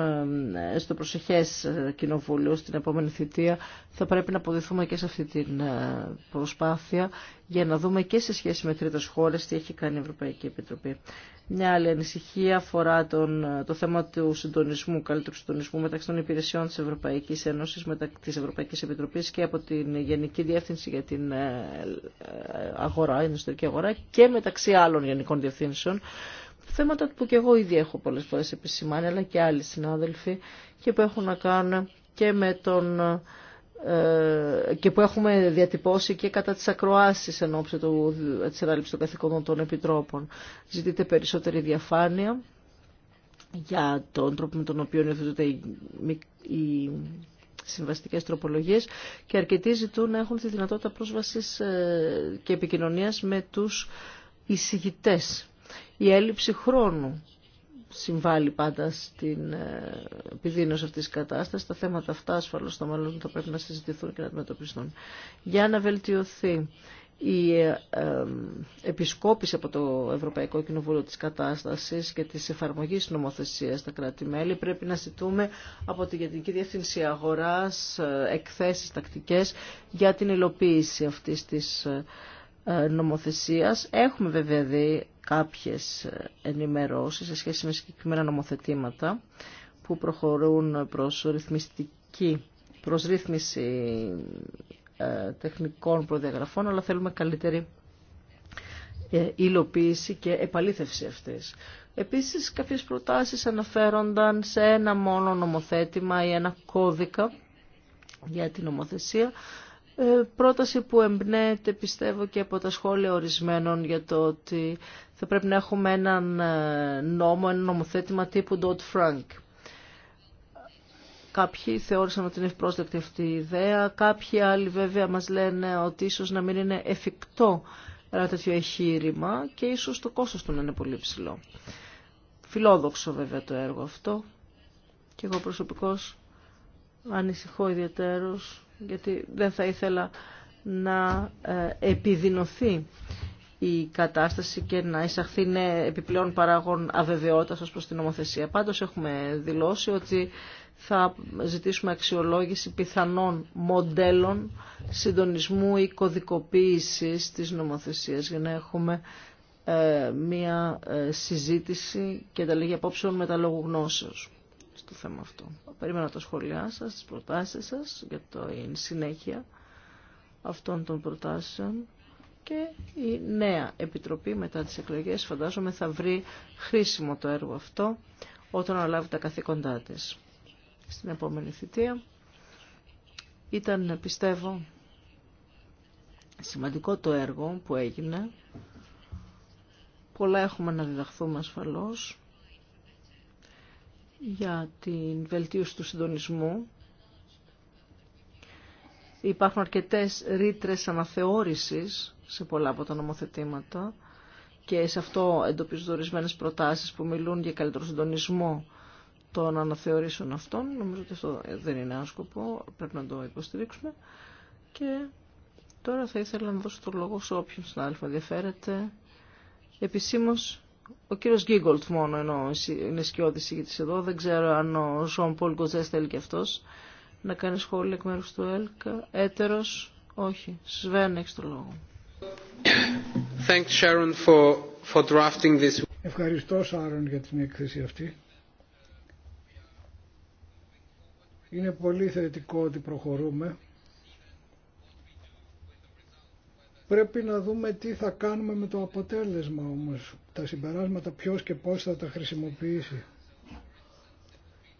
ε, στο προσεχές ε, κοινοβούλιο, στην επόμενη θητεία, θα πρέπει να αποδεθούμε και σε αυτή την προσπάθεια για να δούμε και σε σχέση με τρίτες χώρες τι έχει κάνει η Ευρωπαϊκή Επιτροπή. Μια άλλη ανησυχία αφορά τον, το θέμα του του συντονισμού, καλύτερου συντονισμού μεταξύ των υπηρεσιών τη Ευρωπαϊκή Ένωσης, της Ευρωπαϊκής Επιτροπής και από την Γενική Διεύθυνση για την ε, ε, αγορά, την ιστορική αγορά και μεταξύ άλλων γενικών διευθύνσεων. Θέματα που και εγώ ήδη έχω πολλέ φορέ επισημάνει, αλλά και άλλοι συνάδελφοι και που έχουν να κάνουν και με τον ε, και που έχουμε διατυπώσει και κατά τις ακροάσεις εν ώψη του, της ανάληψης των καθηκόντων των επιτρόπων. Ζητείται περισσότερη διαφάνεια για τον τρόπο με τον οποίο υιοθετούνται οι συμβαστικές τροπολογίες και αρκετοί ζητούν να έχουν τη δυνατότητα πρόσβασης ε, και επικοινωνίας με τους εισηγητές. Η έλλειψη χρόνου συμβάλλει πάντα στην ε, επιδείνωση αυτής της κατάστασης. Τα θέματα αυτά ασφαλώς στο μέλλον θα πρέπει να συζητηθούν και να αντιμετωπιστούν. Για να βελτιωθεί η επισκόπηση από το Ευρωπαϊκό Κοινοβούλιο της κατάστασης και της εφαρμογής νομοθεσίας στα κράτη-μέλη πρέπει να ζητούμε από τη Γενική διευθυνση Αγοράς ε, εκθέσεις τακτικές για την υλοποίηση αυτής της ε, ε, νομοθεσίας. Έχουμε βέβαια δει κάποιες ενημερώσεις σε σχέση με συγκεκριμένα νομοθετήματα που προχωρούν προς ρυθμιστική προς ρύθμιση ε, τεχνικών προδιαγραφών, αλλά θέλουμε καλύτερη ε, υλοποίηση και επαλήθευση αυτής. Επίσης, κάποιες προτάσεις αναφέρονταν σε ένα μόνο νομοθέτημα ή ένα κώδικα για την νομοθεσία, ε, πρόταση που εμπνέεται πιστεύω και από τα σχόλια ορισμένων για το ότι θα πρέπει να έχουμε έναν νόμο, ένα νομοθέτημα τύπου Dodd Frank Κάποιοι θεώρησαν ότι είναι ευπρόσδεκτη αυτή η ιδέα, κάποιοι άλλοι βέβαια μας λένε ότι ίσως να μην είναι εφικτό ένα τέτοιο εγχείρημα και ίσως το κόστος του να είναι πολύ ψηλό. Φιλόδοξο βέβαια το έργο αυτό και εγώ προσωπικώς ανησυχώ ιδιαίτερως γιατί δεν θα ήθελα να ε, επιδεινωθεί η κατάσταση και να εισαχθεί ναι, επιπλέον παράγων αβεβαιότητας προς την νομοθεσία. Πάντως έχουμε δηλώσει ότι θα ζητήσουμε αξιολόγηση πιθανών μοντέλων συντονισμού ή κωδικοποίησης της νομοθεσίας για να έχουμε ε, μία ε, συζήτηση και ανταλλαγή απόψεων με τα γνώσεως στο θέμα αυτό. Περίμενα τα σχόλιά σας, τις προτάσεις σας για το συνέχεια αυτών των προτάσεων και η νέα Επιτροπή μετά τις εκλογές φαντάζομαι θα βρει χρήσιμο το έργο αυτό όταν αναλάβει τα καθήκοντά της στην επόμενη θητεία. Ήταν, πιστεύω, σημαντικό το έργο που έγινε. Πολλά έχουμε να διδαχθούμε ασφαλώς για την βελτίωση του συντονισμού. Υπάρχουν αρκετές ρήτρε αναθεώρησης σε πολλά από τα νομοθετήματα και σε αυτό εντοπίζονται ορισμένε προτάσεις που μιλούν για καλύτερο συντονισμό τον αναθεωρήσεων αυτόν, Νομίζω ότι αυτό δεν είναι άσκοπο, πρέπει να το υποστηρίξουμε. Και τώρα θα ήθελα να δώσω το λόγο σε όποιον συνάδελφο ενδιαφέρεται. Επισήμω, ο κύριο Γκίγκολτ μόνο ενώ είναι σκιώδη ηγητή εδώ. Δεν ξέρω αν ο Ζων Πολ Γκοτζέ θέλει και αυτό να κάνει σχόλια εκ μέρου του Ελκ. Έτερο, όχι. Σβέν, έχει το λόγο. Thanks, Sharon, for, for drafting this. Ευχαριστώ, Σάρων, για την έκθεση αυτή. Είναι πολύ θετικό ότι προχωρούμε. Πρέπει να δούμε τι θα κάνουμε με το αποτέλεσμα όμως, τα συμπεράσματα ποιος και πώς θα τα χρησιμοποιήσει.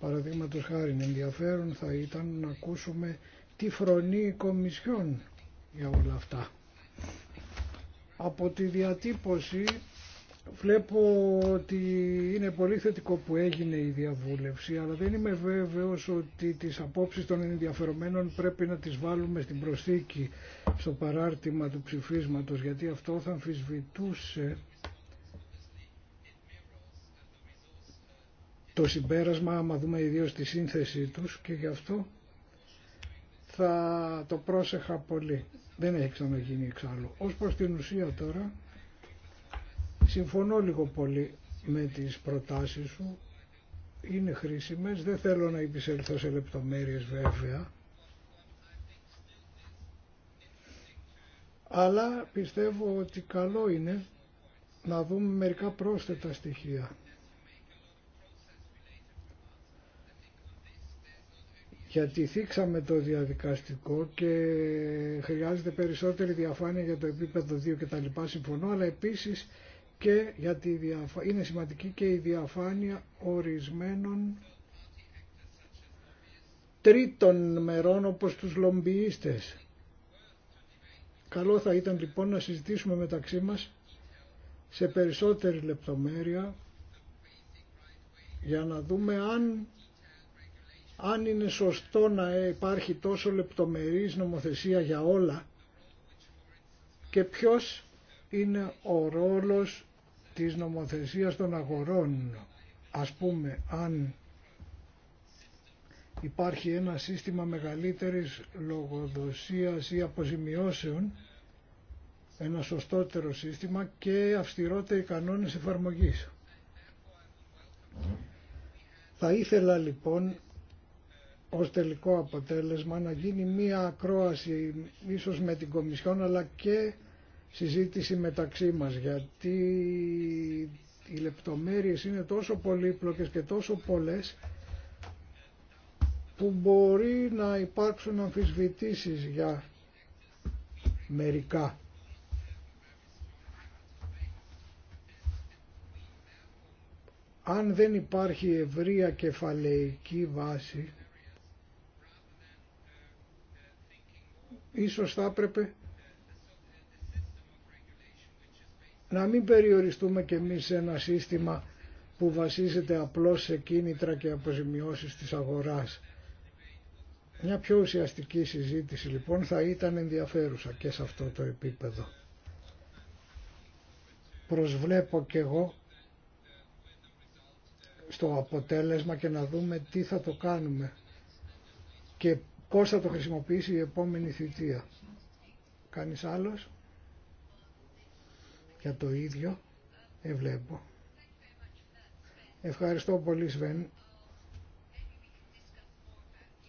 Παραδείγματο χάρη ενδιαφέρον θα ήταν να ακούσουμε τι φρονεί η Κομισιόν για όλα αυτά. Από τη διατύπωση Βλέπω ότι είναι πολύ θετικό που έγινε η διαβούλευση, αλλά δεν είμαι βέβαιος ότι τις απόψεις των ενδιαφερομένων πρέπει να τις βάλουμε στην προσθήκη στο παράρτημα του ψηφίσματος, γιατί αυτό θα αμφισβητούσε το συμπέρασμα, άμα δούμε ιδίως τη σύνθεσή τους και γι' αυτό θα το πρόσεχα πολύ. Δεν έχει ξαναγίνει εξάλλου. Ως προς την ουσία τώρα, Συμφωνώ λίγο πολύ με τις προτάσεις σου. Είναι χρήσιμες. Δεν θέλω να επισέλθω σε λεπτομέρειες βέβαια. Αλλά πιστεύω ότι καλό είναι να δούμε μερικά πρόσθετα στοιχεία. γιατί θίξαμε το διαδικαστικό και χρειάζεται περισσότερη διαφάνεια για το επίπεδο 2 και τα συμφωνώ, αλλά επίσης και για είναι σημαντική και η διαφάνεια ορισμένων τρίτων μερών όπως τους λομπιίστες. Καλό θα ήταν λοιπόν να συζητήσουμε μεταξύ μας σε περισσότερη λεπτομέρεια για να δούμε αν, αν είναι σωστό να υπάρχει τόσο λεπτομερής νομοθεσία για όλα και ποιος είναι ο ρόλος της νομοθεσίας των αγορών. Ας πούμε, αν υπάρχει ένα σύστημα μεγαλύτερης λογοδοσίας ή αποζημιώσεων, ένα σωστότερο σύστημα και αυστηρότεροι κανόνες εφαρμογής. Θα ήθελα λοιπόν ως τελικό αποτέλεσμα να γίνει μία ακρόαση ίσως με την Κομισιόν αλλά και συζήτηση μεταξύ μας γιατί οι λεπτομέρειες είναι τόσο πολύπλοκες και τόσο πολλές που μπορεί να υπάρξουν αμφισβητήσεις για μερικά. Αν δεν υπάρχει ευρεία κεφαλαϊκή βάση, ίσως θα έπρεπε να μην περιοριστούμε και εμείς σε ένα σύστημα που βασίζεται απλώς σε κίνητρα και αποζημιώσεις της αγοράς. Μια πιο ουσιαστική συζήτηση λοιπόν θα ήταν ενδιαφέρουσα και σε αυτό το επίπεδο. Προσβλέπω και εγώ στο αποτέλεσμα και να δούμε τι θα το κάνουμε και πώς θα το χρησιμοποιήσει η επόμενη θητεία. Κανείς άλλος για το ίδιο δεν βλέπω. Ευχαριστώ πολύ Σβέν.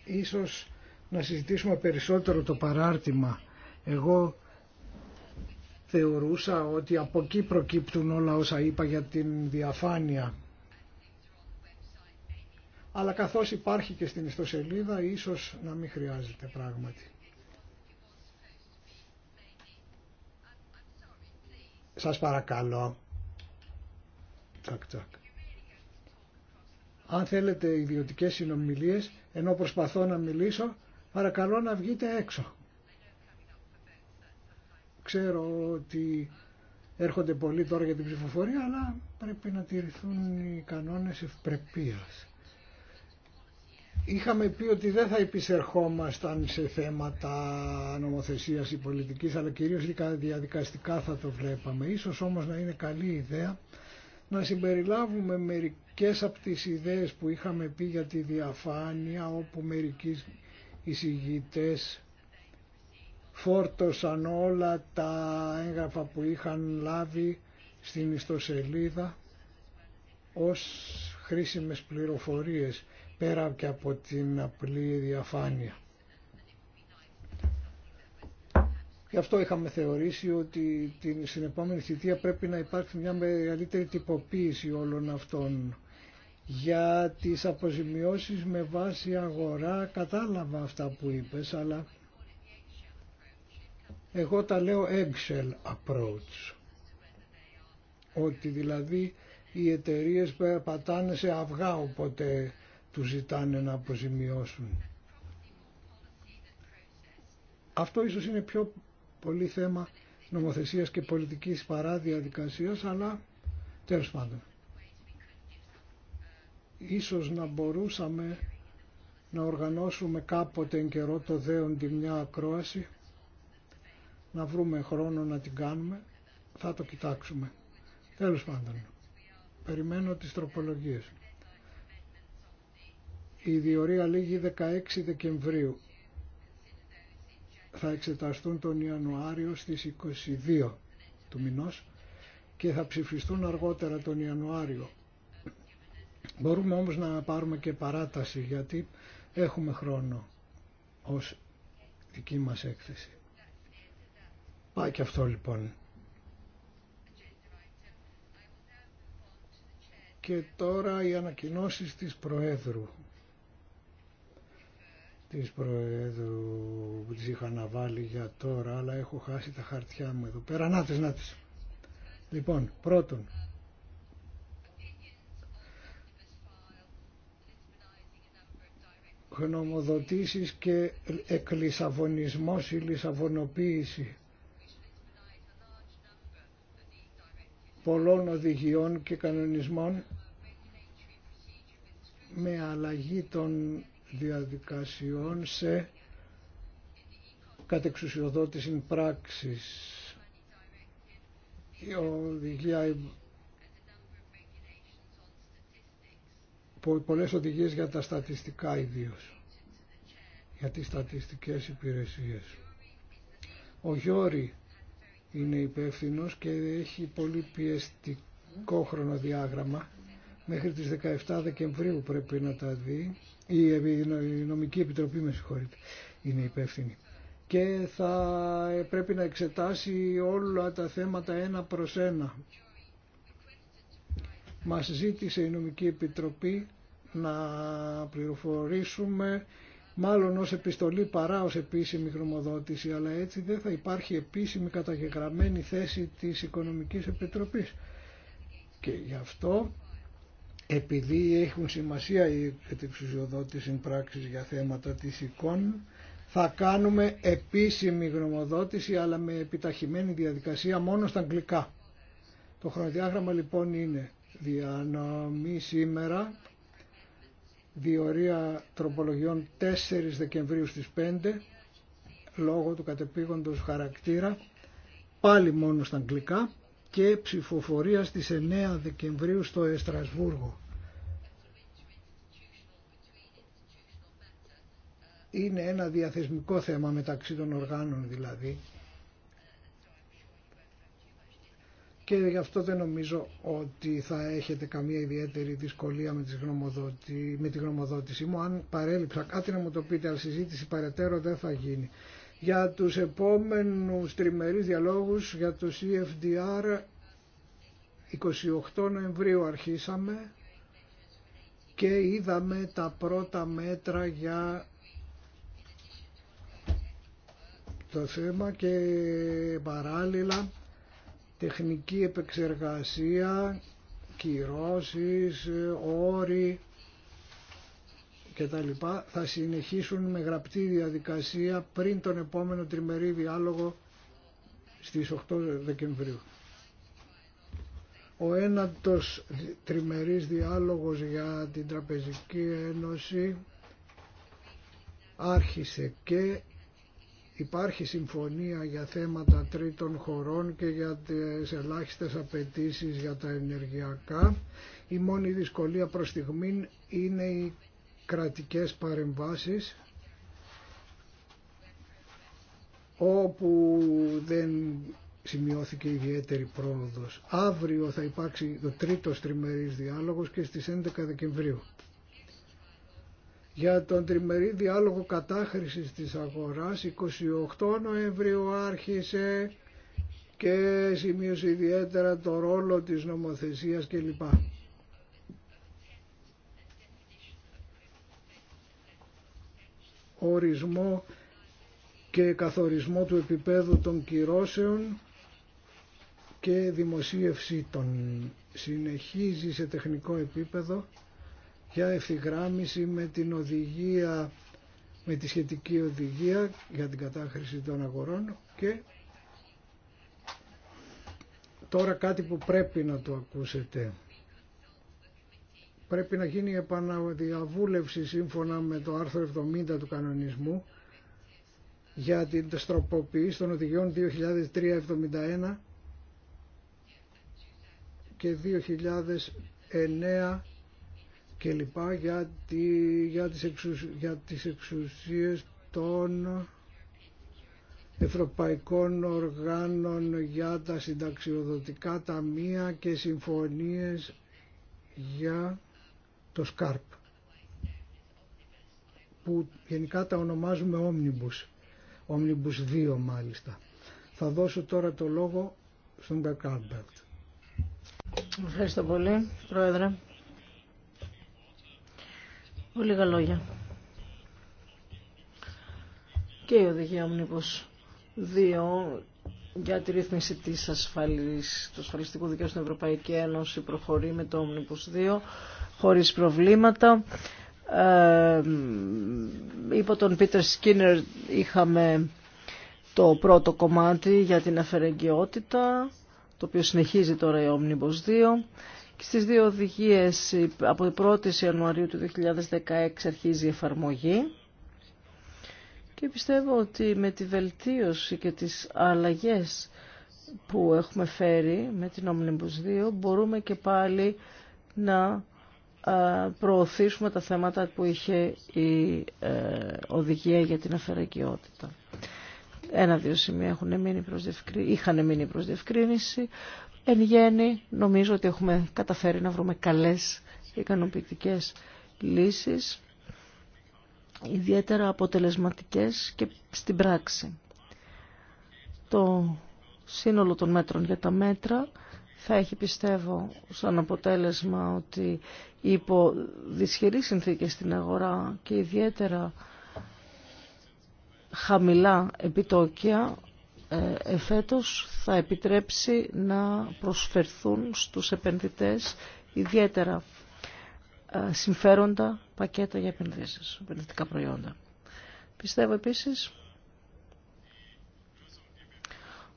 Ίσως να συζητήσουμε περισσότερο το παράρτημα. Εγώ θεωρούσα ότι από εκεί προκύπτουν όλα όσα είπα για την διαφάνεια. Αλλά καθώς υπάρχει και στην ιστοσελίδα, ίσως να μην χρειάζεται πράγματι. Σας παρακαλώ. Τσακ, τσακ. Αν θέλετε ιδιωτικέ συνομιλίε ενώ προσπαθώ να μιλήσω, παρακαλώ να βγείτε έξω. Ξέρω ότι έρχονται πολλοί τώρα για την ψηφοφορία, αλλά πρέπει να τηρηθούν οι κανόνες ευπρεπίας. Είχαμε πει ότι δεν θα επισερχόμασταν σε θέματα νομοθεσίας ή πολιτικής, αλλά κυρίως διαδικαστικά θα το βλέπαμε. Ίσως όμως να είναι καλή ιδέα να συμπεριλάβουμε μερικές από τις ιδέες που είχαμε πει για τη διαφάνεια, όπου μερικοί εισηγητές φόρτωσαν όλα τα έγγραφα που είχαν λάβει στην ιστοσελίδα ως χρήσιμες πληροφορίες πέρα και από την απλή διαφάνεια. Γι' αυτό είχαμε θεωρήσει ότι την, στην επόμενη θητεία πρέπει να υπάρξει μια μεγαλύτερη τυποποίηση όλων αυτών. Για τις αποζημιώσεις με βάση αγορά κατάλαβα αυτά που είπες, αλλά εγώ τα λέω Excel approach. Ότι δηλαδή οι εταιρείες πατάνε σε αυγά, οπότε του ζητάνε να αποζημιώσουν. Αυτό ίσως είναι πιο πολύ θέμα νομοθεσίας και πολιτικής παρά διαδικασίας, αλλά τέλος πάντων. Ίσως να μπορούσαμε να οργανώσουμε κάποτε εν καιρό το τη μια ακρόαση, να βρούμε χρόνο να την κάνουμε, θα το κοιτάξουμε. Τέλος πάντων, περιμένω τις τροπολογίες. Η διορία λήγει 16 Δεκεμβρίου. Θα εξεταστούν τον Ιανουάριο στις 22 του μηνός και θα ψηφιστούν αργότερα τον Ιανουάριο. Μπορούμε όμως να πάρουμε και παράταση γιατί έχουμε χρόνο ως δική μας έκθεση. Πάει και αυτό λοιπόν. Και τώρα οι ανακοινώσεις της Προέδρου της Προέδρου που τις είχα βάλει για τώρα, αλλά έχω χάσει τα χαρτιά μου εδώ πέρα. Να τις, να Λοιπόν, πρώτον, γνωμοδοτήσεις και εκλισαβωνισμός ή λισαβονοποίηση πολλών οδηγιών και κανονισμών με αλλαγή των διαδικασιών σε κατεξουσιοδότηση πράξης. Η οδηγία πολλές οδηγίες για τα στατιστικά ιδίως, για τις στατιστικές υπηρεσίες. Ο Γιώρη είναι υπεύθυνο και έχει πολύ πιεστικό χρονοδιάγραμμα. Μέχρι τις 17 Δεκεμβρίου πρέπει να τα δει η νομική επιτροπή με συγχωρείτε είναι υπεύθυνη και θα ε, πρέπει να εξετάσει όλα τα θέματα ένα προς ένα. Μας ζήτησε η νομική επιτροπή να πληροφορήσουμε μάλλον ως επιστολή παρά ως επίσημη χρωμοδότηση, αλλά έτσι δεν θα υπάρχει επίσημη καταγεγραμμένη θέση της Οικονομικής Επιτροπής. Και γι' αυτό επειδή έχουν σημασία οι κατεξουσιοδότηση πράξεις για θέματα της εικόν, θα κάνουμε επίσημη γνωμοδότηση αλλά με επιταχυμένη διαδικασία μόνο στα αγγλικά. Το χρονοδιάγραμμα λοιπόν είναι διανομή σήμερα, διορία τροπολογιών 4 Δεκεμβρίου στις 5, λόγω του κατεπήγοντος χαρακτήρα, πάλι μόνο στα αγγλικά, και ψηφοφορία στις 9 Δεκεμβρίου στο Εστρασβούργο. Είναι ένα διαθεσμικό θέμα μεταξύ των οργάνων δηλαδή και γι' αυτό δεν νομίζω ότι θα έχετε καμία ιδιαίτερη δυσκολία με, τις με τη γνωμοδότησή μου. Αν παρέλειψα κάτι να μου το πείτε, αλλά συζήτηση παρετέρω δεν θα γίνει. Για τους επόμενους τριμερείς διαλόγους για το CFDR 28 Νοεμβρίου αρχίσαμε και είδαμε τα πρώτα μέτρα για το θέμα και παράλληλα τεχνική επεξεργασία, κυρώσεις, όροι λοιπά θα συνεχίσουν με γραπτή διαδικασία πριν τον επόμενο τριμερή διάλογο στις 8 Δεκεμβρίου. Ο ένατος τριμερής διάλογος για την Τραπεζική Ένωση άρχισε και υπάρχει συμφωνία για θέματα τρίτων χωρών και για τις ελάχιστες απαιτήσεις για τα ενεργειακά. Η μόνη δυσκολία προς στιγμή είναι η κρατικές παρεμβάσεις όπου δεν σημειώθηκε ιδιαίτερη πρόοδος. Αύριο θα υπάρξει το τρίτο τριμερής διάλογος και στις 11 Δεκεμβρίου. Για τον τριμερή διάλογο κατάχρησης της αγοράς 28 Νοεμβρίου άρχισε και σημείωσε ιδιαίτερα το ρόλο της νομοθεσίας κλπ. ορισμό και καθορισμό του επίπεδου των κυρώσεων και δημοσίευση των συνεχίζει σε τεχνικό επίπεδο για ευθυγράμμιση με την οδηγία με τη σχετική οδηγία για την κατάχρηση των αγορών και τώρα κάτι που πρέπει να το ακούσετε πρέπει να γίνει επαναδιαβούλευση σύμφωνα με το άρθρο 70 του κανονισμού για την τροποποίηση των οδηγιών 2003-71 και 2009 και λοιπά για, τη, για, τις για τις εξουσίες των ευρωπαϊκών οργάνων για τα συνταξιοδοτικά ταμεία και συμφωνίες για το ΣΚΑΡΠ που γενικά τα ονομάζουμε Omnibus, Omnibus 2 μάλιστα. Θα δώσω τώρα το λόγο στον Κακάρμπερτ. Ευχαριστώ πολύ, Πρόεδρε. Πολύ λίγα λόγια. Και η οδηγία Omnibus 2 για τη ρύθμιση της ασφαλής, του ασφαλιστικού δικαίου στην Ευρωπαϊκή Ένωση προχωρεί με το Omnibus 2 χωρίς προβλήματα. Ε, υπό τον Πίτερ Σκίνερ είχαμε το πρώτο κομμάτι για την αφαιρεγγιότητα, το οποίο συνεχίζει τώρα η Omnibus 2. Και στις δύο οδηγίες από την 1η Ιανουαρίου του 2016 αρχίζει η εφαρμογή. Και πιστεύω ότι με τη βελτίωση και τις αλλαγές που έχουμε φέρει με την Omnibus 2 μπορούμε και πάλι να ε, προωθήσουμε τα θέματα που είχε η ε, οδηγία για την αφαιρακαιοτητα ενα Ένα-δύο σημεία έχουν προς είχαν μείνει προς διευκρίνηση. Εν γέννη νομίζω ότι έχουμε καταφέρει να βρούμε καλές ικανοποιητικές λύσεις, ιδιαίτερα αποτελεσματικές και στην πράξη. Το σύνολο των μέτρων για τα μέτρα θα έχει πιστεύω σαν αποτέλεσμα ότι υπό δυσχερή συνθηκε στην αγορά και ιδιαίτερα χαμηλά επιτόκια ε, εφέτος θα επιτρέψει να προσφερθούν στους επενδυτές ιδιαίτερα ε, συμφέροντα πακέτα για επενδύσεις, επενδυτικά προϊόντα. Πιστεύω επίσης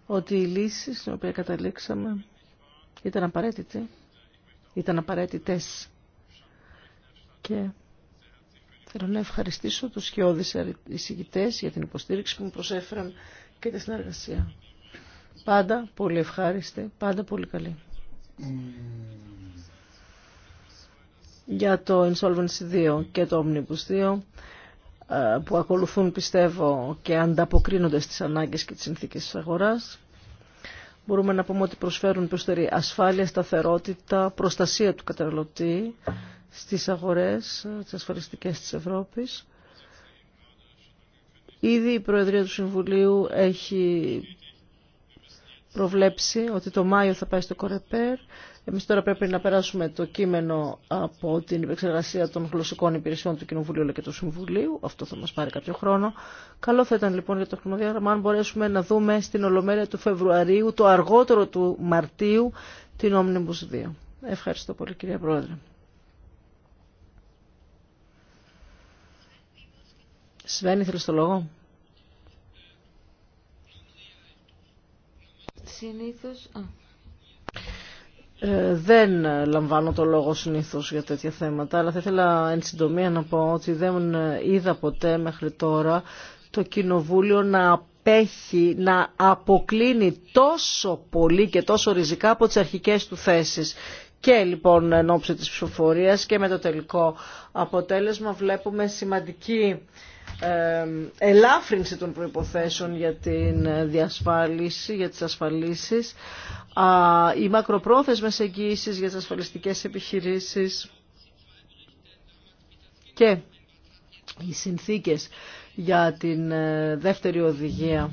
ότι η λύση στην οποία καταλήξαμε ήταν απαραίτητη, ήταν απαραίτητες. Και θέλω να ευχαριστήσω τους χειώδεις εισηγητές για την υποστήριξη που μου προσέφεραν και τη συνεργασία. Πάντα πολύ ευχάριστη, πάντα πολύ καλή. Για το Insolvency 2 και το Omnibus 2 ε, που ακολουθούν πιστεύω και ανταποκρίνονται στις ανάγκες και τις συνθήκες της αγοράς μπορούμε να πούμε ότι προσφέρουν προσφέρει ασφάλεια, σταθερότητα, προστασία του καταναλωτή στις αγορές, τις ασφαλιστικές της Ευρώπης. Ήδη η Προεδρία του Συμβουλίου έχει προβλέψει ότι το Μάιο θα πάει στο Κορεπέρ. Εμείς τώρα πρέπει να περάσουμε το κείμενο από την επεξεργασία των γλωσσικών υπηρεσιών του Κοινοβουλίου αλλά και του Συμβουλίου. Αυτό θα μας πάρει κάποιο χρόνο. Καλό θα ήταν λοιπόν για το χρονοδιάγραμμα αν μπορέσουμε να δούμε στην Ολομέλεια του Φεβρουαρίου, το αργότερο του Μαρτίου, την Omnibus 2. Ευχαριστώ πολύ κυρία Πρόεδρε. Σβέν, θέλεις το λόγο. Συνήθως... Ε, δεν λαμβάνω το λόγο συνήθως για τέτοια θέματα, αλλά θα ήθελα εν συντομία να πω ότι δεν είδα ποτέ μέχρι τώρα το Κοινοβούλιο να απέχει, να αποκλίνει τόσο πολύ και τόσο ριζικά από τις αρχικές του θέσεις. Και λοιπόν εν ώψη της ψηφοφορίας και με το τελικό αποτέλεσμα βλέπουμε σημαντική ελάφρυνση των προϋποθέσεων για την διασφάλιση, για τις ασφαλίσεις, οι μακροπρόθεσμες εγγύησεις για τις ασφαλιστικές επιχειρήσεις και οι συνθήκες για την ε, δεύτερη οδηγία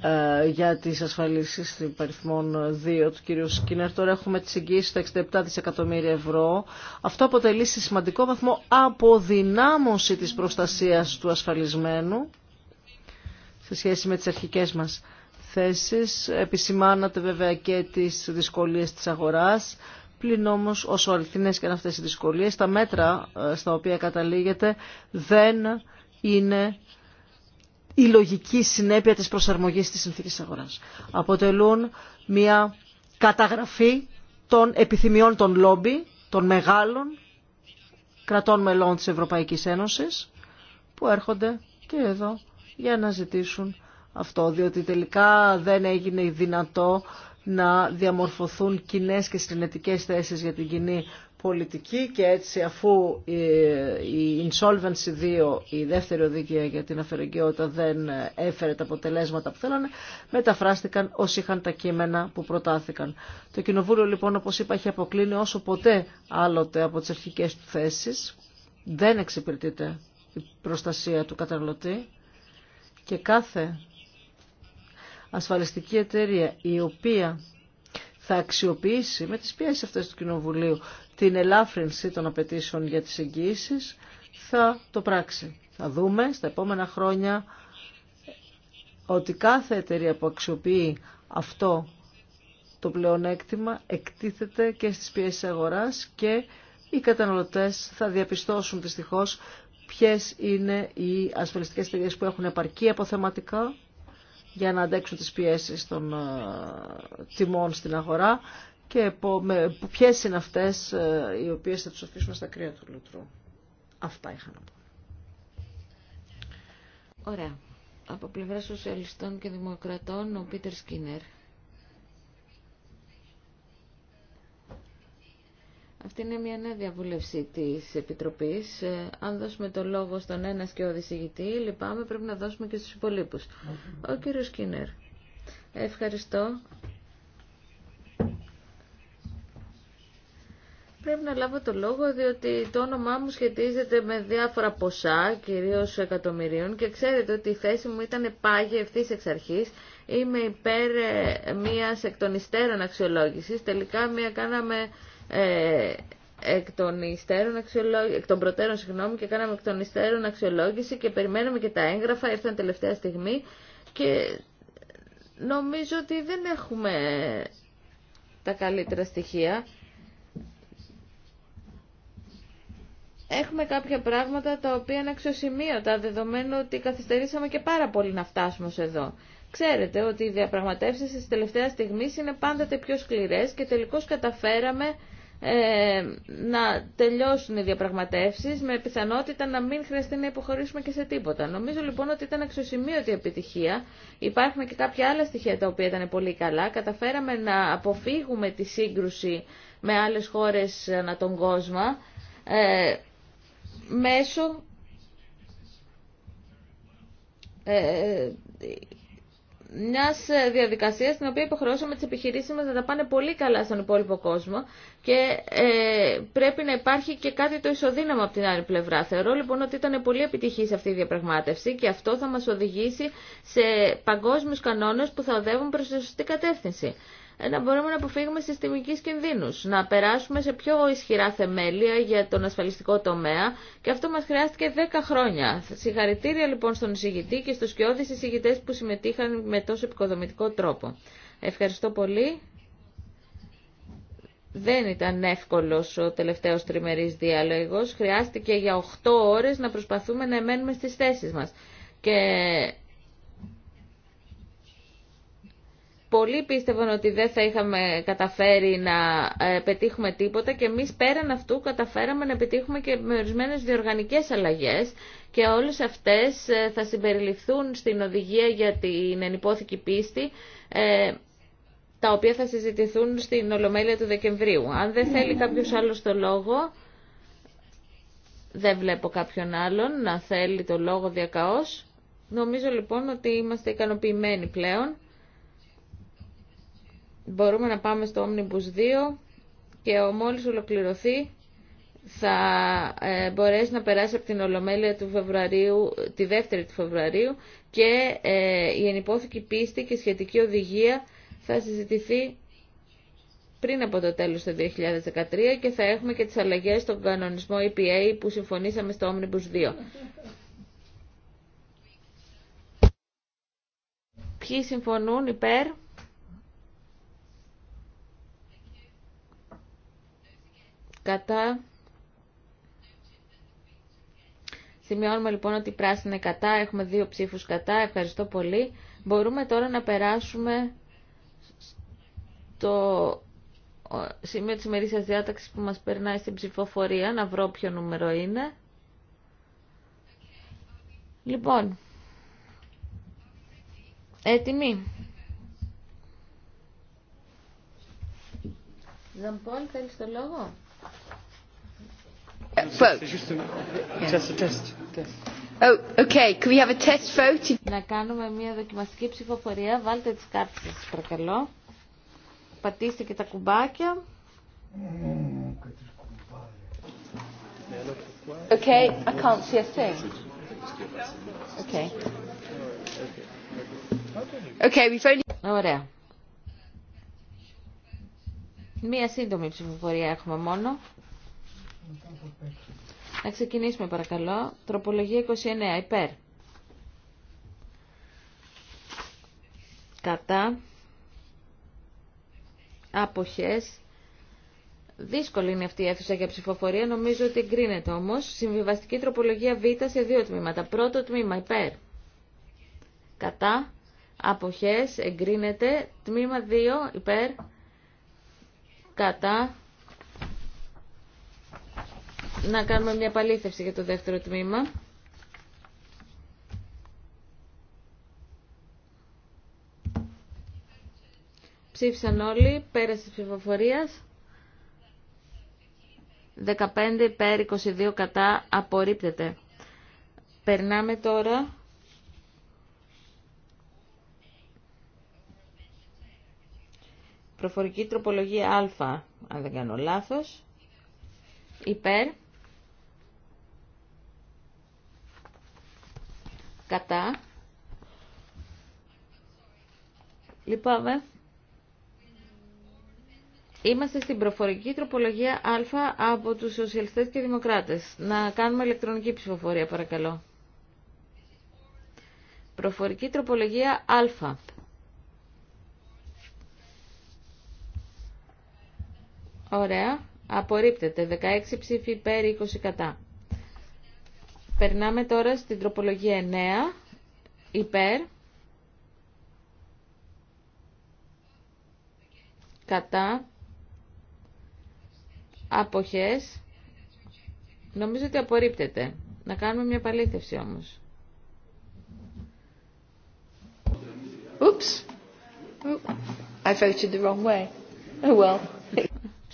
ε, για τι ασφαλίσει των παριθμών 2 του κύριου Σκίνερ. Τώρα έχουμε τις εγγύσει στα 67 δισεκατομμύρια ευρώ. Αυτό αποτελεί σε σημαντικό βαθμό αποδυνάμωση της προστασίας του ασφαλισμένου σε σχέση με τις αρχικές μας θέσεις. Επισημάνατε βέβαια και τις δυσκολίες της αγοράς. Πλην όμω, όσο αληθινέ και αν αυτέ οι δυσκολίε, τα μέτρα ε, στα οποία καταλήγεται δεν είναι η λογική συνέπεια της προσαρμογής της συνθήκης αγοράς. Αποτελούν μια καταγραφή των επιθυμιών των λόμπι, των μεγάλων κρατών μελών της Ευρωπαϊκής Ένωσης, που έρχονται και εδώ για να ζητήσουν αυτό, διότι τελικά δεν έγινε δυνατό να διαμορφωθούν κοινέ και συνετικές θέσεις για την κοινή πολιτική και έτσι αφού ε, η Insolvency 2, η δεύτερη οδηγία για την αφαιρεγκαιότητα δεν έφερε τα αποτελέσματα που θέλανε, μεταφράστηκαν όσοι είχαν τα κείμενα που προτάθηκαν. Το Κοινοβούλιο λοιπόν όπως είπα έχει αποκλίνει όσο ποτέ άλλοτε από τις αρχικές του θέσεις. Δεν εξυπηρετείται η προστασία του καταναλωτή και κάθε ασφαλιστική εταιρεία η οποία θα αξιοποιήσει με τις πιέσεις αυτές του Κοινοβουλίου την ελάφρυνση των απαιτήσεων για τις εγγύησει θα το πράξει. Θα δούμε στα επόμενα χρόνια ότι κάθε εταιρεία που αξιοποιεί αυτό το πλεονέκτημα εκτίθεται και στις πιέσεις αγοράς και οι καταναλωτές θα διαπιστώσουν δυστυχώς ποιες είναι οι ασφαλιστικές εταιρείε που έχουν επαρκή αποθεματικά για να αντέξουν τις πιέσεις των ε, τιμών στην αγορά και ποιε είναι αυτές ε, οι οποίε θα του αφήσουμε στα κρύα του λουτρού. Αυτά είχα να πω. Ωραία. Από πλευρά σοσιαλιστών και δημοκρατών, ο Πίτερ Σκίνερ. Αυτή είναι μια νέα διαβούλευση της Επιτροπής. Ε, αν δώσουμε το λόγο στον ένα και ο λυπάμαι, πρέπει να δώσουμε και στους υπολείπους. Ο κύριος Σκίνερ. Ευχαριστώ. Πρέπει να λάβω το λόγο διότι το όνομά μου σχετίζεται με διάφορα ποσά, κυρίως εκατομμυρίων και ξέρετε ότι η θέση μου ήταν πάγια ευθύ εξ αρχής. Είμαι υπέρ ε, μιας εκ των υστέρων αξιολόγησης. Τελικά μια κάναμε ε, εκ των, υστέρων εκ των προτέρων συγγνώμη, και κάναμε εκ των αξιολόγηση και περιμέναμε και τα έγγραφα, ήρθαν τελευταία στιγμή και νομίζω ότι δεν έχουμε τα καλύτερα στοιχεία. έχουμε κάποια πράγματα τα οποία είναι αξιοσημείωτα, δεδομένου ότι καθυστερήσαμε και πάρα πολύ να φτάσουμε ως εδώ. Ξέρετε ότι οι διαπραγματεύσεις της τελευταίας στιγμής είναι πάντα πιο σκληρές και τελικώς καταφέραμε ε, να τελειώσουν οι διαπραγματεύσεις με πιθανότητα να μην χρειαστεί να υποχωρήσουμε και σε τίποτα. Νομίζω λοιπόν ότι ήταν αξιοσημείωτη επιτυχία. Υπάρχουν και κάποια άλλα στοιχεία τα οποία ήταν πολύ καλά. Καταφέραμε να αποφύγουμε τη σύγκρουση με άλλες χώρες ανά τον κόσμο. Ε, μέσω ε, μια διαδικασία στην οποία υποχρεώσαμε τι επιχειρήσει μα να τα πάνε πολύ καλά στον υπόλοιπο κόσμο και ε, πρέπει να υπάρχει και κάτι το ισοδύναμο από την άλλη πλευρά. Θεωρώ λοιπόν ότι ήταν πολύ επιτυχής αυτή η διαπραγμάτευση και αυτό θα μα οδηγήσει σε παγκόσμιου κανόνε που θα οδεύουν προ τη σωστή κατεύθυνση. Ε, να μπορούμε να αποφύγουμε συστημικούς κινδύνους, να περάσουμε σε πιο ισχυρά θεμέλια για τον ασφαλιστικό τομέα και αυτό μας χρειάστηκε 10 χρόνια. Συγχαρητήρια λοιπόν στον εισηγητή και στους κοιόδης εισηγητές που συμμετείχαν με τόσο επικοδομητικό τρόπο. Ευχαριστώ πολύ. Δεν ήταν εύκολος ο τελευταίος τριμερής διάλογος. Χρειάστηκε για 8 ώρες να προσπαθούμε να εμένουμε στις θέσεις μας. Και Πολλοί πίστευαν ότι δεν θα είχαμε καταφέρει να ε, πετύχουμε τίποτα και εμείς πέραν αυτού καταφέραμε να πετύχουμε και με ορισμένες διοργανικές αλλαγές και όλες αυτές ε, θα συμπεριληφθούν στην οδηγία για την ενυπόθηκη πίστη ε, τα οποία θα συζητηθούν στην Ολομέλεια του Δεκεμβρίου. Αν δεν θέλει κάποιος άλλος το λόγο, δεν βλέπω κάποιον άλλον να θέλει το λόγο διακαώς. Νομίζω λοιπόν ότι είμαστε ικανοποιημένοι πλέον μπορούμε να πάμε στο Omnibus 2 και μόλις ολοκληρωθεί θα ε, μπορέσει να περάσει από την Ολομέλεια του Φεβρουαρίου, τη δεύτερη του Φεβρουαρίου και ε, η ενυπόθηκη πίστη και σχετική οδηγία θα συζητηθεί πριν από το τέλος του 2013 και θα έχουμε και τις αλλαγές στον κανονισμό EPA που συμφωνήσαμε στο Omnibus 2. Ποιοι συμφωνούν υπέρ. Κατά. Σημειώνουμε λοιπόν ότι η πράσινη κατά. Έχουμε δύο ψήφους κατά. Ευχαριστώ πολύ. Μπορούμε τώρα να περάσουμε το σημείο της ημερήσιας διάταξης που μας περνάει στην ψηφοφορία. Να βρω ποιο νούμερο είναι. Λοιπόν, έτοιμοι. Ζαμπόλ, θέλεις το λόγο. Να κάνουμε μια δοκιμαστική ψηφοφορία. Βάλτε τις κάρτες σας, παρακαλώ. Πατήστε και τα κουμπάκια. Ωραία. Μία σύντομη ψηφοφορία έχουμε μόνο. Να ξεκινήσουμε παρακαλώ. Τροπολογία 29. Υπέρ. Κατά. Αποχές. Δύσκολη είναι αυτή η αίθουσα για ψηφοφορία. Νομίζω ότι εγκρίνεται όμως. Συμβιβαστική τροπολογία Β σε δύο τμήματα. Πρώτο τμήμα. Υπέρ. Κατά. Αποχές. Εγκρίνεται. Τμήμα 2. Υπέρ κατά. Να κάνουμε μια παλήθευση για το δεύτερο τμήμα. Ψήφισαν όλοι, πέρασε τη ψηφοφορία. 15 υπέρ, 22 κατά, απορρίπτεται. Περνάμε τώρα Προφορική τροπολογία α, αν δεν κάνω λάθος. Υπέρ. Κατά. Λυπάμαι. Είμαστε στην προφορική τροπολογία Α από τους σοσιαλιστές και δημοκράτες. Να κάνουμε ηλεκτρονική ψηφοφορία παρακαλώ. Προφορική τροπολογία Α. Ωραία. Απορρίπτεται. 16 ψήφοι υπέρ, 20 κατά. Περνάμε τώρα στην τροπολογία 9. Υπέρ. Κατά. Αποχές. Νομίζω ότι απορρίπτεται. Να κάνουμε μια παλήθευση όμως. Oops. I voted the wrong way. Oh well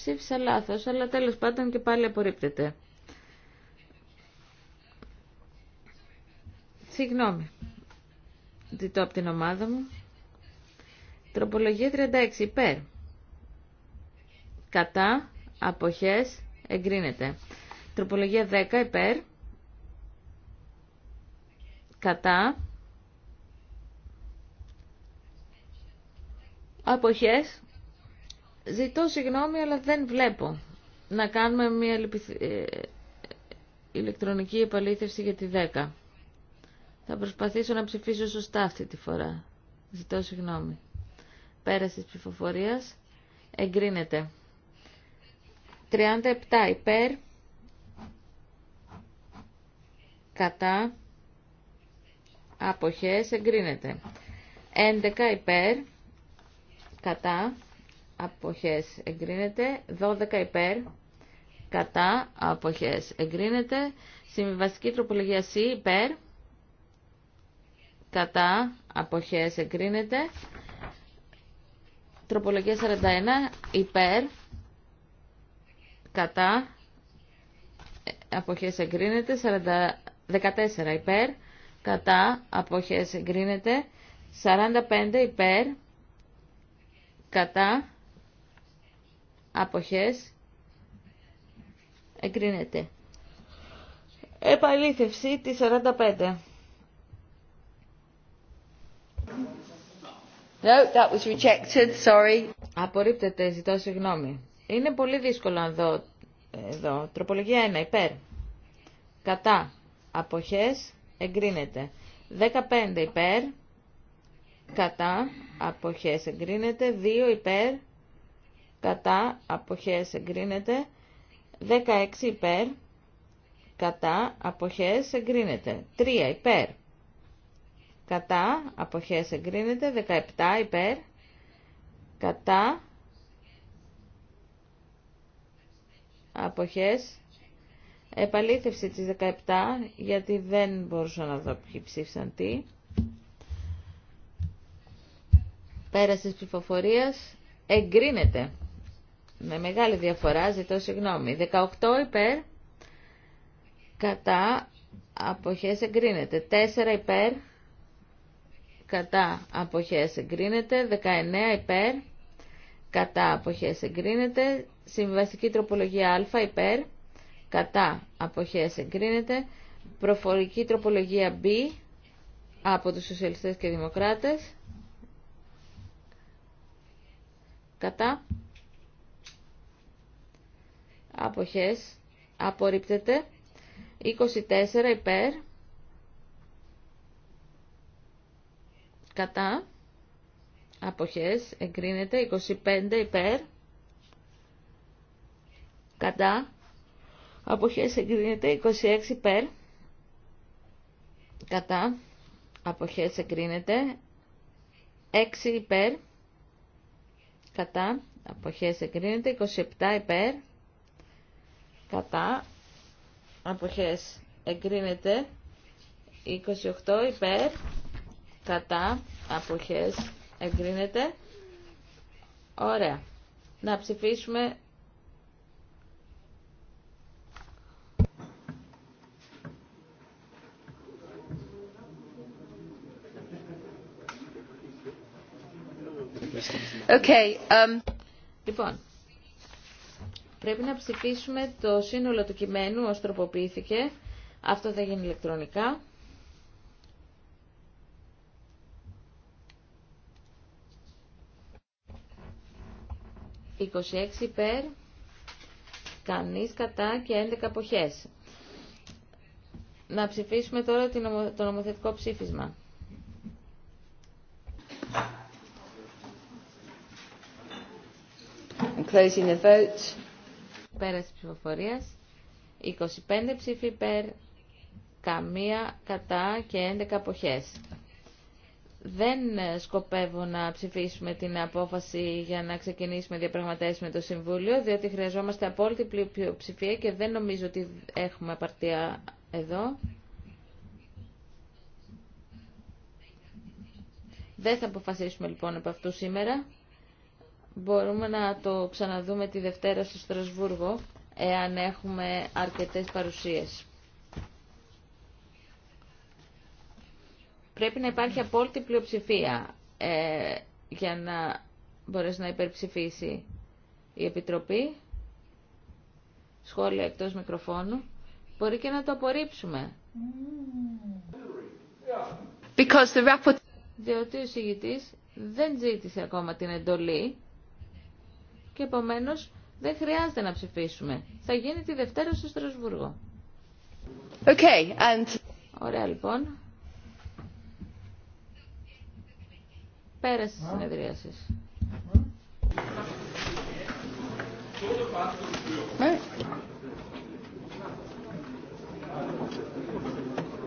ψήφισα λάθος, αλλά τέλος πάντων και πάλι απορρίπτεται. Συγγνώμη. Ζητώ από την ομάδα μου. Τροπολογία 36. Υπέρ. Κατά. Αποχές. Εγκρίνεται. Τροπολογία 10. Υπέρ. Κατά. Αποχές. Ζητώ συγγνώμη, αλλά δεν βλέπω. Να κάνουμε μια ε, ηλεκτρονική επαλήθευση για τη 10. Θα προσπαθήσω να ψηφίσω σωστά αυτή τη φορά. Ζητώ συγγνώμη. Πέραση της ψηφοφορίας. Εγκρίνεται. 37 υπέρ. Κατά. Αποχές. Εγκρίνεται. 11 υπέρ. Κατά αποχές εγκρίνεται, 12 υπέρ, κατά, αποχές εγκρίνεται, συμβιβαστική τροπολογία C υπέρ, κατά, αποχές εγκρίνεται, τροπολογία 41 υπέρ, κατά, αποχές εγκρίνεται, 40, 14 υπέρ, κατά, αποχές εγκρίνεται, 45 υπέρ, κατά, αποχές εγκρίνεται. Επαλήθευση τη 45. No, that was rejected, sorry. Απορρίπτεται, ζητώ συγγνώμη. Είναι πολύ δύσκολο να δω ε, εδώ. Τροπολογία 1, υπέρ. Κατά. Αποχές, εγκρίνεται. 15 υπέρ. Κατά. Αποχές, εγκρίνεται. 2 υπέρ κατά αποχές εγκρίνεται 16 υπέρ κατά αποχές εγκρίνεται 3 υπέρ κατά αποχές εγκρίνεται 17 υπέρ κατά αποχές επαλήθευση της 17 γιατί δεν μπορούσα να δω ποιοι ψήφισαν τι Πέρασης εγκρίνεται με μεγάλη διαφορά, ζητώ συγγνώμη. 18 υπέρ, κατά, αποχές εγκρίνεται. 4 υπέρ, κατά, αποχές εγκρίνεται. 19 υπέρ, κατά, αποχές εγκρίνεται. Συμβαστική τροπολογία α υπέρ, κατά, αποχές εγκρίνεται. Προφορική τροπολογία B από τους σοσιαλιστές και δημοκράτες. Κατά αποχές απορρίπτεται 24 υπέρ κατά αποχές εγκρίνεται 25 υπέρ κατά αποχές εγκρίνεται 26 υπέρ κατά αποχές εγκρίνεται 6 υπέρ κατά αποχές εγκρίνεται 27 υπέρ κατά αποχές εγκρίνεται 28 υπέρ κατά αποχές εγκρίνεται ωραία να ψηφίσουμε Okay, um... Λοιπόν, Πρέπει να ψηφίσουμε το σύνολο του κειμένου ως τροποποιήθηκε. Αυτό θα γίνει ηλεκτρονικά. «26 υπέρ, κανείς κατά και 11 αποχές». Να ψηφίσουμε τώρα το νομοθετικό ψήφισμα. closing the Πέρας ψηφοφορίας. 25 ψήφοι υπέρ, καμία κατά και 11 αποχές. Δεν σκοπεύω να ψηφίσουμε την απόφαση για να ξεκινήσουμε διαπραγματεύσεις με το Συμβούλιο, διότι χρειαζόμαστε απόλυτη πλειοψηφία και δεν νομίζω ότι έχουμε απαρτία εδώ. Δεν θα αποφασίσουμε λοιπόν από αυτού σήμερα. Μπορούμε να το ξαναδούμε τη Δευτέρα στο Στρασβούργο, εάν έχουμε αρκετές παρουσίες. Πρέπει να υπάρχει απόλυτη πλειοψηφία ε, για να μπορέσει να υπερψηφίσει η Επιτροπή. Σχόλια εκτός μικροφώνου. Μπορεί και να το απορρίψουμε. Because Διότι ο συγητής δεν ζήτησε ακόμα την εντολή και επομένω, δεν χρειάζεται να ψηφίσουμε. Θα γίνει τη Δευτέρα στο Στρασβούργο. Okay, Ωραία λοιπόν. Πέρασε τη συνέδρια σα.